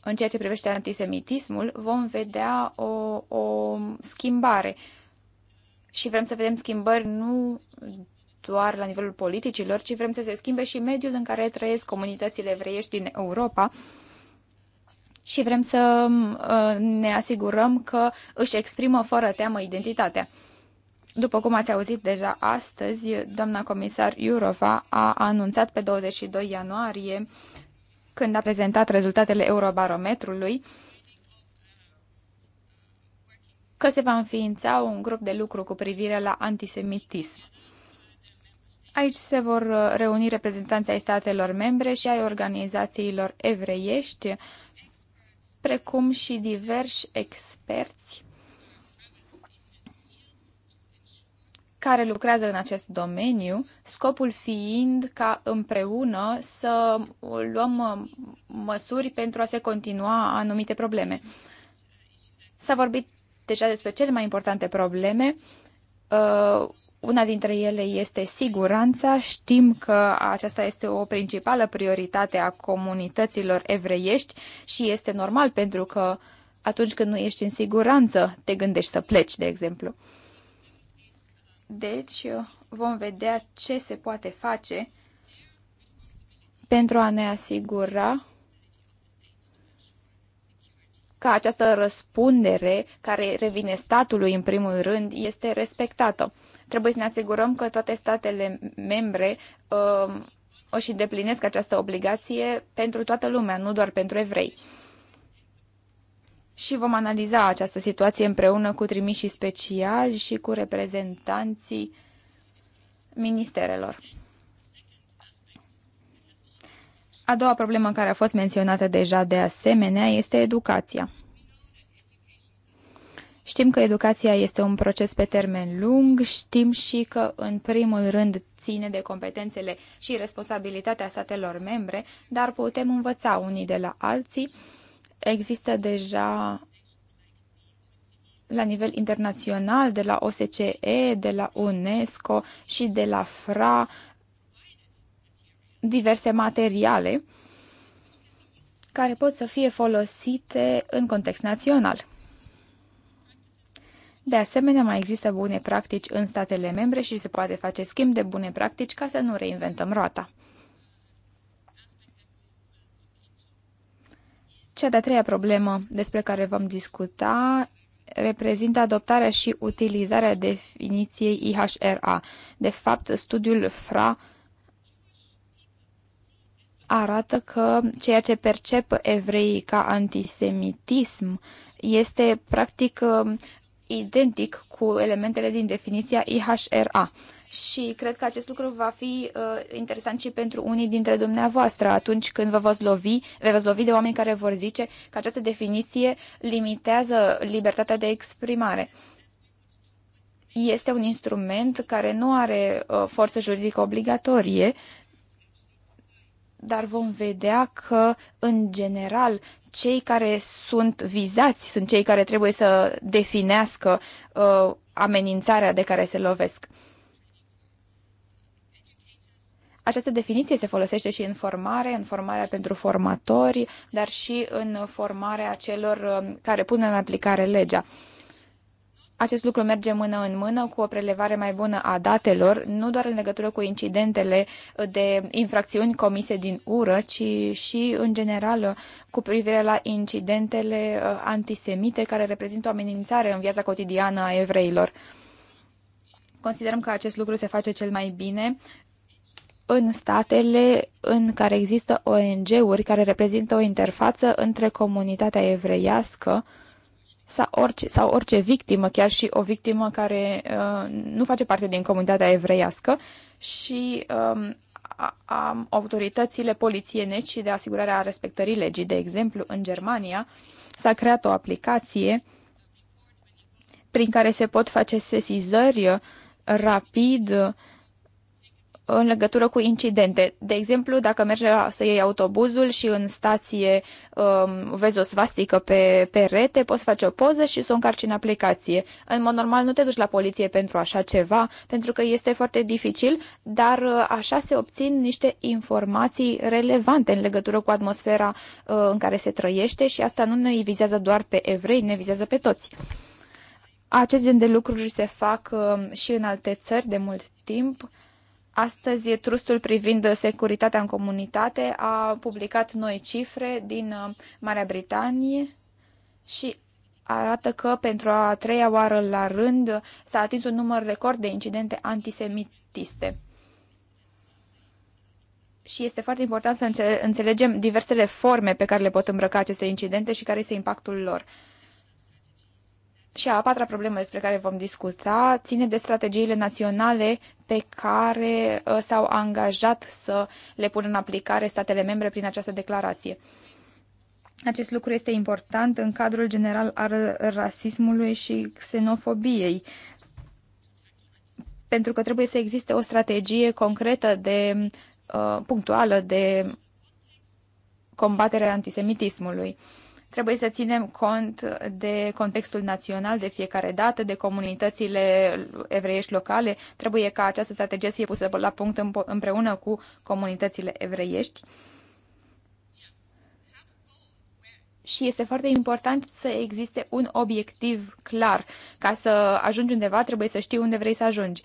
în ceea ce privește antisemitismul, vom vedea o, o schimbare. Și vrem să vedem schimbări nu doar la nivelul politicilor, ci vrem să se schimbe și mediul în care trăiesc comunitățile evreiești din Europa și vrem să uh, ne asigurăm că își exprimă fără teamă identitatea. După cum ați auzit deja astăzi, doamna comisar Iurova a anunțat pe 22 ianuarie, când a prezentat rezultatele Eurobarometrului, că se va înființa un grup de lucru cu privire la antisemitism. Aici se vor uh, reuni reprezentanții ai statelor membre și ai organizațiilor evreiești, precum și diversi experți care lucrează în acest domeniu, scopul fiind ca împreună să luăm uh, măsuri pentru a se continua anumite probleme. S-a vorbit deja despre cele mai importante probleme. Uh, una dintre ele este siguranța. Știm că aceasta este o principală prioritate a comunităților evreiești și este normal pentru că atunci când nu ești în siguranță, te gândești să pleci, de exemplu. Deci, vom vedea ce se poate face pentru a ne asigura că această răspundere care revine statului în primul rând este respectată. Trebuie să ne asigurăm că toate statele membre uh, își îndeplinesc această obligație pentru toată lumea, nu doar pentru evrei. Și vom analiza această situație împreună cu trimișii speciali și cu reprezentanții ministerelor. A doua problemă care a fost menționată deja de asemenea este educația. Știm că educația este un proces pe termen lung, știm și că, în primul rând, ține de competențele și responsabilitatea statelor membre, dar putem învăța unii de la alții. Există deja la nivel internațional, de la OSCE, de la UNESCO și de la FRA, diverse materiale care pot să fie folosite în context național. De asemenea, mai există bune practici în statele membre și se poate face schimb de bune practici ca să nu reinventăm roata. Cea de-a treia problemă despre care vom discuta reprezintă adoptarea și utilizarea definiției IHRA. De fapt, studiul FRA arată că ceea ce percep evreii ca antisemitism este practic identic cu elementele din definiția IHRA. Și cred că acest lucru va fi uh, interesant și pentru unii dintre dumneavoastră atunci când vă veți lovi, vă veți lovi de oameni care vor zice că această definiție limitează libertatea de exprimare. Este un instrument care nu are uh, forță juridică obligatorie, uh, dar vom vedea că, în general, cei care sunt vizați sunt cei care trebuie să definească uh, amenințarea de care se lovesc. Această definiție se folosește și în formare, în formarea pentru formatori, dar și în formarea celor uh, care pun în aplicare legea. Acest lucru merge mână în mână cu o prelevare mai bună a datelor, nu doar în legătură cu incidentele de infracțiuni comise din ură, ci și în general cu privire la incidentele uh, antisemite care reprezintă o amenințare în viața cotidiană a evreilor. Considerăm că acest lucru se face cel mai bine în statele în care există ONG-uri care reprezintă o interfață între comunitatea evreiască, sau orice, sau orice victimă, chiar și o victimă care uh, nu face parte din comunitatea evreiască și um, a, a, autoritățile polițiene și de asigurarea respectării legii, de exemplu, în Germania, s-a creat o aplicație prin care se pot face sesizări rapid în legătură cu incidente. De exemplu, dacă merge să iei autobuzul și în stație um, vezi o svastică pe perete, poți face o poză și să o încarci în aplicație. În mod normal nu te duci la poliție pentru așa ceva, pentru că este foarte dificil, dar uh, așa se obțin niște informații relevante în legătură cu atmosfera uh, în care se trăiește și asta nu ne vizează doar pe evrei, ne vizează pe toți. Acest gen de lucruri se fac uh, și în alte țări de mult timp. Uh, Astăzi, trustul privind securitatea în comunitate a publicat noi cifre din uh, Marea Britanie și arată că pentru a treia oară la rând s-a atins un număr record de incidente antisemitiste. Și este foarte important să înțelegem diversele forme pe care le pot îmbrăca aceste incidente și care este impactul lor. Și a patra problemă despre care vom discuta ține de strategiile naționale pe care uh, s-au angajat să le pună în aplicare statele membre prin această declarație. Acest lucru este important în cadrul general al rasismului și xenofobiei, pentru că trebuie să existe o strategie concretă de uh, punctuală de combatere a antisemitismului. Trebuie să ținem cont de contextul național de fiecare dată, de comunitățile evreiești locale. Trebuie ca această strategie să fie pusă la punct împreună cu comunitățile evreiești. și este foarte important să existe un obiectiv clar. Ca să ajungi undeva, trebuie să știi unde vrei să ajungi.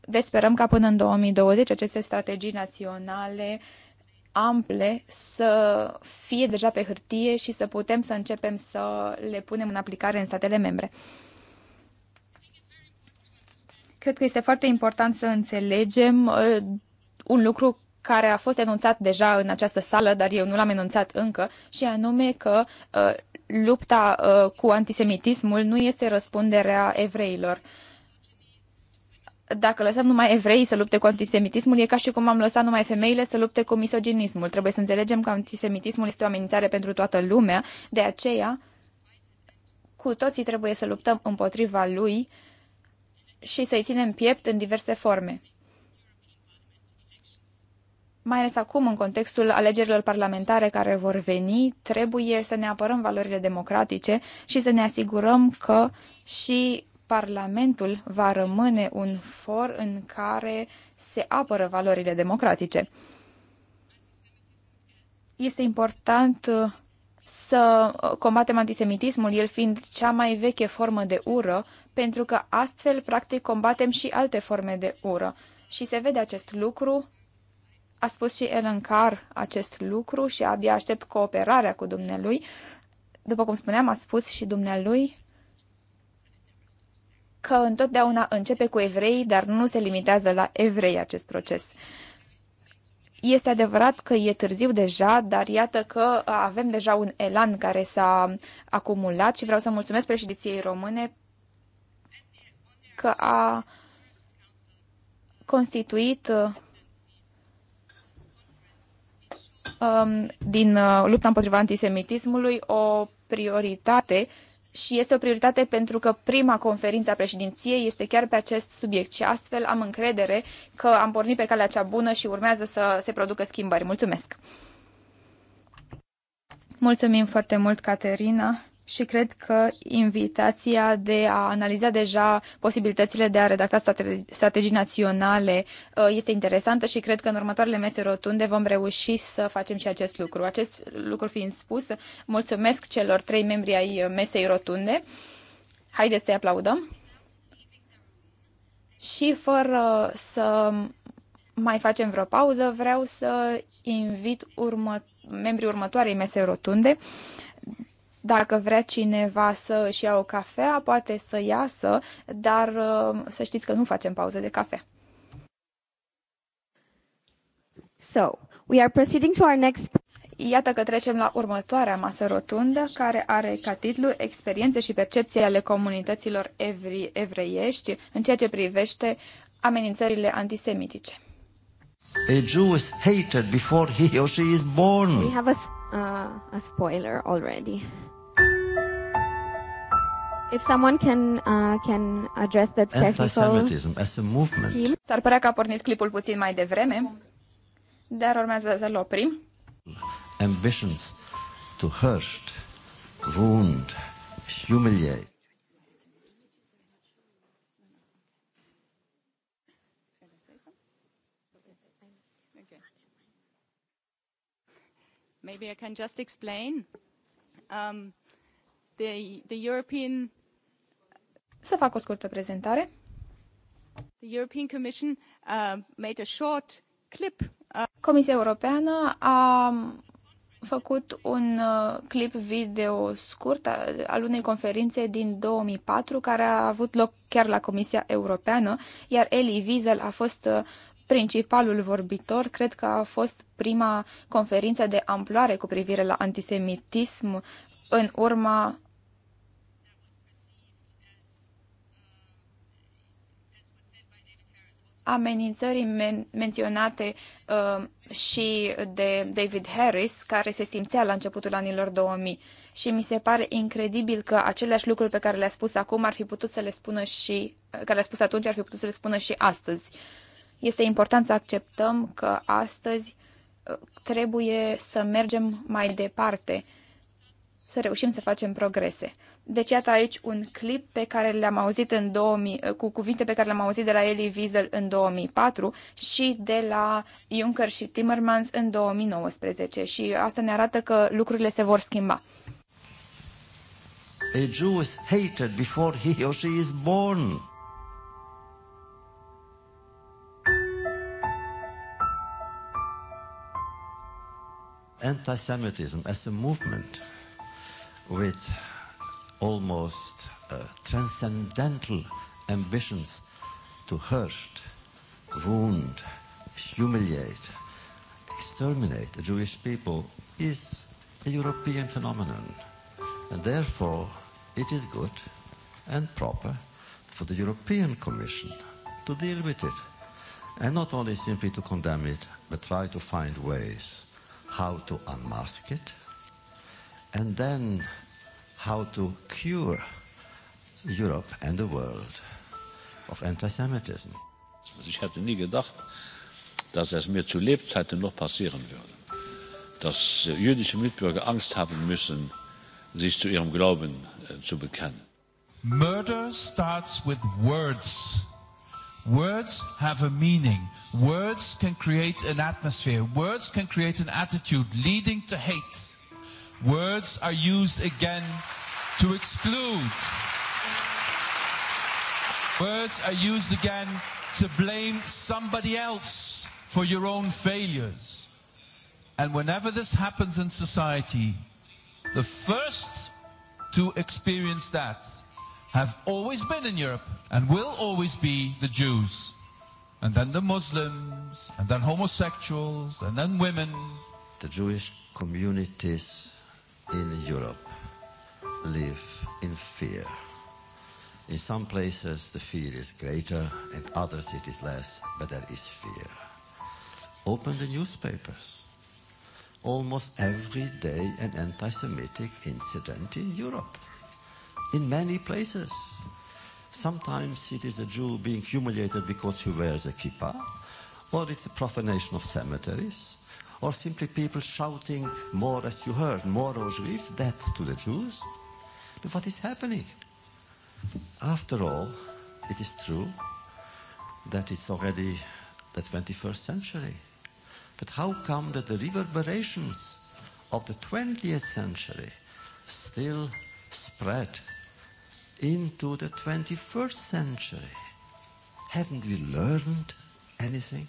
Deci sperăm ca până în 2020 aceste strategii naționale ample să fie deja pe hârtie și să putem să începem să le punem în aplicare în statele membre. Cred că este foarte important să înțelegem uh, un lucru care a fost enunțat deja în această sală, dar eu nu l-am enunțat încă, și anume că uh, lupta uh, cu antisemitismul nu este răspunderea evreilor dacă lăsăm numai evreii să lupte cu antisemitismul, e ca și cum am lăsat numai femeile să lupte cu misoginismul. Trebuie să înțelegem că antisemitismul este o amenințare pentru toată lumea, de aceea cu toții trebuie să luptăm împotriva lui și să-i ținem piept în diverse forme. Mai ales acum, în contextul alegerilor parlamentare care vor veni, trebuie să ne apărăm valorile democratice și să ne asigurăm că și Parlamentul va rămâne un for în care se apără valorile democratice. Este important uh, să uh, combatem antisemitismul, el fiind cea mai veche formă de ură, pentru că astfel, practic, combatem și alte forme de ură. Și se vede acest lucru, a spus și în car acest lucru și abia aștept cooperarea cu dumnealui. După cum spuneam, a spus și dumnealui că întotdeauna începe cu evrei, dar nu se limitează la evrei acest proces. Este adevărat că e târziu deja, dar iată că avem deja un elan care s-a acumulat și vreau să mulțumesc președinției române că a constituit um, din uh, lupta împotriva antisemitismului o prioritate și este o prioritate pentru că prima conferință a președinției este chiar pe acest subiect și astfel am încredere că am pornit pe calea cea bună și urmează să se producă schimbări. Mulțumesc! Mulțumim foarte mult, Caterina! și cred că invitația de a analiza deja posibilitățile de a redacta strategii naționale uh, este interesantă și cred că în următoarele mese rotunde vom reuși să facem și acest lucru. Acest lucru fiind spus, mulțumesc celor trei membri ai mesei rotunde. Haideți să-i aplaudăm. Și fără să mai facem vreo pauză, vreau să invit urmă, membrii următoarei mese rotunde dacă vrea cineva să își ia o cafea, poate să iasă, dar uh, să știți că nu facem pauze de cafea. So, we are proceeding to our next Iată că trecem la următoarea masă rotundă, care are ca titlu Experiențe și percepții ale comunităților evri, evreiești în ceea ce privește amenințările antisemitice. A Jew is hated before he or she is born. We have a, uh, a spoiler already. If someone can, uh, can address that technical as a movement. S-ar părea că a pornit clipul puțin mai devreme, dar urmează să-l oprim. Ambitions to hurt, wound, humiliate. Maybe I can just explain. Um, the, the European să fac o scurtă prezentare. The European Commission uh, made a short clip. Uh, Comisia Europeană a făcut un uh, clip video scurt al unei conferințe din 2004 care a avut loc chiar la Comisia Europeană, iar Eli Wiesel a fost uh, principalul vorbitor. Cred că a fost prima conferință de amploare cu privire la antisemitism în urma amenințării men- menționate uh, și de David Harris, care se simțea la începutul anilor 2000. Și mi se pare incredibil că aceleași lucruri pe care le-a spus acum ar fi putut să le spună și, uh, care le-a spus atunci, ar fi putut să le spună și astăzi. Este important să acceptăm că astăzi uh, trebuie să mergem mai departe, să reușim să facem progrese. Deci iată aici un clip pe care le-am auzit în 2000, cu cuvinte pe care le-am auzit de la Elie Wiesel în 2004 și de la Juncker și Timmermans în 2019 și asta ne arată că lucrurile se vor schimba. A Jew is hated before he or she is born. Anti-Semitism as a movement with almost uh, transcendental ambitions to hurt, wound, humiliate, exterminate the Jewish people is a European phenomenon. And therefore, it is good and proper for the European Commission to deal with it. And not only simply to condemn it, but try to find ways how to unmask it and then how to cure Europe and the world of antisemitism. Ich hätte nie gedacht, dass es mir zu Lebzeiten noch passieren würde, dass äh, jüdische Mitbürger Angst haben müssen, sich zu ihrem Glauben äh, zu bekennen. Murder starts with words. Words have a meaning. Words can create an atmosphere. Words can create an attitude leading to hate. Words are used again to exclude. Words are used again to blame somebody else for your own failures. And whenever this happens in society, the first to experience that have always been in Europe and will always be the Jews. And then the Muslims, and then homosexuals, and then women. The Jewish communities in Europe live in fear. In some places, the fear is greater, in others, it is less, but there is fear. Open the newspapers. Almost every day, an anti Semitic incident in Europe, in many places. Sometimes it is a Jew being humiliated because he wears a kippah, or it's a profanation of cemeteries, or simply people shouting more as you heard, more Auschwitz, death to the Jews? But what is happening? After all, it is true that it's already the 21st century. But how come that the reverberations of the 20th century still spread into the 21st century? Haven't we learned anything?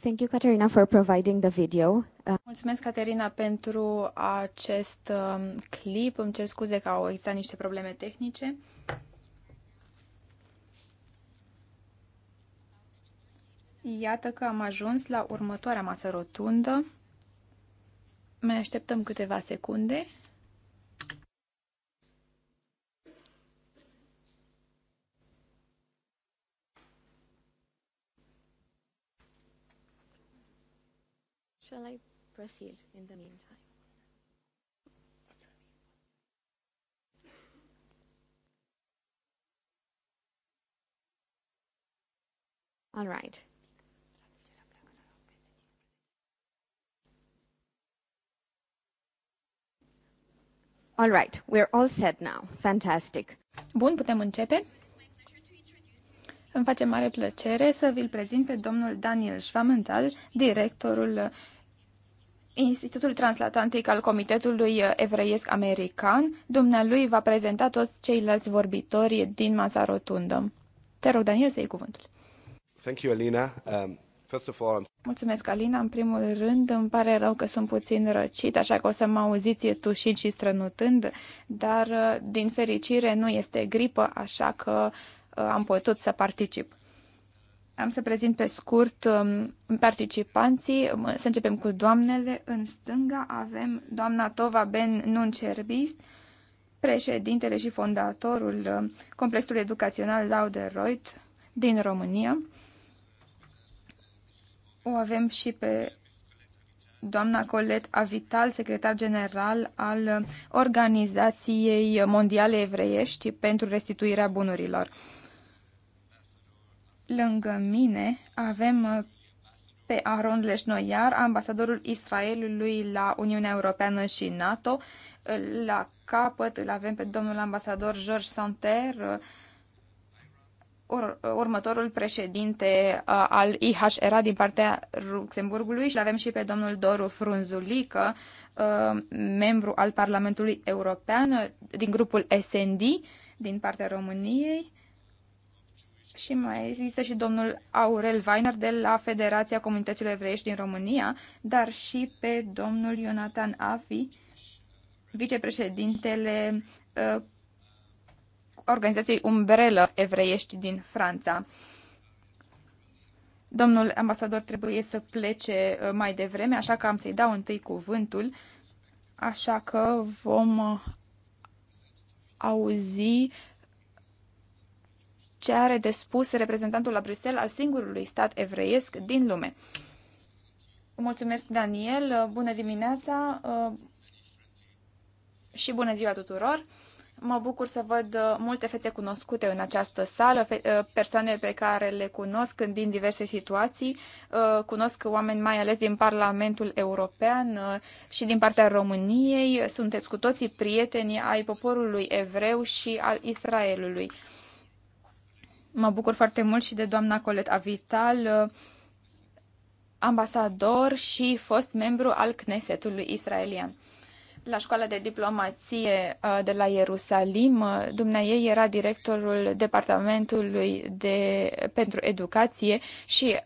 thank you, Caterina, for providing the video. Uh, Mulțumesc, Caterina, pentru acest um, clip. Îmi cer scuze că au existat niște probleme tehnice. Iată că am ajuns la următoarea masă rotundă. Mai așteptăm câteva secunde. Shall I proceed in the meantime? All right. All right, we're all set now. Fantastic. Bun, putem începe. Îmi face mare plăcere să vi-l prezint pe domnul Daniel Schwamenthal, directorul Institutul Translatantic al Comitetului Evreiesc American, dumnealui va prezenta toți ceilalți vorbitori din masa rotundă. Te rog, Daniel, să iei cuvântul. Thank you, Alina. Um... Mulțumesc, Alina. În primul rând, îmi pare rău că sunt puțin răcit, așa că o să mă auziți tușind și strănutând, dar, uh, din fericire, nu este gripă, așa că uh, am putut să particip. Am să prezint pe scurt um, participanții. Să începem cu doamnele. În stânga avem doamna Tova Ben Nuncerbis, președintele și fondatorul um, Complexului Educațional Lauderoit din România. O avem și pe doamna Colet Avital, secretar general al Organizației Mondiale Evreiești pentru Restituirea Bunurilor. Lângă mine avem uh, pe Aron Leșnoiar, ambasadorul Israelului la Uniunea Europeană și NATO. La capăt îl avem pe domnul ambasador George Santer, ur- uh, uh, următorul președinte uh, al IHRA din partea Luxemburgului și avem și pe domnul Doru Frunzulică, uh, membru al Parlamentului European din grupul SND din partea României și mai există și domnul Aurel Weiner de la Federația Comunităților Evreiești din România, dar și pe domnul Ionatan Afi, vicepreședintele uh, organizației Umbrella Evreiești din Franța. Domnul ambasador trebuie să plece uh, mai devreme, așa că am să-i dau întâi cuvântul, așa că vom uh, auzi ce are de spus reprezentantul la Bruxelles al singurului stat evreiesc din lume. Mulțumesc, Daniel. Bună dimineața uh, și bună ziua tuturor. Mă bucur să văd uh, multe fețe cunoscute în această sală, uh, persoane pe care le cunosc din diverse situații. Cunosc oameni mai ales din Parlamentul European și din partea României. Sunteți cu toții prieteni ai poporului evreu și al Israelului. Mă bucur foarte mult și de doamna Colet Avital, uh, ambasador și fost membru al Knesetului israelian. La școala de diplomație uh, de la Ierusalim, uh, ei era directorul departamentului de, pentru educație și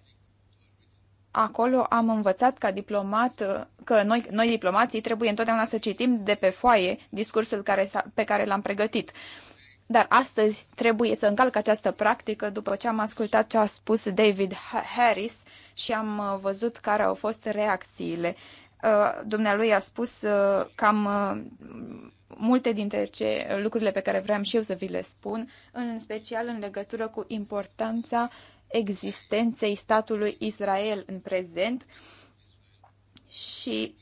acolo am învățat ca diplomat că noi, noi diplomații trebuie întotdeauna să citim de pe foaie discursul care, pe care l-am pregătit. Uh, dar astăzi trebuie să încalc această practică după ce am ascultat ce a spus David Harris și am uh, văzut care au fost reacțiile. Uh, dumnealui a spus uh, cam multe dintre ce, lucrurile pe care vreau și eu să vi le spun, în special în legătură cu importanța existenței statului Israel în prezent și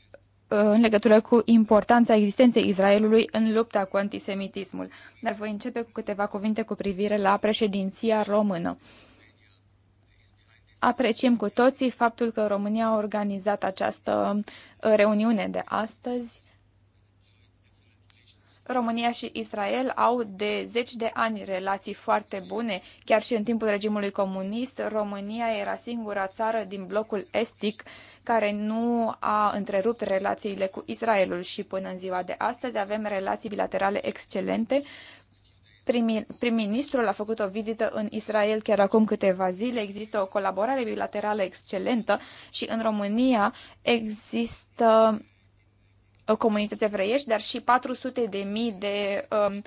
Uh, în legătură cu importanța existenței Israelului în lupta cu antisemitismul. Dar voi începe cu câteva cuvinte cu privire la președinția română. Apreciem cu toții faptul că România a organizat această uh, reuniune de astăzi România și Israel au de zeci de ani relații foarte bune. Chiar și în timpul regimului comunist, România era singura țară din blocul estic care nu a întrerupt relațiile cu Israelul și până în ziua de astăzi avem relații bilaterale excelente. Prim-ministrul a făcut o vizită în Israel chiar acum câteva zile. Există o colaborare bilaterală excelentă și în România există Uh, comunități evreiești, dar și 400 de mii de um,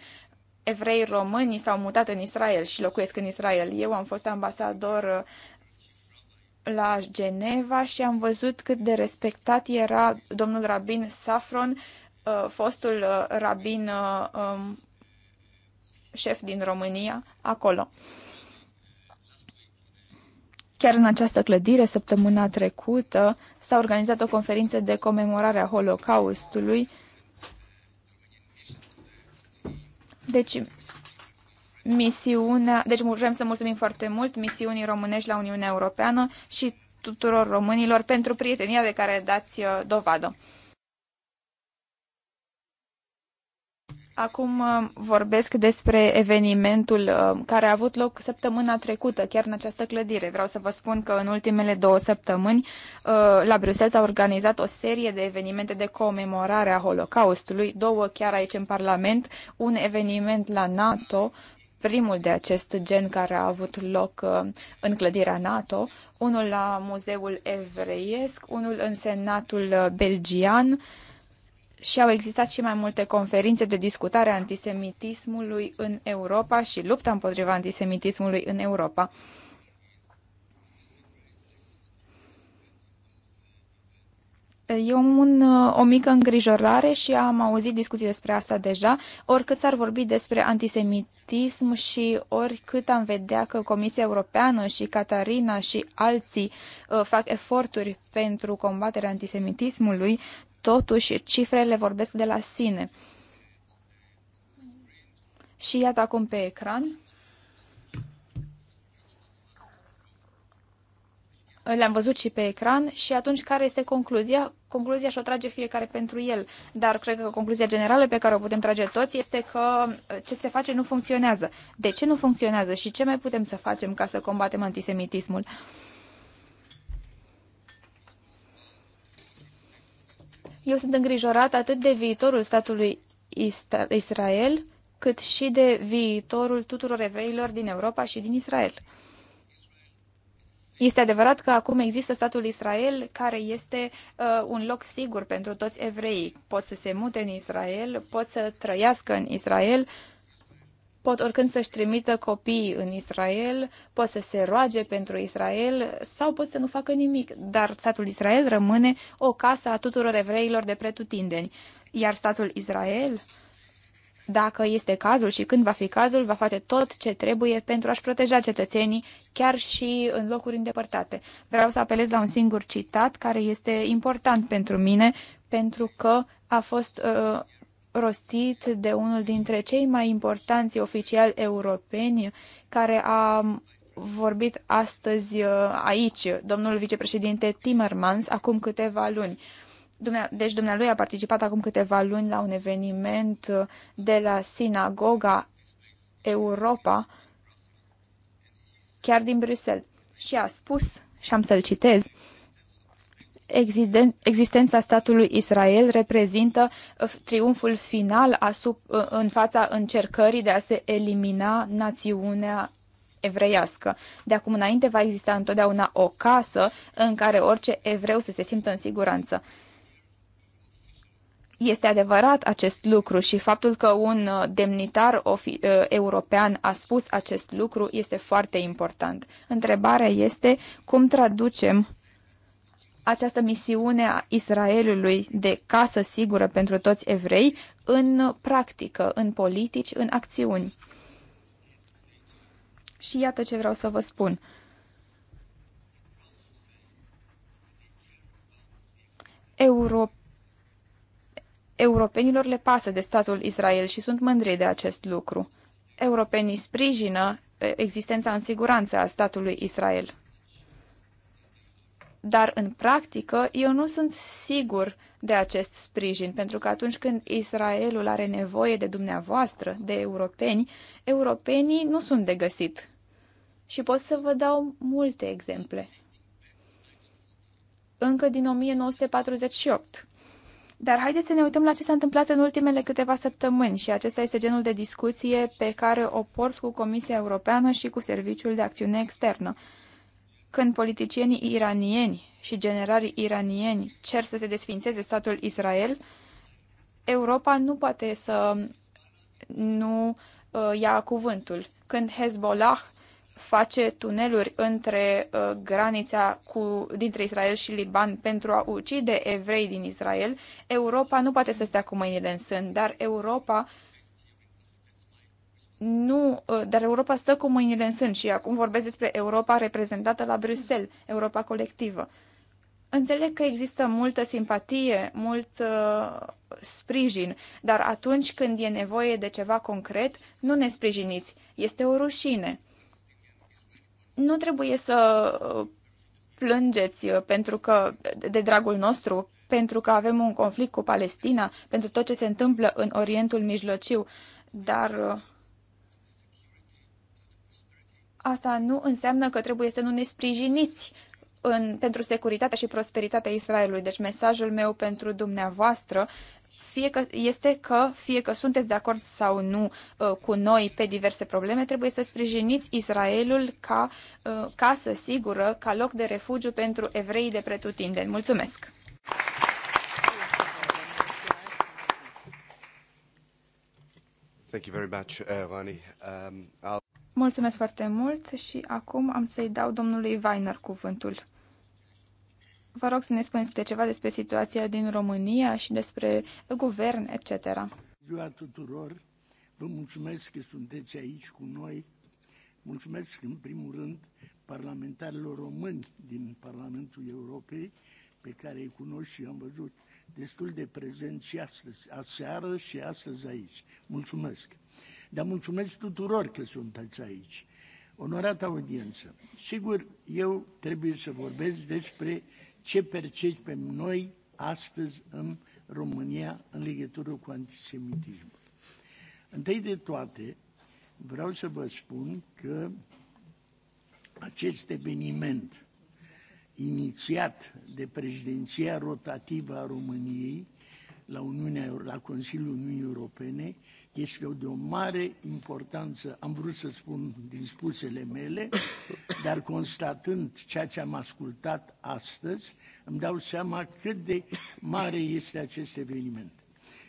evrei români s-au mutat în Israel și locuiesc în Israel. Eu am fost ambasador uh, la Geneva și am văzut cât de respectat era domnul rabin Safron, uh, fostul rabin um, șef din România, acolo. Chiar în această clădire, săptămâna trecută, s-a organizat o conferință de comemorare a Holocaustului. Deci, misiunea, deci vrem să mulțumim foarte mult misiunii românești la Uniunea Europeană și tuturor românilor pentru prietenia de care dați uh, dovadă. Acum uh, vorbesc despre evenimentul uh, care a avut loc săptămâna trecută, chiar în această clădire. Vreau să vă spun că în ultimele două săptămâni uh, la Bruxelles s-a organizat o serie de evenimente de comemorare a Holocaustului, două chiar aici în Parlament, un eveniment la NATO, primul de acest gen care a avut loc în clădirea NATO, unul la Muzeul Evreiesc, unul în Senatul Belgian, și au existat și mai multe conferințe de discutare a antisemitismului în Europa și lupta împotriva antisemitismului în Europa. E un, o mică îngrijorare și am auzit discuții despre asta deja. Oricât s-ar vorbi despre antisemitism și oricât am vedea că Comisia Europeană și Catarina și alții uh, fac eforturi pentru combaterea antisemitismului, Totuși, cifrele vorbesc de la sine. Și iată acum pe ecran. Le-am văzut și pe ecran și atunci care este concluzia? Concluzia și-o trage fiecare pentru el, dar cred că concluzia generală pe care o putem trage toți este că uh, ce se face nu funcționează. De ce nu funcționează și ce mai putem să facem ca să combatem antisemitismul? Uh, Eu sunt îngrijorat atât de viitorul statului Israel, cât și de viitorul tuturor evreilor din Europa și din Israel. Este adevărat că acum există statul Israel care este uh, un loc sigur pentru toți evreii. Pot să se mute în Israel, pot să trăiască în Israel, pot oricând să-și trimită copiii în Israel, pot să se roage pentru Israel sau pot să nu facă nimic, dar statul Israel rămâne o casă a tuturor evreilor de pretutindeni. Iar statul Israel, dacă este cazul și când va fi cazul, va face tot ce trebuie pentru a-și proteja cetățenii, chiar și în locuri îndepărtate. Vreau să apelez la un singur citat care este important pentru mine, pentru că a fost uh, rostit de unul dintre cei mai importanți oficiali europeni care a vorbit astăzi uh, aici, domnul vicepreședinte Timmermans, acum câteva luni. Deci dumnealui a participat acum câteva luni la un eveniment uh, de la Sinagoga Europa, chiar din Bruxelles. Și a spus, și am să-l citez, existența statului Israel reprezintă uh, triumful final asup, uh, în fața încercării de a se elimina națiunea evreiască. De acum înainte va exista întotdeauna o casă în care orice evreu să se simtă în siguranță. Este adevărat acest lucru și faptul că un uh, demnitar european a spus acest lucru este foarte important. Întrebarea este cum traducem această misiune a Israelului de casă sigură pentru toți evrei în practică, în politici, în acțiuni. Și iată ce vreau să vă spun. Euro... europenilor le pasă de statul Israel și sunt mândri de acest lucru. Europenii sprijină eh, existența în siguranță a statului Israel dar în practică eu nu sunt sigur de acest sprijin, pentru că atunci când Israelul are nevoie de dumneavoastră, de europeni, europenii nu sunt de găsit. Și pot să vă dau multe exemple. Încă din 1948. Dar haideți să ne uităm la ce s-a întâmplat în ultimele câteva săptămâni și acesta este genul de discuție pe care o port cu Comisia Europeană și cu Serviciul de Acțiune Externă. Când politicienii iranieni și generalii iranieni cer să se desfințeze statul Israel, Europa nu poate să nu uh, ia cuvântul. Când Hezbollah face tuneluri între uh, granița cu, dintre Israel și Liban pentru a ucide evrei din Israel, Europa nu poate să stea cu mâinile în sân, dar Europa uh, nu, uh, dar Europa stă cu mâinile în sân și acum vorbesc despre Europa reprezentată la Bruxelles, Europa colectivă. Înțeleg că există multă simpatie, mult uh, sprijin, dar atunci când e nevoie de ceva concret, nu ne sprijiniți. Este o rușine. Nu trebuie să uh, plângeți uh, pentru că, de dragul nostru, pentru că avem un conflict cu Palestina, pentru tot ce se întâmplă în Orientul Mijlociu, dar asta nu înseamnă că trebuie să nu ne sprijiniți în, pentru securitatea și prosperitatea Israelului. Deci mesajul meu pentru dumneavoastră fie că este că, fie că sunteți de acord sau nu uh, cu noi pe diverse probleme, trebuie să sprijiniți Israelul ca uh, casă sigură, ca loc de refugiu pentru evrei de pretutindeni. Mulțumesc! Thank you very much, uh, Rani. Um, I'll... Mulțumesc foarte mult și acum am să-i dau domnului Weiner cuvântul. Vă rog să ne spuneți de ceva despre situația din România și despre guvern, etc. Ziua tuturor, vă mulțumesc că sunteți aici cu noi. Mulțumesc, în primul rând, parlamentarilor români din Parlamentul Europei, pe care îi cunosc și am văzut destul de prezent și astăzi, aseară și astăzi aici. Mulțumesc! Dar mulțumesc tuturor că sunteți aici. Onorată audiență, sigur, eu trebuie să vorbesc despre ce percepem noi astăzi în România în legătură cu antisemitismul. Întâi de toate, vreau să vă spun că acest eveniment inițiat de președinția rotativă a României la, Uniunea, la Consiliul Uniunii Europene este de o mare importanță, am vrut să spun din spusele mele, dar constatând ceea ce am ascultat astăzi, îmi dau seama cât de mare este acest eveniment.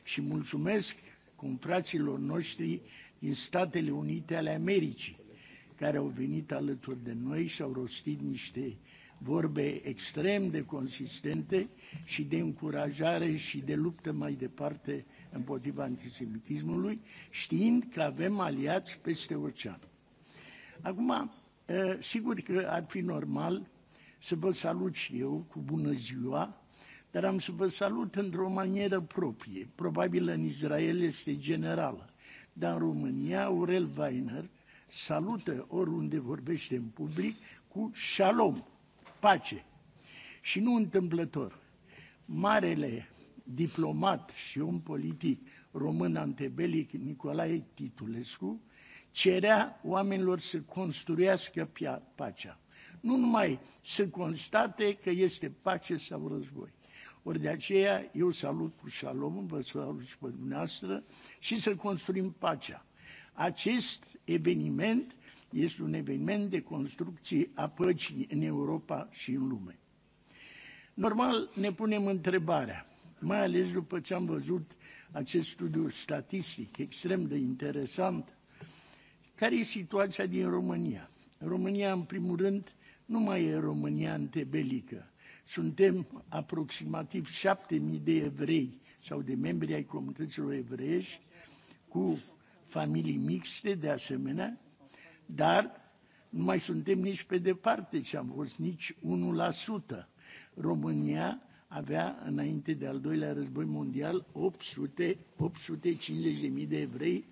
Și mulțumesc confraților noștri din Statele Unite ale Americii, care au venit alături de noi și au rostit niște vorbe extrem de consistente și de încurajare și de luptă mai departe împotriva antisemitismului, știind că avem aliați peste ocean. Acum, ă, sigur că ar fi normal să vă salut și eu cu bună ziua, dar am să vă salut într-o manieră proprie. Probabil în Israel este generală, dar în România Aurel Weiner salută oriunde vorbește în public cu shalom, pace. Și nu întâmplător. Marele diplomat și om politic român antebelic Nicolae Titulescu, cerea oamenilor să construiască pacea. Nu numai să constate că este pace sau război. Ori de aceea eu salut cu șalom, vă salut și pe dumneavoastră și să construim pacea. Acest eveniment este un eveniment de construcție a păcii în Europa și în lume. Normal, ne punem întrebarea, mai ales după ce am văzut acest studiu statistic extrem de interesant. Care e situația din România? România, în primul rând, nu mai e România antebelică. Suntem aproximativ 7.000 de evrei sau de membri ai comunităților evreiești cu familii mixte, de asemenea, dar nu mai suntem nici pe departe ce am fost, nici 1%. România avea înainte de al doilea război mondial 800, 850.000 de evrei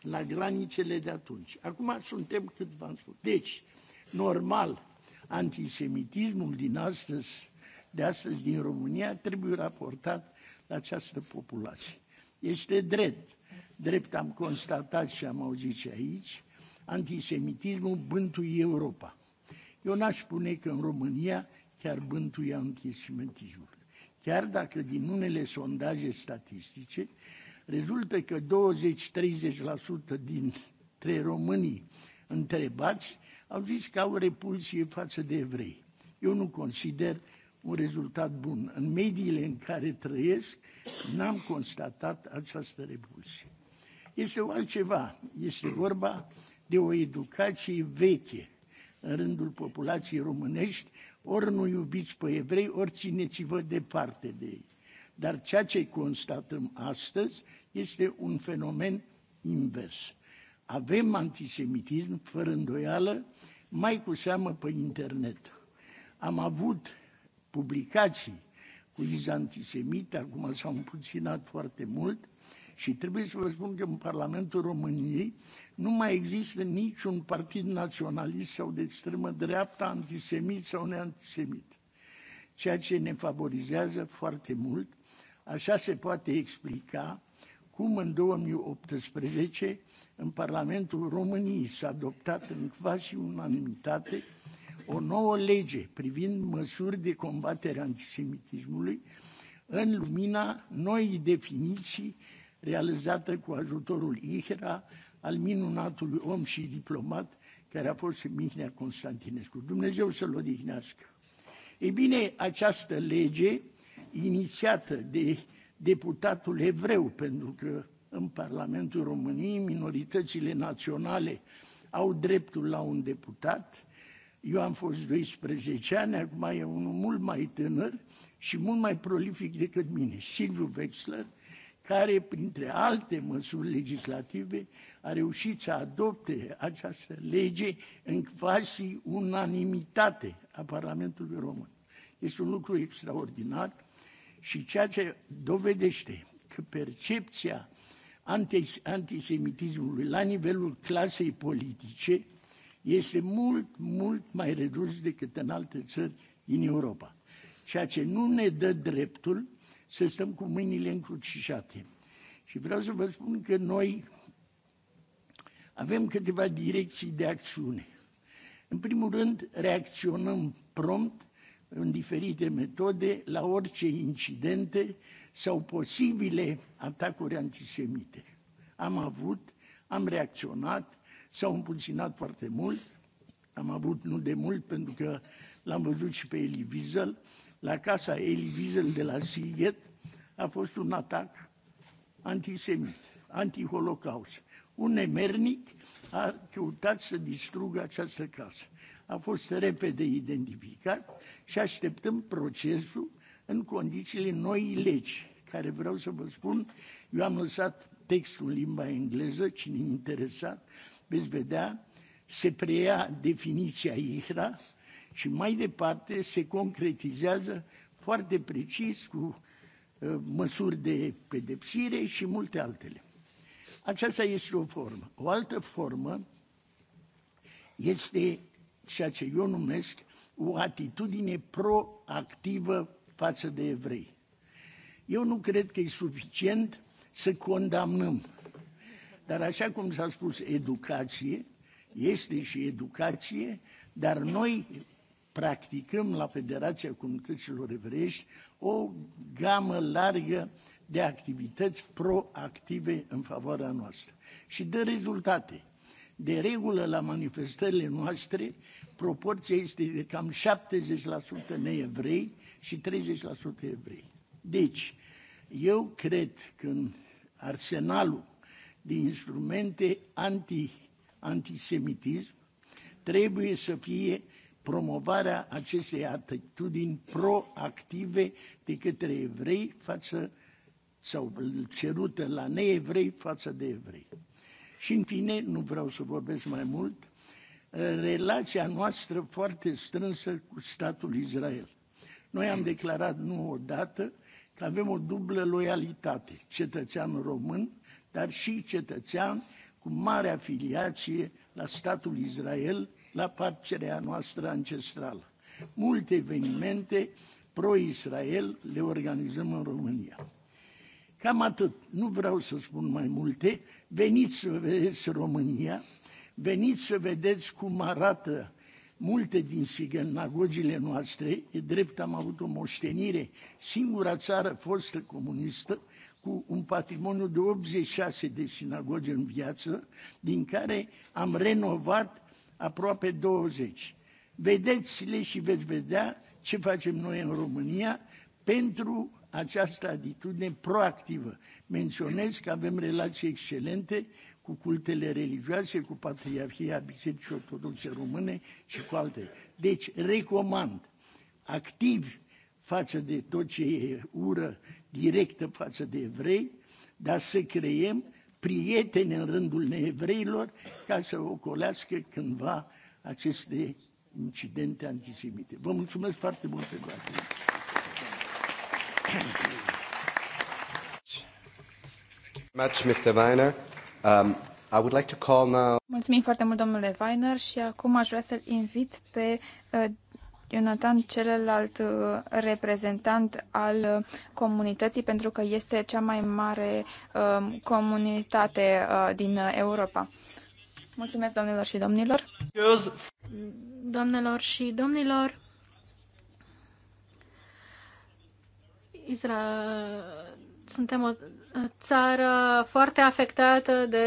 la granițele de atunci. Acum suntem cât v-am spus. Deci, normal, antisemitismul din astăzi, de astăzi din România trebuie raportat la această populație. Este drept. Drept am constatat și am auzit și aici, antisemitismul bântuie Europa. Eu n-aș spune că în România chiar bântuia închișmentismului. Chiar dacă din unele sondaje statistice rezultă că 20-30% dintre românii întrebați au zis că au repulsie față de evrei. Eu nu consider un rezultat bun. În mediile în care trăiesc, n-am constatat această repulsie. Este o altceva. Este vorba de o educație veche în rândul populației românești, ori nu iubiți pe evrei, ori țineți-vă departe de ei. Dar ceea ce constatăm astăzi este un fenomen invers. Avem antisemitism, fără îndoială, mai cu seamă pe internet. Am avut publicații cu iz antisemit, acum s-au împuținat foarte mult, și trebuie să vă spun că în Parlamentul României nu mai există niciun partid naționalist sau de extremă dreapta, antisemit sau neantisemit. Ceea ce ne favorizează foarte mult, așa se poate explica cum în 2018 în Parlamentul României s-a adoptat în quasi unanimitate o nouă lege privind măsuri de combatere a antisemitismului în lumina noii definiții realizată cu ajutorul IHRA al minunatului om și diplomat care a fost Mihnea Constantinescu. Dumnezeu să-l odihnească. Ei bine, această lege, inițiată de deputatul evreu, pentru că în Parlamentul României minoritățile naționale au dreptul la un deputat, eu am fost 12 ani, acum e unul mult mai tânăr și mult mai prolific decât mine, Silviu Wexler, care, printre alte măsuri legislative, a reușit să adopte această lege în quasi unanimitate a Parlamentului Român. Este un lucru extraordinar și ceea ce dovedește că percepția antisemitismului la nivelul clasei politice este mult, mult mai redus decât în alte țări din Europa. Ceea ce nu ne dă dreptul să stăm cu mâinile încrucișate. Și vreau să vă spun că noi avem câteva direcții de acțiune. În primul rând, reacționăm prompt în diferite metode la orice incidente sau posibile atacuri antisemite. Am avut, am reacționat, s-au împuținat foarte mult, am avut nu de mult pentru că l-am văzut și pe Elie Wiesel, la casa Elie Wiesel de la Siget a fost un atac antisemit, antiholocaust. Un nemernic a căutat să distrugă această casă. A fost repede identificat și așteptăm procesul în condițiile noii legi, care vreau să vă spun, eu am lăsat textul în limba engleză, cine e interesat, veți vedea, se preia definiția IHRA, și mai departe se concretizează foarte precis cu ă, măsuri de pedepsire și multe altele. Aceasta este o formă. O altă formă este ceea ce eu numesc o atitudine proactivă față de evrei. Eu nu cred că e suficient să condamnăm. Dar așa cum s-a spus, educație este și educație, dar noi practicăm la Federația Comunităților Evreiești o gamă largă de activități proactive în favoarea noastră și dă rezultate. De regulă, la manifestările noastre, proporția este de cam 70% neevrei și 30% evrei. Deci, eu cred că în arsenalul de instrumente anti, antisemitism trebuie să fie promovarea acestei atitudini proactive de către evrei față sau cerută la neevrei față de evrei. Și în fine, nu vreau să vorbesc mai mult, eh, relația noastră foarte strânsă cu statul Israel. Noi am declarat nu odată că avem o dublă loialitate, cetățean român, dar și cetățean cu mare afiliație la statul Israel, la parcerea noastră ancestrală. Multe evenimente pro-Israel le organizăm în România. Cam atât. Nu vreau să spun mai multe. Veniți să vedeți România, veniți să vedeți cum arată multe din sigănagogile noastre. E drept, am avut o moștenire, singura țară fostă comunistă, cu un patrimoniu de 86 de sinagogi în viață, din care am renovat aproape 20. Vedeți-le și veți vedea ce facem noi în România pentru această atitudine proactivă. Menționez că avem relații excelente cu cultele religioase, cu Patriarhia Bisericii Ortodoxe Române și cu alte. Deci, recomand activ, față de tot ce e ură directă față de evrei, dar să creiem prieteni în rândul neevreilor ca să ocolească cândva aceste incidente antisemite. Vă mulțumesc foarte mult pentru atenție. Much, Mr. Weiner. Um, I would like to call now... Mulțumim foarte mult, domnule Weiner, și acum aș vrea să-l invit pe uh, Jonathan, celălalt uh, reprezentant al uh, comunității, pentru că este cea mai mare uh, comunitate din Europa. Mulțumesc, domnilor și domnilor! Doamnelor și domnilor! Israel, suntem o țară foarte afectată de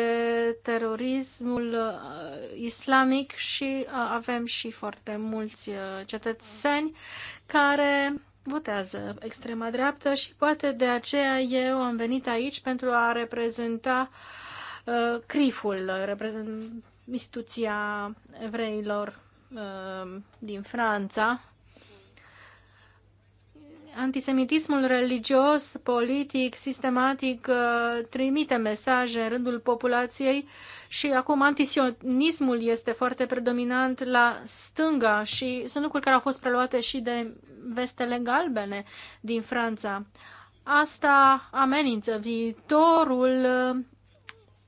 terorismul uh, islamic și uh, avem și foarte mulți uh, cetățeni care votează extrema dreaptă și poate de aceea eu am venit aici pentru a reprezenta uh, CRIF-ul, reprezent instituția evreilor uh, din Franța, Antisemitismul religios, politic, sistematic uh, trimite mesaje în rândul populației și acum antisionismul este foarte predominant la stânga și sunt lucruri care au fost preluate și de vestele galbene din Franța. Asta amenință viitorul uh,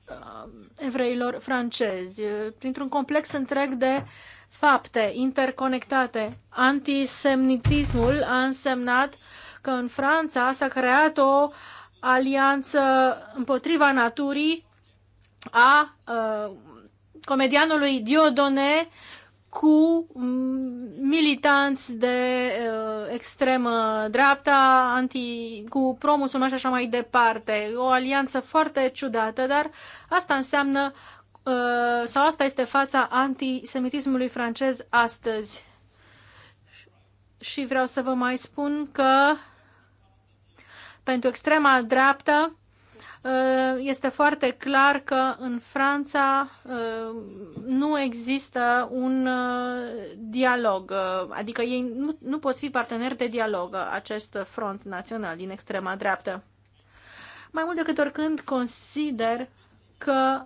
uh, evreilor francezi printr-un complex întreg de uh, fapte interconectate. Antisemitismul a însemnat că în Franța s-a creat o alianță împotriva naturii a uh, comedianului Diodone cu mm, militanți de uh, extremă dreapta, anti, cu promusul și așa mai departe. O alianță foarte ciudată, dar asta înseamnă Uh, sau asta este fața antisemitismului francez astăzi. Și vreau să vă mai spun că pentru extrema dreaptă uh, este foarte clar că în Franța uh, nu există un dialog, adică ei nu, nu pot fi parteneri de dialog, acest front național din extrema dreaptă. Mai mult decât oricând consider că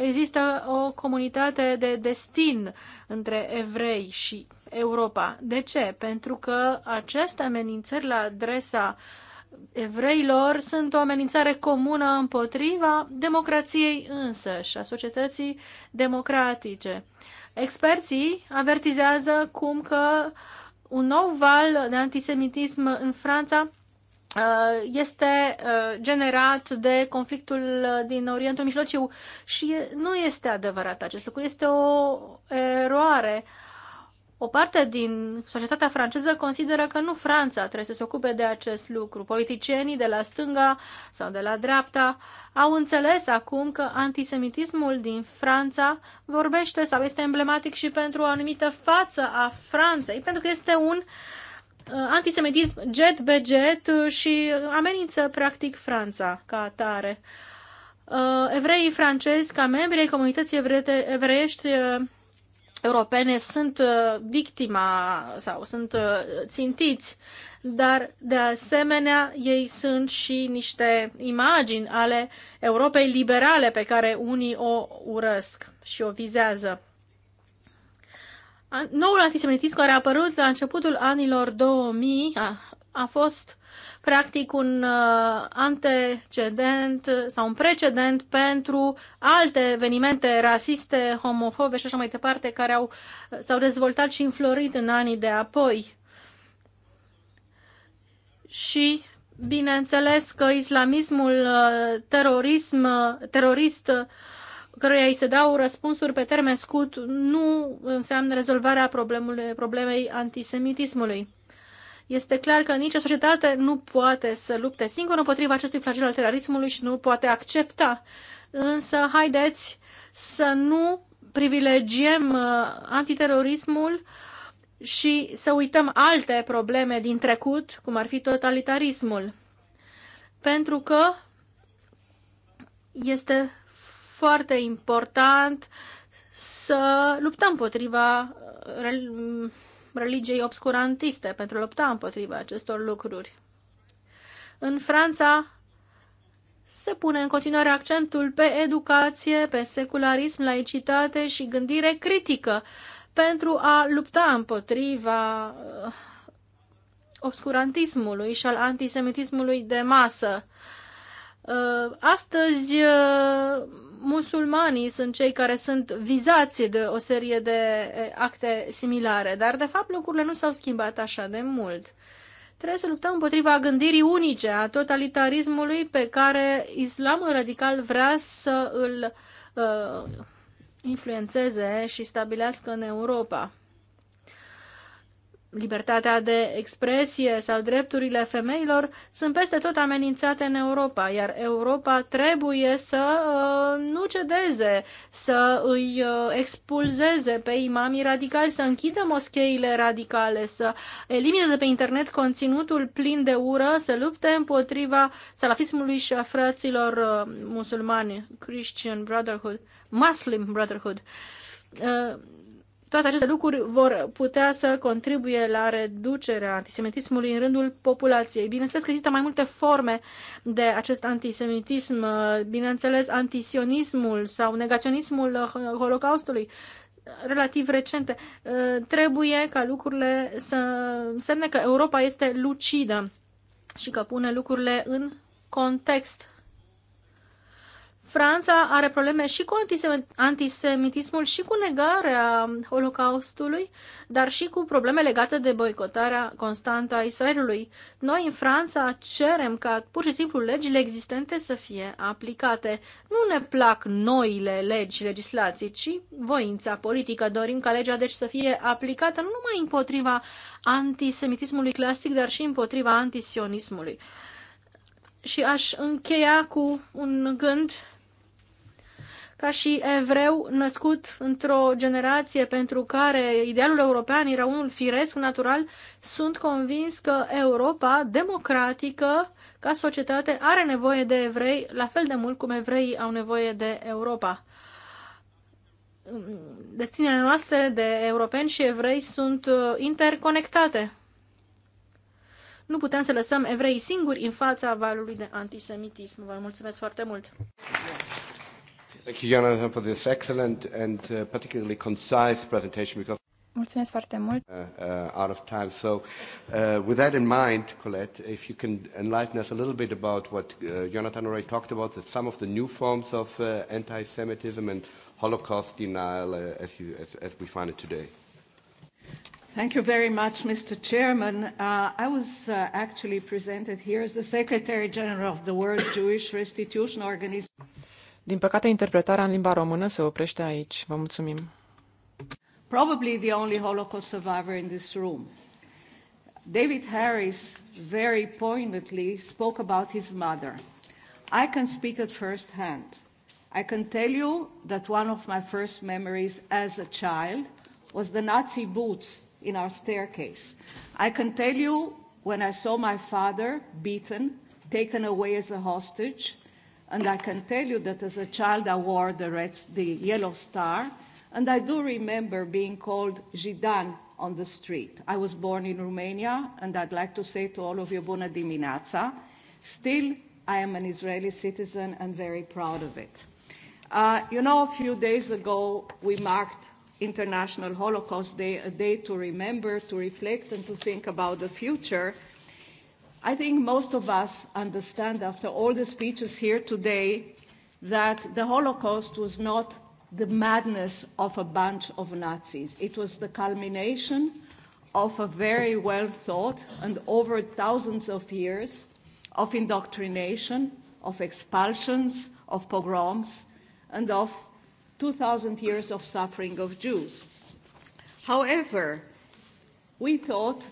există o comunitate de destin între evrei și Europa. De ce? Pentru că aceste amenințări la adresa evreilor sunt o amenințare comună împotriva democrației însă și a societății democratice. Experții avertizează cum că un nou val de antisemitism în Franța Uh, este uh, generat de conflictul din Orientul Mijlociu și nu este adevărat acest lucru, este o eroare. O parte din societatea franceză consideră că nu Franța trebuie să se ocupe de acest lucru. Politicienii de la stânga sau de la dreapta au înțeles acum că antisemitismul din Franța vorbește sau este emblematic și pentru o anumită față a Franței, pentru că este un uh, Uh, antisemitism jet be jet uh, și amenință practic Franța ca atare. Uh, evreii francezi, ca membri ai comunității evreiești europene, sunt victima sau sunt țintiți, dar de asemenea ei sunt și niște imagini ale Europei liberale pe care unii o urăsc și o vizează noul antisemitism care a apărut la începutul anilor 2000 a, a fost practic un uh, antecedent sau un precedent pentru alte evenimente rasiste, homofobe și așa mai departe care au, s-au dezvoltat și înflorit în anii de apoi. Și bineînțeles că islamismul, uh, terorism, uh, terorist uh, căruia îi se dau răspunsuri pe termen scurt nu înseamnă rezolvarea problemei antisemitismului. Este clar că nicio societate nu poate să lupte singură împotriva acestui flagel al terorismului și nu poate accepta. Însă, haideți să nu privilegiem uh, antiterorismul și să uităm alte probleme din trecut, cum ar fi totalitarismul. Pentru că este foarte important să luptăm împotriva uh, mm, religiei obscurantiste, pentru a lupta împotriva acestor lucruri. În Franța se pune în continuare accentul pe educație, pe secularism, laicitate și gândire critică pentru a lupta împotriva uh, obscurantismului și al antisemitismului de masă. Uh, astăzi musulmanii sunt cei care sunt vizați de o serie de acte similare, dar de fapt lucrurile nu s-au schimbat așa de mult. Trebuie să luptăm împotriva gândirii unice, a totalitarismului pe care islamul radical vrea să îl uh, influențeze și stabilească în Europa libertatea de expresie sau drepturile femeilor sunt peste tot amenințate în Europa, iar Europa trebuie să uh, nu cedeze, să îi uh, expulzeze pe imamii radicali, să închidă moscheile radicale, să elimine de pe internet conținutul plin de ură, să lupte împotriva salafismului și a fraților uh, musulmani, Christian Brotherhood, Muslim Brotherhood. Uh, toate aceste lucruri vor putea să contribuie la reducerea antisemitismului în rândul populației. Bineînțeles că există mai multe forme de acest antisemitism, bineînțeles antisionismul sau negaționismul Holocaustului relativ recente. Trebuie ca lucrurile să semne că Europa este lucidă și că pune lucrurile în context Franța are probleme și cu antisemitismul și cu negarea Holocaustului, dar și cu probleme legate de boicotarea constantă a Israelului. Noi în Franța cerem ca pur și simplu legile existente să fie aplicate. Nu ne plac noile legi, legislații, ci voința politică. Dorim ca legea deci să fie aplicată nu numai împotriva antisemitismului clasic, dar și împotriva antisionismului. Și aș încheia cu un gând ca și evreu născut într-o generație pentru care idealul european era unul firesc, natural, sunt convins că Europa democratică, ca societate, are nevoie de evrei, la fel de mult cum evreii au nevoie de Europa. Destinele noastre de europeni și evrei sunt uh, interconectate. Nu putem să lăsăm evrei singuri în fața valului de antisemitism. Vă mulțumesc foarte mult! Thank you, Jonathan, for this excellent and uh, particularly concise presentation because Mulțumesc foarte mult. Uh, uh, out of time. So, uh, with that in mind, Colette, if you can enlighten us a little bit about what uh, Jonathan already talked about, that some of the new forms of uh, anti-Semitism and Holocaust denial uh, as, you, as, as we find it today. Thank you very much, Mr. Chairman. Uh, I was uh, actually presented here as the Secretary General of the World Jewish Restitution Organization. Din păcate, interpretarea în limba română se oprește aici. Vă mulțumim. Probably the only Holocaust survivor in this room. David Harris very poignantly spoke about his mother. I can speak at first hand. I can tell you that one of my first memories as a child was the Nazi boots in our staircase. I can tell you when I saw my father beaten, taken away as a hostage, And I can tell you that as a child I wore the, red, the yellow star. And I do remember being called Gidan on the street. I was born in Romania, and I'd like to say to all of you, Buna dimineața. Still, I am an Israeli citizen and very proud of it. Uh, you know, a few days ago, we marked International Holocaust Day, a day to remember, to reflect, and to think about the future. I think most of us understand after all the speeches here today that the Holocaust was not the madness of a bunch of Nazis. It was the culmination of a very well thought and over thousands of years of indoctrination, of expulsions, of pogroms, and of 2,000 years of suffering of Jews. However, we thought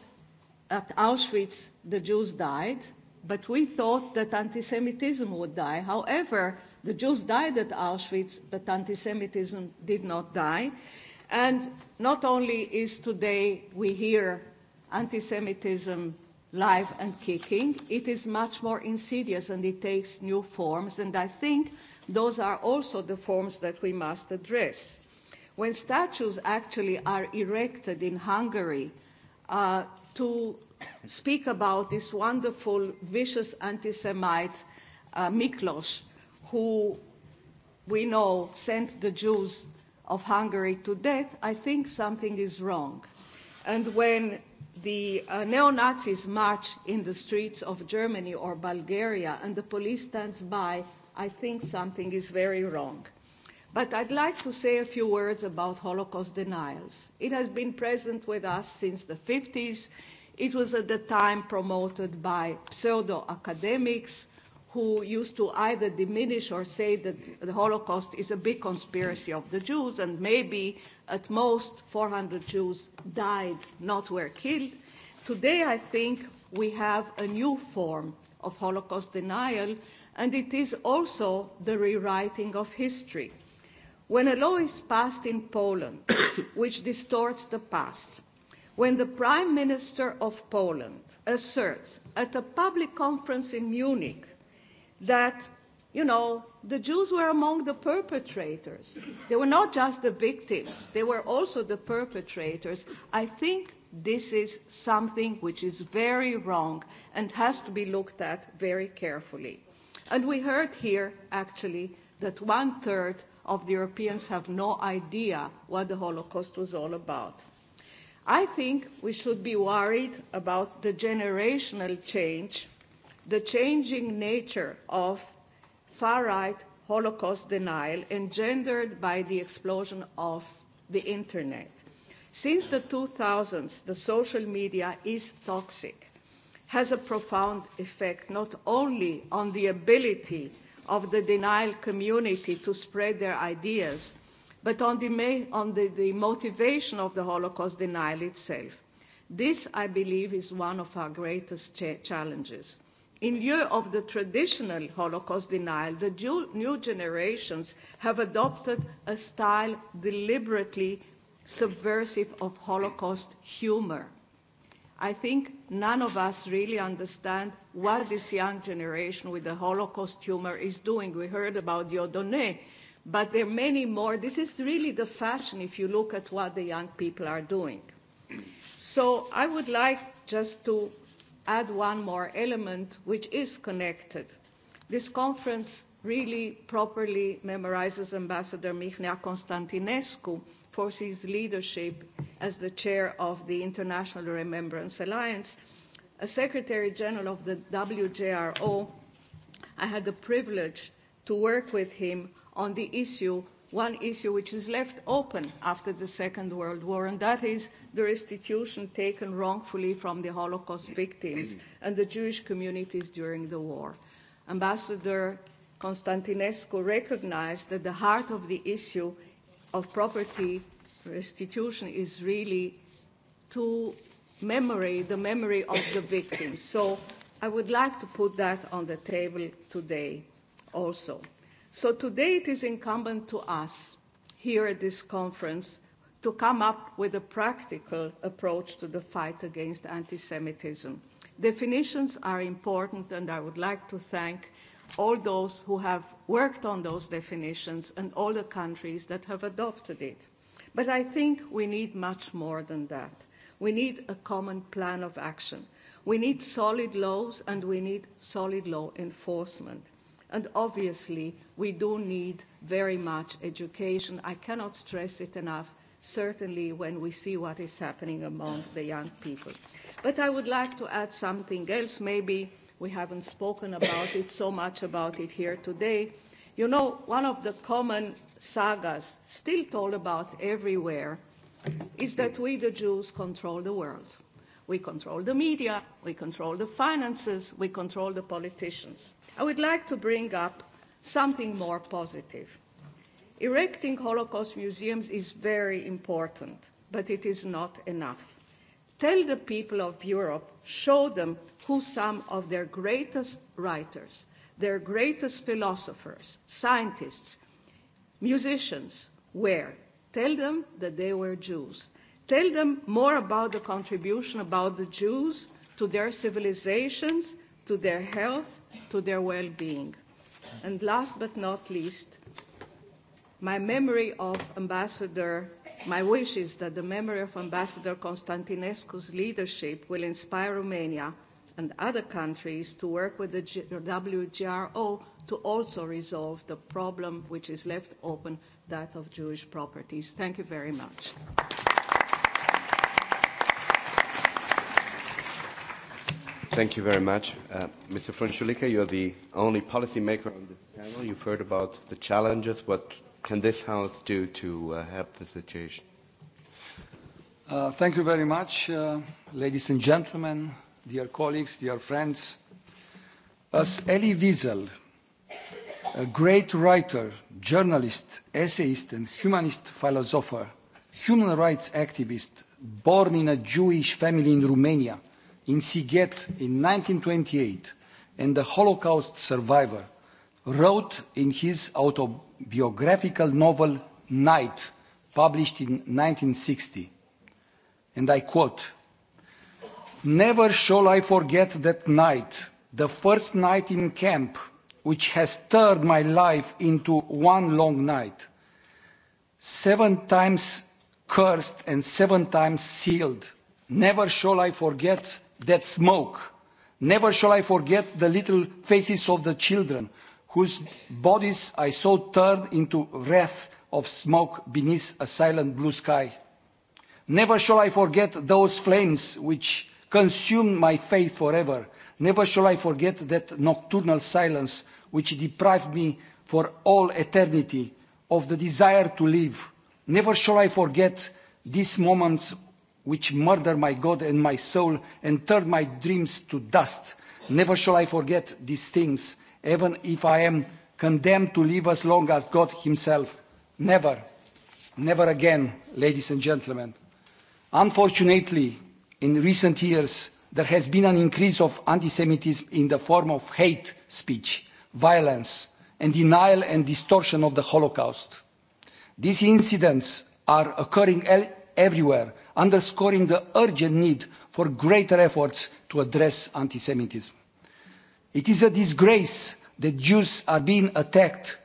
at Auschwitz the Jews died, but we thought that anti-Semitism would die. However, the Jews died at Auschwitz, but anti-Semitism did not die. And not only is today we hear anti-Semitism live and kicking, it is much more insidious and it takes new forms. And I think those are also the forms that we must address. When statues actually are erected in Hungary uh, to speak about this wonderful, vicious anti-Semite uh, Miklos, who we know sent the Jews of Hungary to death, I think something is wrong. And when the uh, neo-Nazis march in the streets of Germany or Bulgaria and the police stands by, I think something is very wrong. But I'd like to say a few words about Holocaust denials. It has been present with us since the 50s. It was at the time promoted by pseudo-academics who used to either diminish or say that the Holocaust is a big conspiracy of the Jews and maybe at most 400 Jews died, not were killed. Today, I think we have a new form of Holocaust denial, and it is also the rewriting of history. When a law is passed in Poland which distorts the past, when the Prime Minister of Poland asserts at a public conference in Munich that, you know, the Jews were among the perpetrators. They were not just the victims, they were also the perpetrators. I think this is something which is very wrong and has to be looked at very carefully. And we heard here, actually, that one third of the Europeans have no idea what the Holocaust was all about. I think we should be worried about the generational change, the changing nature of far-right Holocaust denial engendered by the explosion of the internet. Since the 2000s, the social media is toxic, has a profound effect not only on the ability of the denial community to spread their ideas – but on, the, on the, the motivation of the Holocaust denial itself. This, I believe, is one of our greatest cha- challenges. In lieu of the traditional Holocaust denial, the new generations have adopted a style deliberately subversive of Holocaust humor. I think none of us really understand what this young generation with the Holocaust humor is doing. We heard about Dieudonné but there are many more. This is really the fashion if you look at what the young people are doing. So I would like just to add one more element which is connected. This conference really properly memorizes Ambassador Mihnea Constantinescu for his leadership as the chair of the International Remembrance Alliance, a Secretary General of the WJRO. I had the privilege to work with him on the issue, one issue which is left open after the Second World War, and that is the restitution taken wrongfully from the Holocaust victims mm-hmm. and the Jewish communities during the war. Ambassador Constantinescu recognized that the heart of the issue of property restitution is really to memory, the memory of the victims. So I would like to put that on the table today also. So today it is incumbent to us here at this conference to come up with a practical approach to the fight against anti-Semitism. Definitions are important and I would like to thank all those who have worked on those definitions and all the countries that have adopted it. But I think we need much more than that. We need a common plan of action. We need solid laws and we need solid law enforcement. And obviously, we do need very much education. I cannot stress it enough, certainly when we see what is happening among the young people. But I would like to add something else. Maybe we haven't spoken about it so much about it here today. You know, one of the common sagas still told about everywhere is that we, the Jews, control the world. We control the media, we control the finances, we control the politicians. I would like to bring up something more positive. Erecting Holocaust museums is very important, but it is not enough. Tell the people of Europe, show them who some of their greatest writers, their greatest philosophers, scientists, musicians were. Tell them that they were Jews. Tell them more about the contribution about the Jews to their civilizations, to their health, to their well-being. And last but not least, my memory of Ambassador, my wish is that the memory of Ambassador Constantinescu's leadership will inspire Romania and other countries to work with the WGRO to also resolve the problem which is left open, that of Jewish properties. Thank you very much. Thank you very much. Uh, Mr. Franchulica, you're the only policymaker on this panel. You've heard about the challenges. What can this House do to uh, help the situation? Uh, thank you very much, uh, ladies and gentlemen, dear colleagues, dear friends. As Elie Wiesel, a great writer, journalist, essayist, and humanist philosopher, human rights activist, born in a Jewish family in Romania, in Siget in 1928 and a Holocaust survivor, wrote in his autobiographical novel Night, published in 1960, and I quote, Never shall I forget that night, the first night in camp, which has turned my life into one long night. Seven times cursed and seven times sealed. Never shall I forget that smoke. Never shall I forget the little faces of the children whose bodies I saw turned into wreath of smoke beneath a silent blue sky. Never shall I forget those flames which consumed my faith forever. Never shall I forget that nocturnal silence which deprived me for all eternity of the desire to live. Never shall I forget these moments which murder my God and my soul and turn my dreams to dust. Never shall I forget these things, even if I am condemned to live as long as God himself. Never, never again, ladies and gentlemen. Unfortunately, in recent years, there has been an increase of anti-Semitism in the form of hate speech, violence, and denial and distortion of the Holocaust. These incidents are occurring everywhere, underscoring the urgent need for greater efforts to address anti-Semitism. It is a disgrace that Jews are being attacked,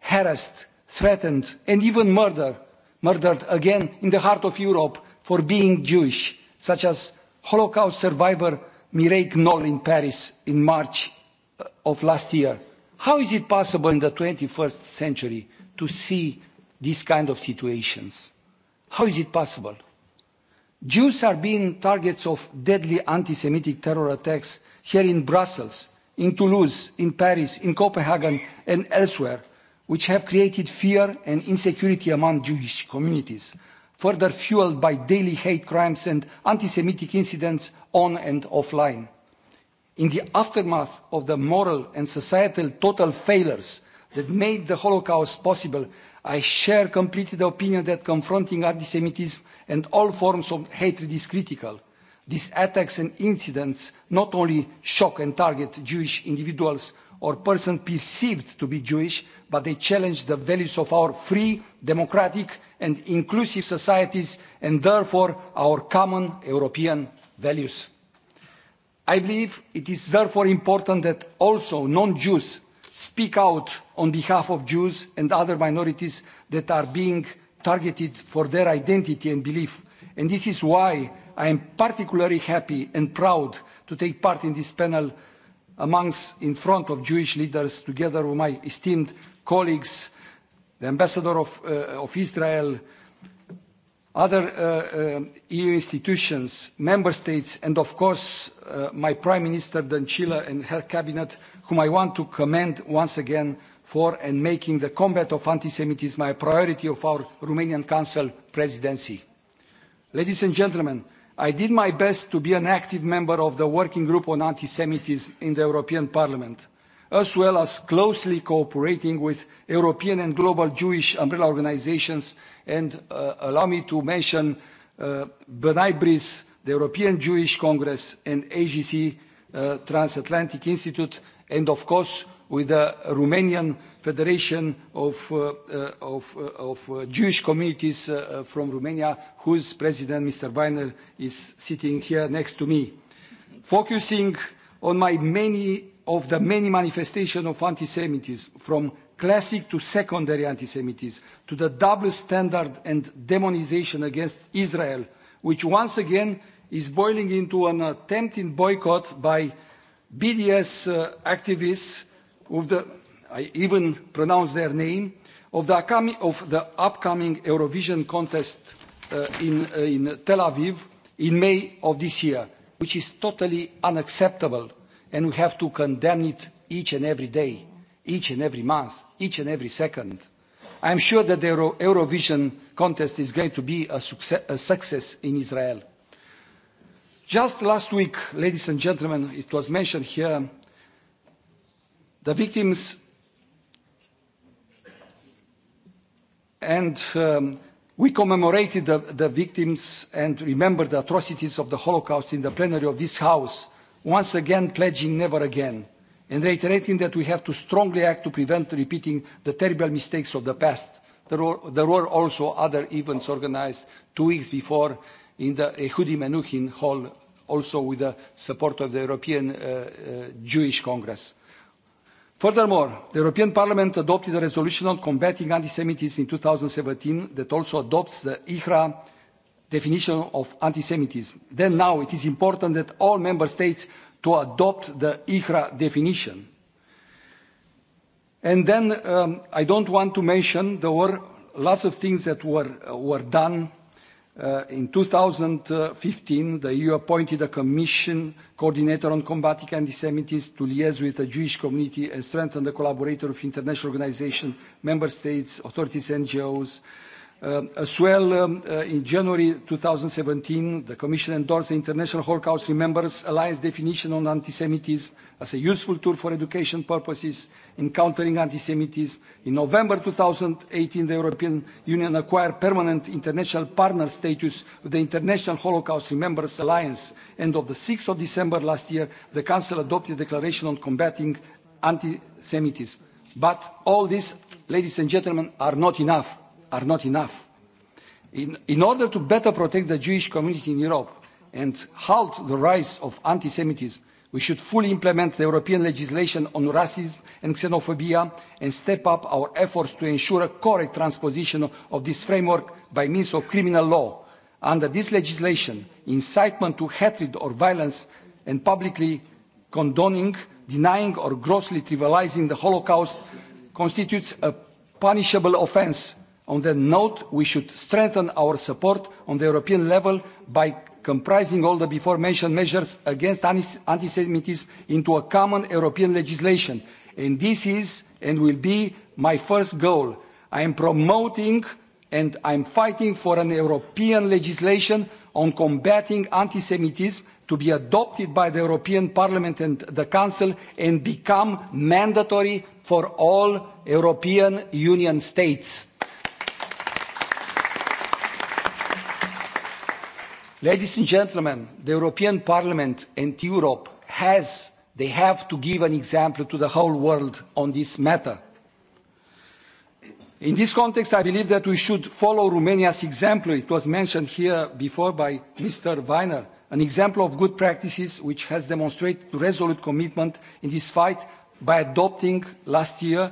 harassed, threatened, and even murdered, murdered again in the heart of Europe for being Jewish, such as Holocaust survivor Mireille Knoll in Paris in March uh, of last year. How is it possible in the 21st century to see these kind of situations? How is it possible? Jews are being targets of deadly anti-Semitic terror attacks here in Brussels, in Toulouse, in Paris, in Copenhagen and elsewhere, which have created fear and insecurity among Jewish communities, further fuelled by daily hate crimes and anti-Semitic incidents on and offline. In the aftermath of the moral and societal total failures that made the Holocaust possible, I share completely the opinion that confronting anti-Semitism and all forms of hatred is critical. These attacks and incidents not only shock and target Jewish individuals or persons perceived to be Jewish, but they challenge the values of our free, democratic and inclusive societies and therefore our common European values. I believe it is therefore important that also non-Jews speak out on behalf of Jews and other minorities that are being targeted for their identity and belief. And this is why I am particularly happy and proud to take part in this panel amongst in front of Jewish leaders together with my esteemed colleagues, the ambassador of, uh, of Israel, other uh, uh, EU institutions, member states, and of course uh, my Prime Minister Danchila and her cabinet whom I want to commend once again for and making the combat of anti-Semitism a priority of our Romanian Council presidency. Ladies and gentlemen, I did my best to be an active member of the Working Group on Anti-Semitism in the European Parliament, as well as closely cooperating with European and global Jewish umbrella organisations and uh, allow me to mention uh, B'nai the European Jewish Congress and AGC uh, Transatlantic Institute and of course with the Romanian Federation of, uh, uh of, uh, of uh, Jewish Communities uh, from Romania, whose president, Mr. Weiner, is sitting here next to me. Focusing on my many of the many manifestations of anti-Semitism, from classic to secondary anti-Semitism, to the double standard and demonization against Israel, which once again is boiling into an attempted boycott by BDS uh, activists of the, I even pronounce their name, of the, of the upcoming Eurovision contest uh, in, uh, in Tel Aviv in May of this year, which is totally unacceptable. And we have to condemn it each and every day, each and every month, each and every second. I am sure that the Euro Eurovision contest is going to be a a success in Israel Just last week, ladies and gentlemen, it was mentioned here, the victims and um, we commemorated the, the victims and remembered the atrocities of the Holocaust in the plenary of this House, once again pledging never again, and reiterating that we have to strongly act to prevent repeating the terrible mistakes of the past. There were, there were also other events organised two weeks before in the Ehud Menuhin Hall, also with the support of the European uh, uh, Jewish Congress. Furthermore, the European Parliament adopted a resolution on combating anti-Semitism in 2017 that also adopts the IHRA definition of anti-Semitism. Then now it is important that all member states to adopt the IHRA definition. And then um, I don't want to mention there were lots of things that were, uh, were done Uh, in 2015, the EU appointed a commission coordinator on combating anti-Semitism to liaise with the Jewish community and strengthen the collaborator of international organizations, member states, authorities, NGOs, uh, Um, as well, um, uh, in January 2017, the Commission endorsed the International Holocaust Remembrance Alliance definition on antisemitism as a useful tool for education purposes in countering antisemitism. In November 2018, the European Union acquired permanent international partner status with the International Holocaust Remembrance Alliance. And on the 6th of December last year, the Council adopted a declaration on combating antisemitism. But all this, ladies and gentlemen, are not enough are not enough. In, in order to better protect the Jewish community in Europe and halt the rise of anti-Semitism, we should fully implement the European legislation on racism and xenophobia and step up our efforts to ensure a correct transposition of this framework by means of criminal law. Under this legislation, incitement to hatred or violence and publicly condoning, denying or grossly trivializing the Holocaust constitutes a punishable offence On that note, we should strengthen our support on the European level by comprising all the before mentioned measures against anti-Semitism into a common European legislation. And this is and will be my first goal. I am promoting and I am fighting for an European legislation on combating anti-Semitism to be adopted by the European Parliament and the Council and become mandatory for all European Union states. Ladies and gentlemen, the European Parliament and Europe has, they have to give an example to the whole world on this matter. In this context, I believe that we should follow Romania's example. It was mentioned here before by Mr. Weiner, an example of good practices which has demonstrated resolute commitment in this fight by adopting last year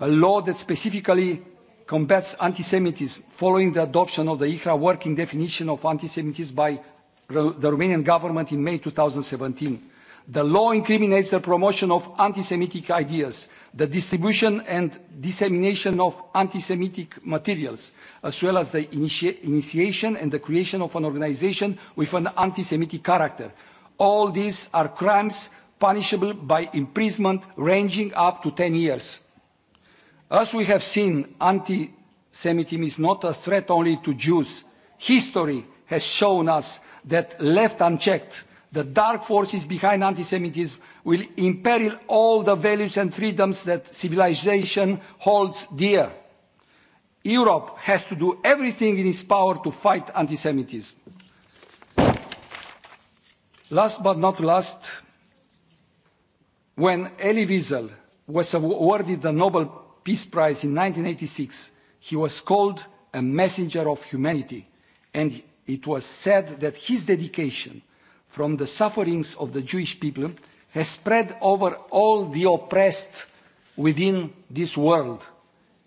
a law that specifically combats antisemitism, following the adoption of the IHRA working definition of antisemitism by the Romanian government in May 2017. The law incriminates the promotion of antisemitic ideas, the distribution and dissemination of antisemitic materials, as well as the initi initiation and the creation of an organization with an antisemitic character. All these are crimes punishable by imprisonment ranging up to 10 years. As we have seen, anti-Semitism is not a threat only to Jews. History has shown us that left unchecked, the dark forces behind anti-Semitism will imperil all the values and freedoms that civilization holds dear. Europe has to do everything in its power to fight anti-Semitism. Last but not last, when Elie Wiesel was awarded the Nobel Peace Prize in 1986, he was called a messenger of humanity, and it was said that his dedication from the sufferings of the Jewish people has spread over all the oppressed within this world.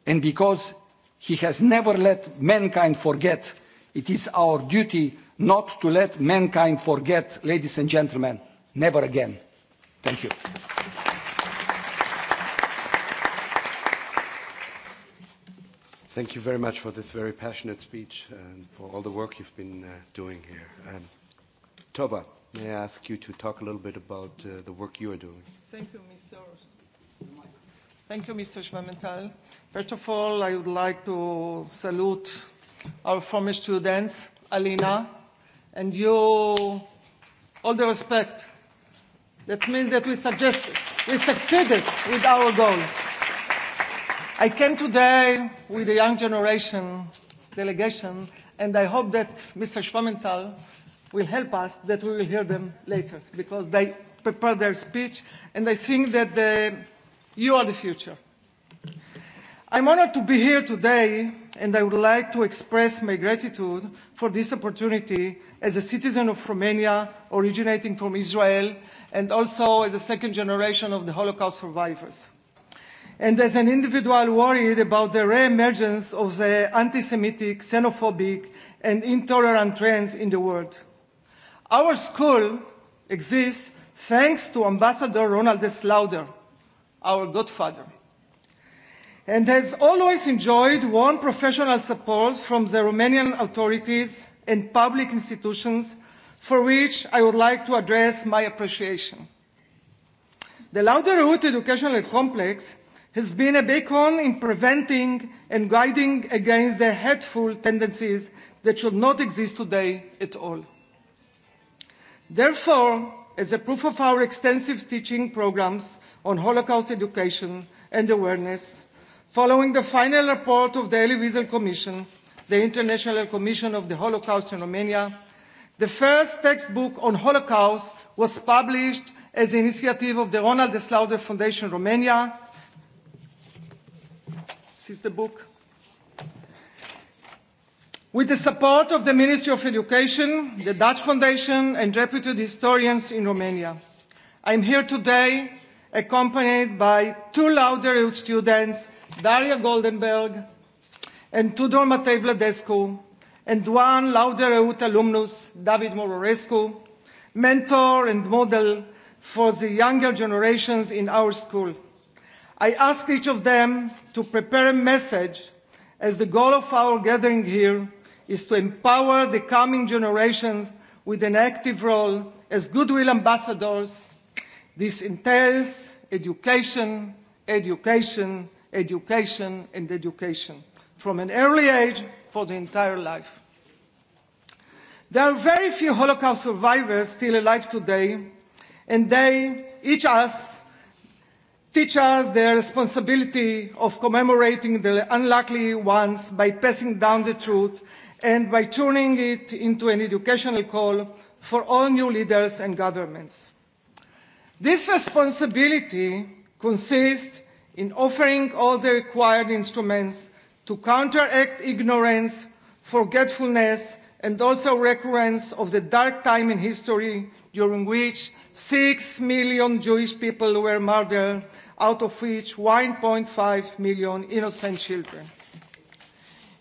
And because he has never let mankind forget, it is our duty not to let mankind forget, ladies and gentlemen, never again. Thank you. Thank you very much for this very passionate speech and for all the work you've been uh, doing here. Um, Tova, may I ask you to talk a little bit about uh, the work you are doing? Thank you, Mr. Thank you, Mr. Schwamenthal. First of all, I would like to salute our former students, Alina, and you, all the respect. That means that we suggested, we succeeded with our goal. I came today with the young generation delegation, and I hope that Mr. Schwamenthal will help us, that we will hear them later, because they prepared their speech, and I think that the, you are the future. I'm honored to be here today, and I would like to express my gratitude for this opportunity as a citizen of Romania, originating from Israel, and also as a second generation of the Holocaust survivors and as an individual worried about the re-emergence of the anti-Semitic, xenophobic, and intolerant trends in the world. Our school exists thanks to Ambassador Ronald S. Lauder, our godfather, and has always enjoyed warm professional support from the Romanian authorities and public institutions, for which I would like to address my appreciation. The Lauder Root Educational Complex has been a beacon in preventing and guiding against the hateful tendencies that should not exist today at all. Therefore, as a proof of our extensive teaching programs on Holocaust education and awareness, following the final report of the Elie Wiesel Commission, the International Commission of the Holocaust in Romania, the first textbook on Holocaust was published as an initiative of the Ronald Slaughter Foundation Romania This is the book. With the support of the Ministry of Education, the Dutch Foundation, and reputed historians in Romania, I am here today accompanied by two Lauderhill students, Daria Goldenberg and Tudor Matei Vladescu, and one Lauderhill alumnus, David Mororescu, mentor and model for the younger generations in our school. I ask each of them to prepare a message as the goal of our gathering here is to empower the coming generations with an active role as goodwill ambassadors. This entails education, education, education, and education from an early age for the entire life. There are very few Holocaust survivors still alive today, and they, each us, teach us the responsibility of commemorating the unlucky ones by passing down the truth and by turning it into an educational call for all new leaders and governments. This responsibility consists in offering all the required instruments to counteract ignorance, forgetfulness, and also recurrence of the dark time in history during which Six million Jewish people were murdered, out of which 1.5 million innocent children.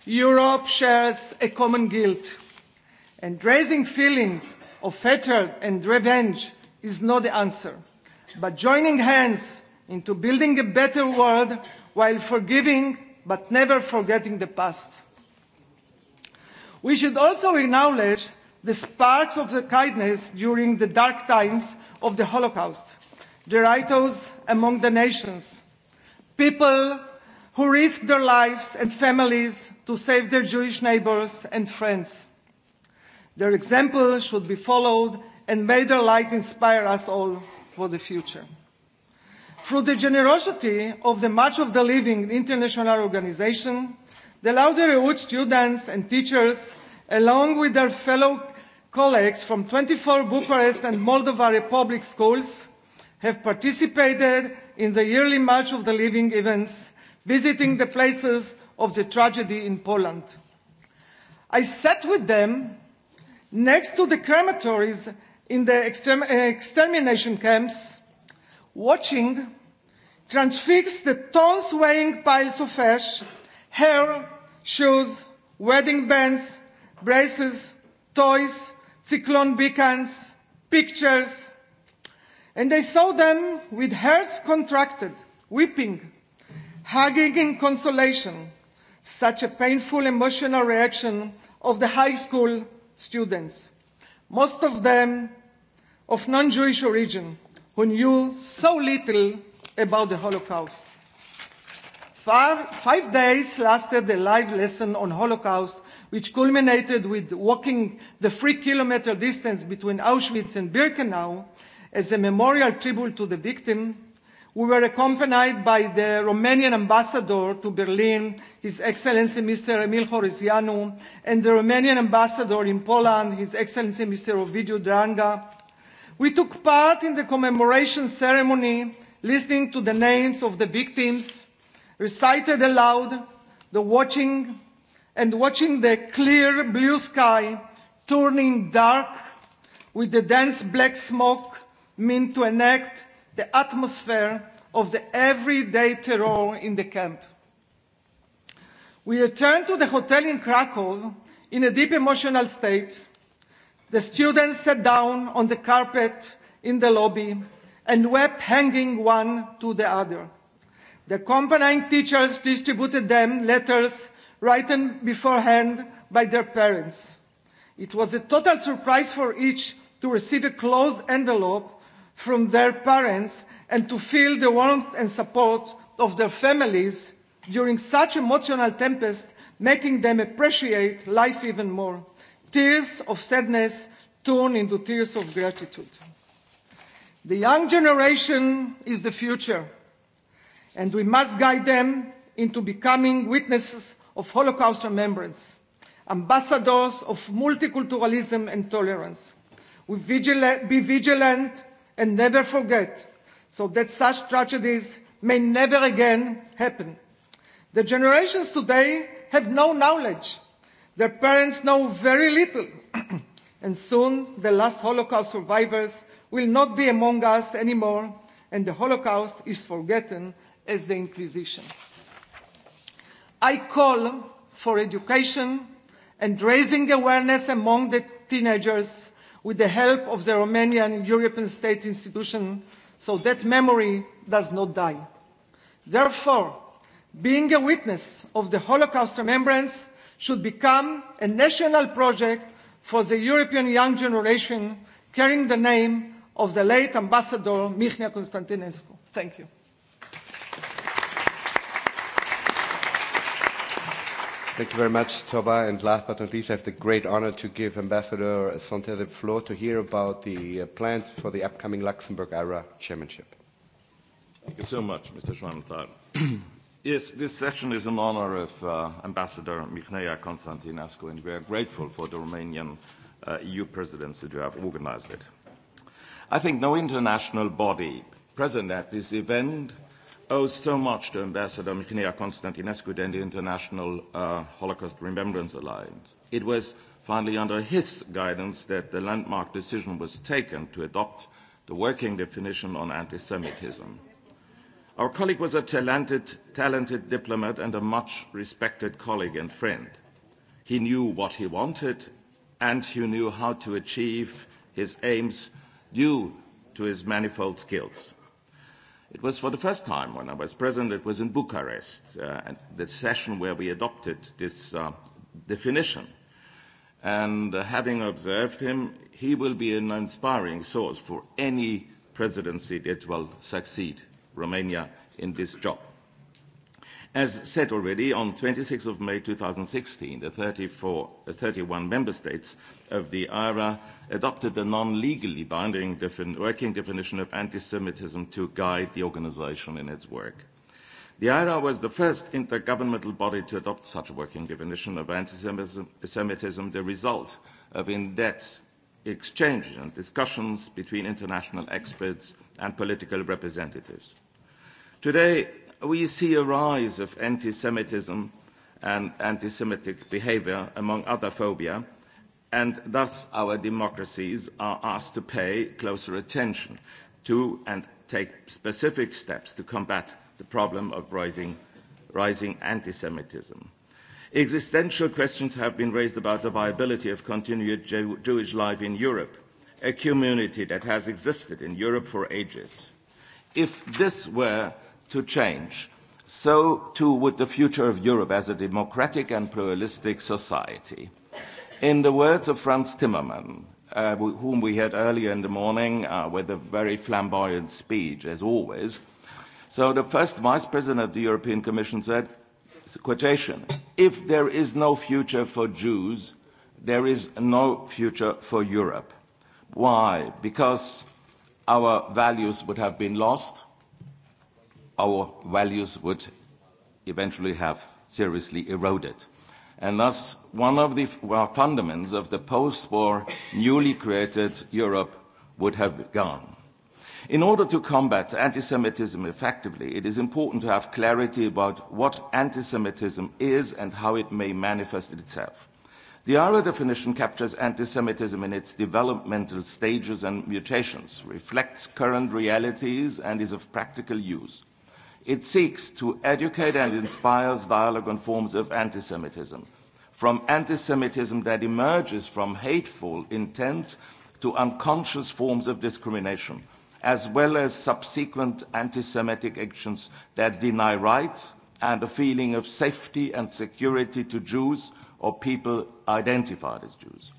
Europe shares a common guilt, and raising feelings of hatred and revenge is not the answer. But joining hands into building a better world while forgiving but never forgetting the past. We should also acknowledge the sparks of the kindness during the dark times of the Holocaust, the righteous among the nations, people who risked their lives and families to save their Jewish neighbors and friends. Their example should be followed and may their light inspire us all for the future. Through the generosity of the March of the Living international organization, the Lauderewood students and teachers along with their fellow colleagues from 24 Bucharest and Moldova Republic schools, have participated in the yearly March of the Living events, visiting the places of the tragedy in Poland. I sat with them next to the crematories in the exterm extermination camps, watching, transfixed the tons weighing piles of ash, hair, shoes, wedding bands, braces, toys, cyclone beacons, pictures. And I saw them with hairs contracted, weeping, hugging in consolation. Such a painful emotional reaction of the high school students, most of them of non-Jewish origin, who knew so little about the Holocaust. Five, five days lasted the live lesson on Holocaust which culminated with walking the three kilometer distance between Auschwitz and Birkenau as a memorial tribute to the victim, we were accompanied by the Romanian ambassador to Berlin, His Excellency Mr. Emil Horizianu, and the Romanian ambassador in Poland, His Excellency Mr. Ovidiu Dranga. We took part in the commemoration ceremony, listening to the names of the victims, recited aloud the watching and watching the clear blue sky turning dark with the dense black smoke meant to enact the atmosphere of the everyday terror in the camp. We returned to the hotel in Krakow in a deep emotional state. The students sat down on the carpet in the lobby and wept hanging one to the other. The accompanying teachers distributed them letters written beforehand by their parents. It was a total surprise for each to receive a closed envelope from their parents and to feel the warmth and support of their families during such emotional tempest, making them appreciate life even more. Tears of sadness turn into tears of gratitude. The young generation is the future, and we must guide them into becoming witnesses of Holocaust remembrance, ambassadors of multiculturalism and tolerance. We vigil- be vigilant and never forget so that such tragedies may never again happen. The generations today have no knowledge. Their parents know very little. and soon the last Holocaust survivors will not be among us anymore, and the Holocaust is forgotten as the Inquisition. I call for education and raising awareness among the teenagers with the help of the Romanian European state Institution, so that memory does not die. Therefore, being a witness of the Holocaust remembrance should become a national project for the European young generation carrying the name of the late Ambassador Mihnea Constantinescu. Thank you. Thank you very much, Toba. And last but not least, I have the great honor to give Ambassador Santé the floor to hear about the uh, plans for the upcoming Luxembourg IRA chairmanship. Thank you so much, Mr. Schwanenthal. yes, this session is in honor of uh, Ambassador Mihnea Constantinescu, and we are grateful for the Romanian uh, EU presidency to have organized it. I think no international body present at this event owes oh, so much to Ambassador Mihnea Constantinescu and the International uh, Holocaust Remembrance Alliance. It was finally under his guidance that the landmark decision was taken to adopt the working definition on anti-Semitism. Our colleague was a talented, talented diplomat and a much respected colleague and friend. He knew what he wanted and he knew how to achieve his aims due to his manifold skills. It was for the first time when I was president. it was in Bucharest, uh, at the session where we adopted this uh, definition. And uh, having observed him, he will be an inspiring source for any presidency that will succeed Romania in this job. As said already, on 26 of May 2016, the 34, uh, 31 member states of the IRA adopted the non-legally binding defin working definition of anti-Semitism to guide the organization in its work. The IRA was the first intergovernmental body to adopt such a working definition of anti-Semitism, the result of in-depth exchanges and discussions between international experts and political representatives. Today, we see a rise of anti-Semitism and anti-Semitic behavior among other phobia, and thus our democracies are asked to pay closer attention to and take specific steps to combat the problem of rising, rising anti-Semitism. Existential questions have been raised about the viability of continued Jew Jewish life in Europe, a community that has existed in Europe for ages. If this were to change, so too would the future of Europe as a democratic and pluralistic society. In the words of Franz Timmermann, uh, whom we had earlier in the morning uh, with a very flamboyant speech, as always, so the first vice president of the European Commission said, quotation, if there is no future for Jews, there is no future for Europe. Why? Because our values would have been lost, our values would eventually have seriously eroded. And thus, one of the fundamentals fundaments of the post-war, newly created Europe would have begun. In order to combat anti-Semitism effectively, it is important to have clarity about what anti-Semitism is and how it may manifest itself. The Arrow definition captures anti-Semitism in its developmental stages and mutations, reflects current realities, and is of practical use. It seeks to educate and inspires dialogue on forms of anti-Semitism, from anti-Semitism that emerges from hateful intent to unconscious forms of discrimination, as well as subsequent anti-Semitic actions that deny rights and a feeling of safety and security to Jews or people identified as Jews.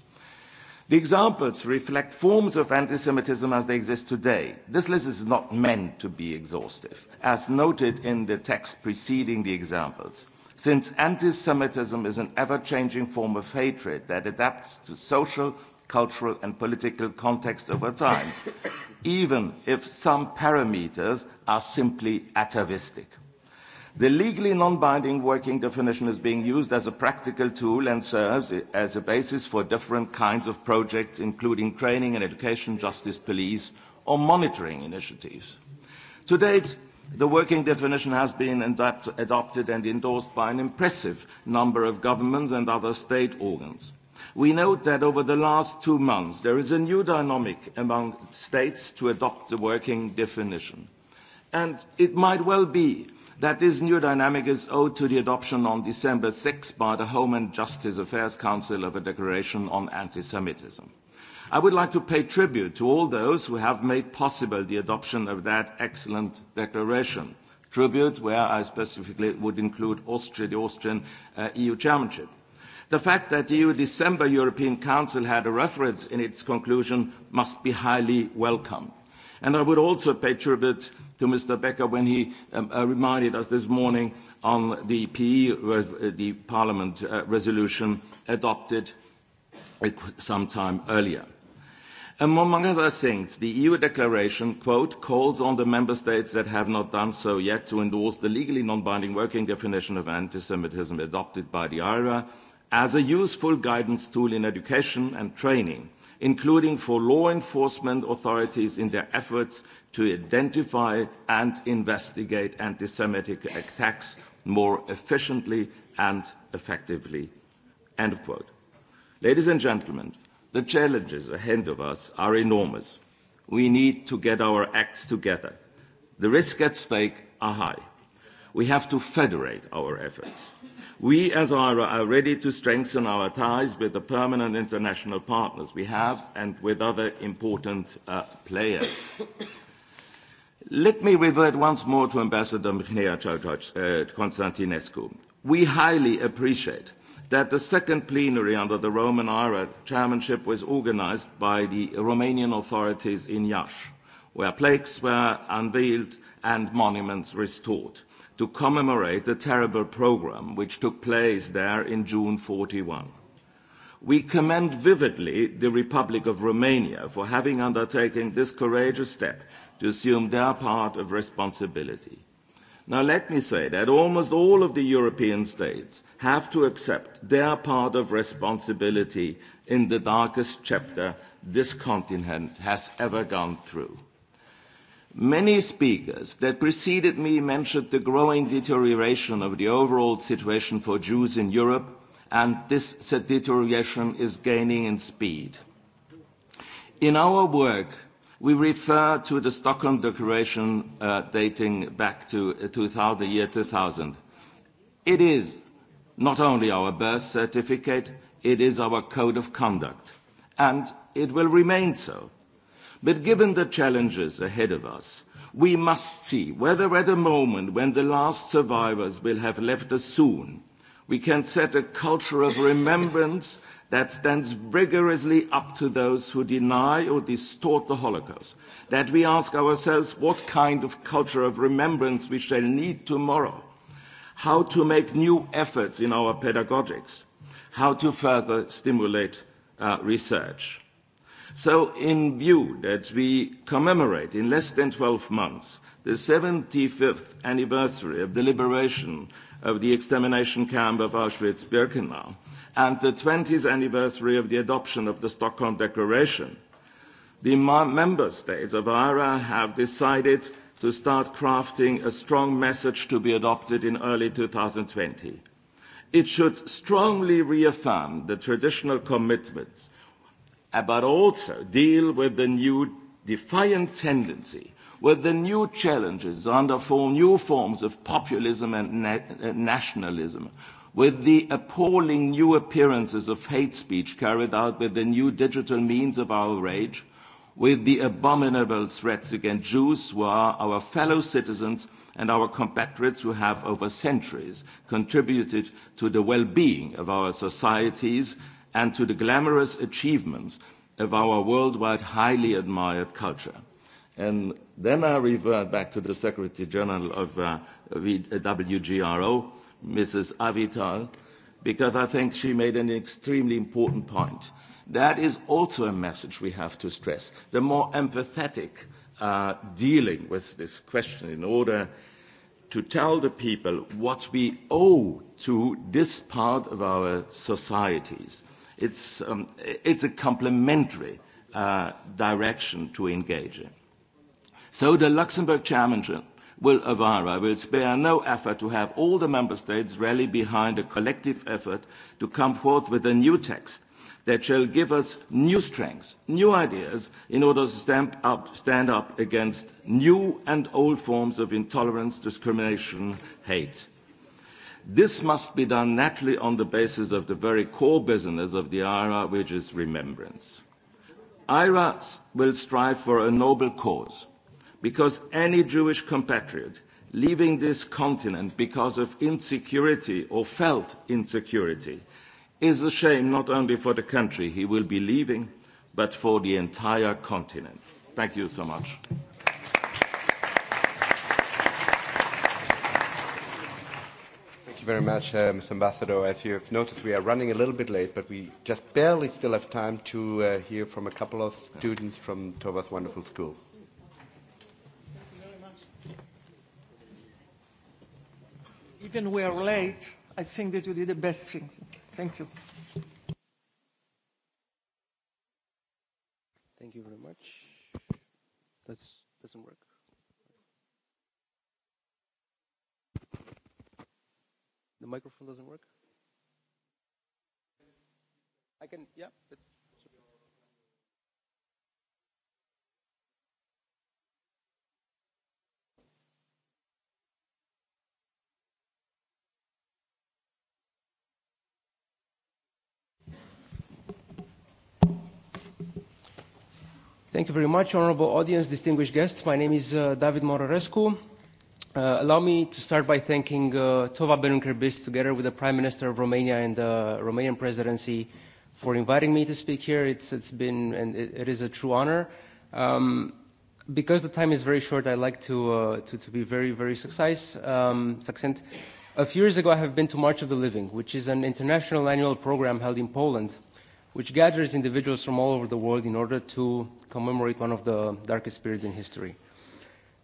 The examples reflect forms of anti Semitism as they exist today. This list is not meant to be exhaustive, as noted in the text preceding the examples. Since anti Semitism is an ever changing form of hatred that adapts to social, cultural, and political context over time, even if some parameters are simply atavistic. The legally non-binding working definition is being used as a practical tool and serves as a basis for different kinds of projects, including training and education, justice, police, or monitoring initiatives. To date, the working definition has been adapt adopted and endorsed by an impressive number of governments and other state organs. We note that over the last two months, there is a new dynamic among states to adopt the working definition. And it might well be That this new dynamic is owed to the adoption on December 6 by the Home and Justice Affairs Council of a declaration on anti-Semitism. I would like to pay tribute to all those who have made possible the adoption of that excellent declaration. Tribute where I specifically would include Austria, the Austrian uh, EU chairmanship. The fact that the EU December European Council had a reference in its conclusion must be highly welcome. And I would also pay tribute to Mr. Becker when he um, uh, reminded us this morning on the PE, uh, the Parliament uh, resolution adopted some time earlier. Um, among other things, the EU declaration, quote, calls on the member states that have not done so yet to endorse the legally non-binding working definition of anti-Semitism adopted by the IRA as a useful guidance tool in education and training, including for law enforcement authorities in their efforts to identify and investigate anti-Semitic attacks more efficiently and effectively. End of quote. Ladies and gentlemen, the challenges ahead of us are enormous. We need to get our acts together. The risks at stake are high. We have to federate our efforts. We, as IRA, are ready to strengthen our ties with the permanent international partners we have and with other important uh, players. Let me revert once more to Ambassador Mihnea Constantinescu. Uh, We highly appreciate that the second plenary under the Roman IRA chairmanship was organized by the Romanian authorities in Iași, where plaques were unveiled and monuments restored to commemorate the terrible program which took place there in June 41. We commend vividly the Republic of Romania for having undertaken this courageous step to assume their part of responsibility. Now, let me say that almost all of the European states have to accept their part of responsibility in the darkest chapter this continent has ever gone through. Many speakers that preceded me mentioned the growing deterioration of the overall situation for Jews in Europe, and this deterioration is gaining in speed. In our work We refer to the Stockholm Declaration uh, dating back to uh, the year 2000. It is not only our birth certificate, it is our code of conduct, and it will remain so. But given the challenges ahead of us, we must see whether at a moment when the last survivors will have left us soon, we can set a culture of remembrance that stands rigorously up to those who deny or distort the Holocaust, that we ask ourselves what kind of culture of remembrance we shall need tomorrow, how to make new efforts in our pedagogics, how to further stimulate uh, research. So in view that we commemorate in less than 12 months the 75th anniversary of the liberation of the extermination camp of Auschwitz-Birkenau, and the 20th anniversary of the adoption of the Stockholm Declaration, the member states of IRA have decided to start crafting a strong message to be adopted in early 2020. It should strongly reaffirm the traditional commitments, uh, but also deal with the new defiant tendency, with the new challenges under four new forms of populism and, na and uh, nationalism, with the appalling new appearances of hate speech carried out with the new digital means of our rage, with the abominable threats against Jews who are our fellow citizens and our compatriots who have over centuries contributed to the well-being of our societies and to the glamorous achievements of our worldwide highly admired culture. And then I revert back to the Secretary General of uh, WGRO, Mrs. Avital, because I think she made an extremely important point. That is also a message we have to stress. The more empathetic uh, dealing with this question in order to tell the people what we owe to this part of our societies. It's, um, it's a complementary uh, direction to engage in. So the Luxembourg chairmanship will Avara will spare no effort to have all the member states rally behind a collective effort to come forth with a new text that shall give us new strengths, new ideas in order to stand up, stand up against new and old forms of intolerance, discrimination, hate. This must be done naturally on the basis of the very core business of the IRA, which is remembrance. IRA will strive for a noble cause because any Jewish compatriot leaving this continent because of insecurity or felt insecurity is a shame not only for the country he will be leaving, but for the entire continent. Thank you so much. Thank you very much, uh, Mr. Ambassador. As you have noticed, we are running a little bit late, but we just barely still have time to uh, hear from a couple of students from Tova's wonderful school. Even we are late, I think that you did the best thing. Thank you. Thank you very much. That doesn't work. The microphone doesn't work. I can, yeah, It's Thank you very much, honorable audience, distinguished guests. My name is uh, David Mororescu. Uh, allow me to start by thanking uh, Tova Berenkerbis together with the Prime Minister of Romania and the Romanian presidency for inviting me to speak here. It's, it's been, and it, it is a true honor. Um, because the time is very short, I like to, uh, to, to be very, very succinct. Um, succinct. A few years ago, I have been to March of the Living, which is an international annual program held in Poland – which gathers individuals from all over the world in order to commemorate one of the darkest periods in history.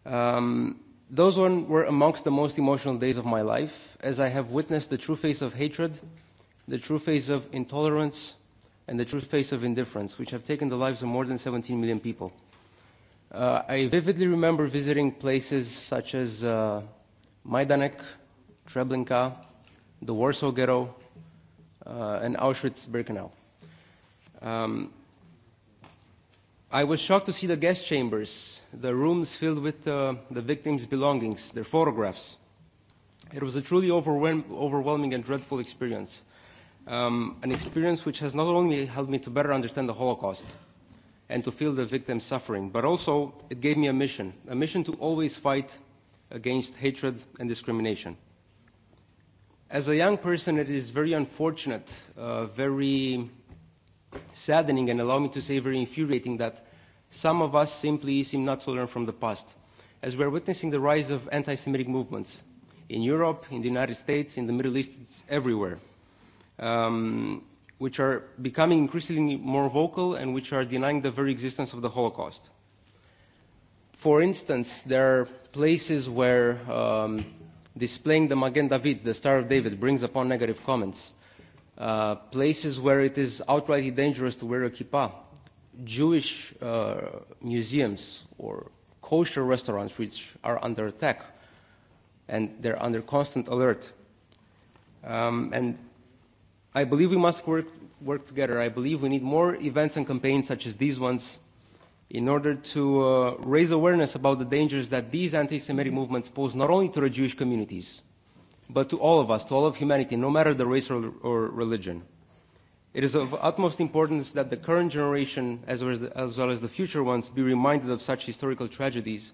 Um, those one were amongst the most emotional days of my life, as I have witnessed the true face of hatred, the true face of intolerance, and the true face of indifference, which have taken the lives of more than 17 million people. Uh, I vividly remember visiting places such as uh, Majdanek, Treblinka, the Warsaw Ghetto, uh, and Auschwitz-Birkenau. Um, I was shocked to see the guest chambers, the rooms filled with uh, the victims' belongings, their photographs. It was a truly overwhelm- overwhelming and dreadful experience, um, an experience which has not only helped me to better understand the Holocaust and to feel the victims' suffering, but also it gave me a mission, a mission to always fight against hatred and discrimination. As a young person, it is very unfortunate, uh, very saddening and allow me to say very infuriating that some of us simply seem not to learn from the past, as we are witnessing the rise of anti-Semitic movements in Europe, in the United States, in the Middle East, it's everywhere, um, which are becoming increasingly more vocal and which are denying the very existence of the Holocaust. For instance, there are places where um, displaying the Magen David, the Star of David, brings upon negative comments Uh, places where it is outrightly dangerous to wear a kippah, Jewish uh, museums or kosher restaurants which are under attack and they're under constant alert. Um, and I believe we must work, work together. I believe we need more events and campaigns such as these ones in order to uh, raise awareness about the dangers that these anti-Semitic movements pose not only to the Jewish communities, but to all of us, to all of humanity, no matter the race or, or religion. It is of utmost importance that the current generation, as well as, the, as well as the future ones, be reminded of such historical tragedies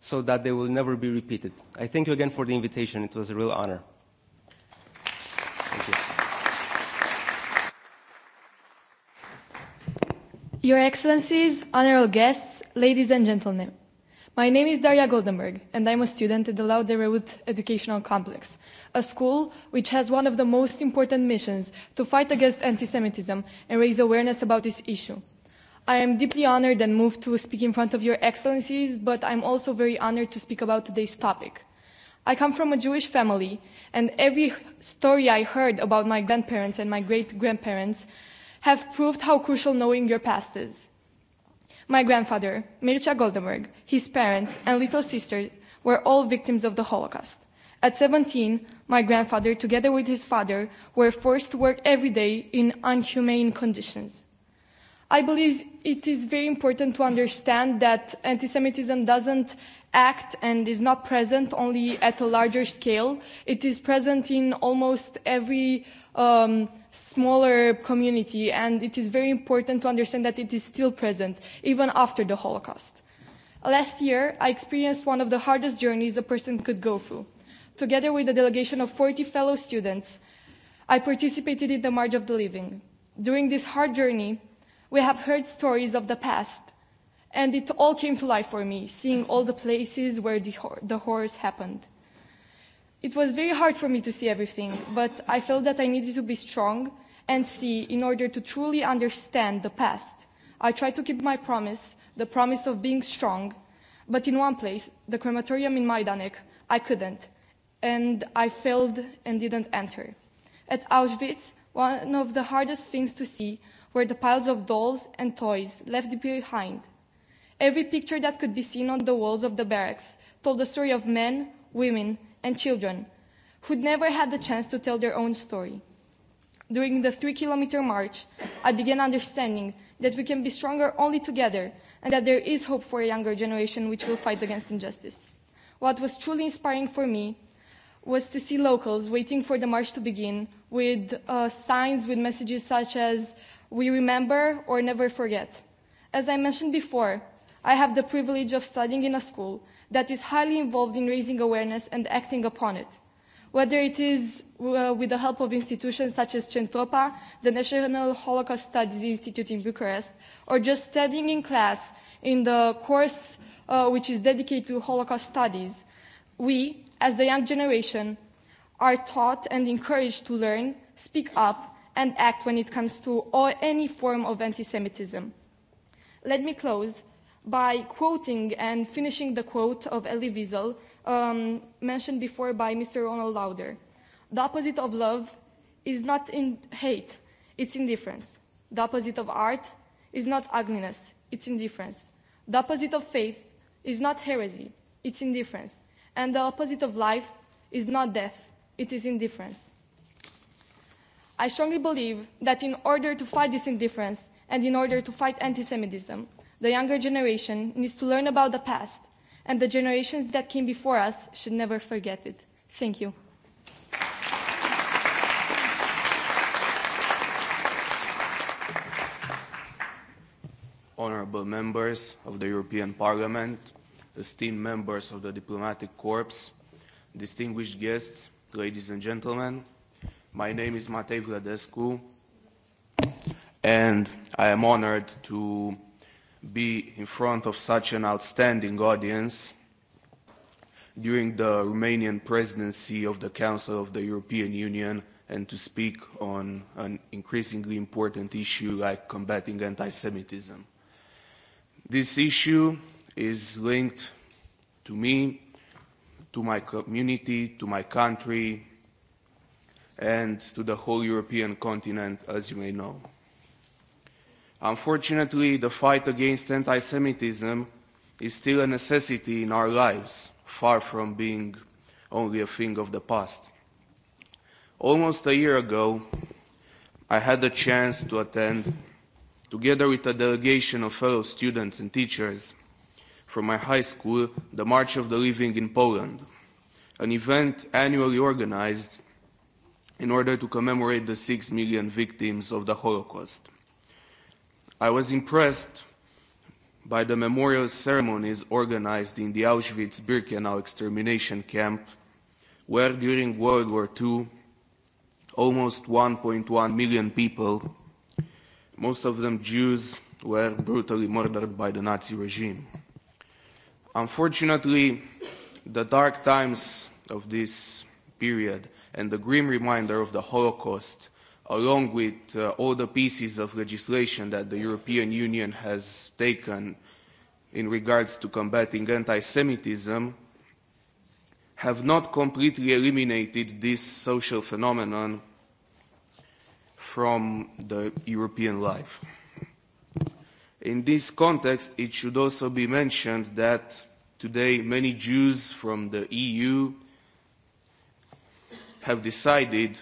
so that they will never be repeated. I thank you again for the invitation. It was a real honor. Thank you. Your Excellencies, honorable guests, ladies and gentlemen. My name is Daria Goldenberg, and I'm a student at the Laude Educational Complex, a school which has one of the most important missions to fight against anti-Semitism and raise awareness about this issue. I am deeply honored and moved to speak in front of your excellencies, but I'm also very honored to speak about today's topic. I come from a Jewish family, and every story I heard about my grandparents and my great-grandparents have proved how crucial knowing your past is. My grandfather, Mircea Goldenberg, his parents, and little sister were all victims of the Holocaust. At 17, my grandfather, together with his father, were forced to work every day in inhumane conditions. I believe it is very important to understand that antisemitism doesn't act and is not present only at a larger scale. It is present in almost every um, smaller community, and it is very important to understand that it is still present, even after the Holocaust. Last year, I experienced one of the hardest journeys a person could go through. Together with a delegation of 40 fellow students, I participated in the March of the Living. During this hard journey, we have heard stories of the past, and it all came to life for me, seeing all the places where the, the horrors happened. It was very hard for me to see everything, but I felt that I needed to be strong and see in order to truly understand the past. I tried to keep my promise, the promise of being strong, but in one place, the crematorium in Majdanek, I couldn't, and I failed and didn't enter. At Auschwitz, one of the hardest things to see were the piles of dolls and toys left behind. Every picture that could be seen on the walls of the barracks told the story of men, women, and children who'd never had the chance to tell their own story. During the three kilometer march, I began understanding that we can be stronger only together and that there is hope for a younger generation which will fight against injustice. What was truly inspiring for me was to see locals waiting for the march to begin with uh, signs, with messages such as, we remember or never forget. As I mentioned before, I have the privilege of studying in a school that is highly involved in raising awareness and acting upon it, whether it is uh, with the help of institutions such as Centopa, the National Holocaust Studies Institute in Bucharest, or just studying in class in the course uh, which is dedicated to Holocaust studies, we, as the young generation, are taught and encouraged to learn, speak up, and act when it comes to all, any form of anti-Semitism. Let me close by quoting and finishing the quote of Elie Wiesel, um, mentioned before by Mr. Ronald Lauder. The opposite of love is not in hate, it's indifference. The opposite of art is not ugliness, it's indifference. The opposite of faith is not heresy, it's indifference. And the opposite of life is not death, it is indifference. I strongly believe that in order to fight this indifference and in order to fight anti-Semitism, The younger generation needs to learn about the past, and the generations that came before us should never forget it. Thank you. Honorable members of the European Parliament, esteemed members of the Diplomatic Corps, distinguished guests, ladies and gentlemen, my name is Matei Vladescu, and I am honored to be in front of such an outstanding audience during the Romanian presidency of the Council of the European Union and to speak on an increasingly important issue like combating anti-Semitism. This issue is linked to me, to my community, to my country, and to the whole European continent, as you may know. Unfortunately, the fight against anti-Semitism is still a necessity in our lives, far from being only a thing of the past. Almost a year ago, I had the chance to attend, together with a delegation of fellow students and teachers from my high school, the March of the Living in Poland, an event annually organized in order to commemorate the six million victims of the Holocaust. I was impressed by the memorial ceremonies organized in the Auschwitz-Birkenau extermination camp, where during World War II, almost 1.1 million people, most of them Jews, were brutally murdered by the Nazi regime. Unfortunately, the dark times of this period and the grim reminder of the Holocaust along with uh, all the pieces of legislation that the European Union has taken in regards to combating anti-Semitism, have not completely eliminated this social phenomenon from the European life. In this context, it should also be mentioned that today many Jews from the EU have decided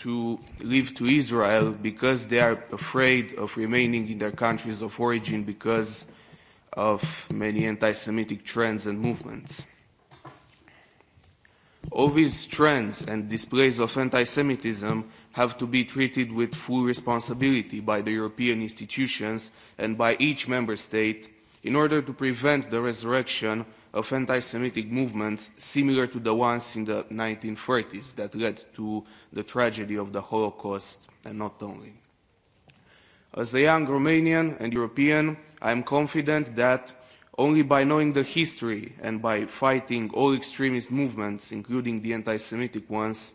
to leave to Israel because they are afraid of remaining in their countries of origin because of many anti-Semitic trends and movements. All these trends and displays of anti-Semitism have to be treated with full responsibility by the European institutions and by each member state in order to prevent the resurrection of anti-Semitic movements similar to the ones in the 1930s that led to the tragedy of the Holocaust and not only. As a young Romanian and European, I am confident that only by knowing the history and by fighting all extremist movements, including the anti-Semitic ones,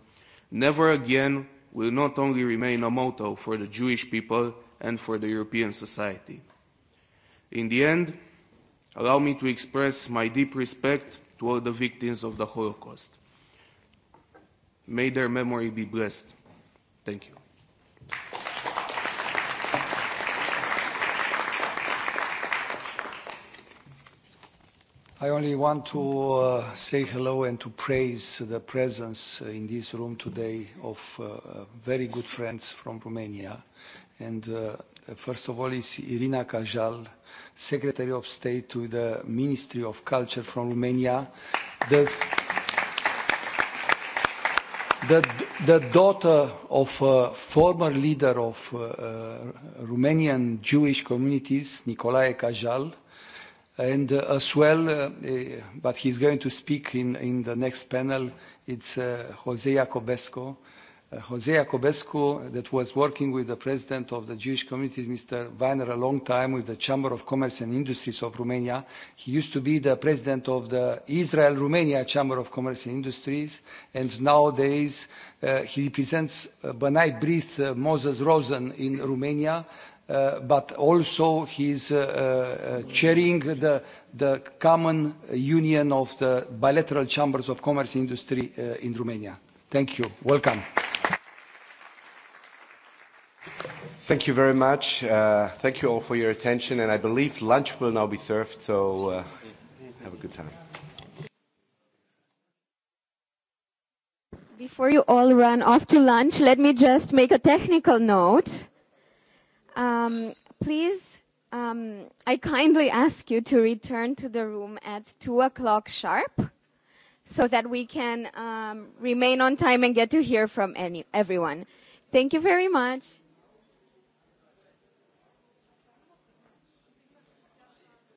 never again will not only remain a motto for the Jewish people and for the European society. In the end, allow me to express my deep respect to all the victims of the Holocaust. May their memory be blessed. Thank you. I only want to uh, say hello and to praise the presence in this room today of uh, very good friends from Romania. And uh, first of all, is Irina Cajal, Secretary of State to the Ministry of Culture from Romania. The, the, the daughter of a former leader of uh, Romanian Jewish communities, Nicolae Cajal, and uh, as well, uh, eh, but he's going to speak in, in the next panel, it's uh, Jose Jacobesco, Uh, Jose Iacobescu, that was working with the president of the Jewish communities, Mr. Weiner, a long time with the Chamber of Commerce and Industries of Romania. He used to be the president of the Israel-Romania Chamber of Commerce and Industries, and nowadays uh, he represents uh, Banai Brith uh, Moses Rosen in Romania, Uh, but also he's uh, uh, uh, chairing the, the common union of the bilateral chambers of commerce industry uh, in Romania. Thank you. Welcome. Thank you very much. Uh, thank you all for your attention. And I believe lunch will now be served, so uh, have a good time. Before you all run off to lunch, let me just make a technical note. Um, please, um, I kindly ask you to return to the room at 2 o'clock sharp so that we can um, remain on time and get to hear from any, everyone. Thank you very much.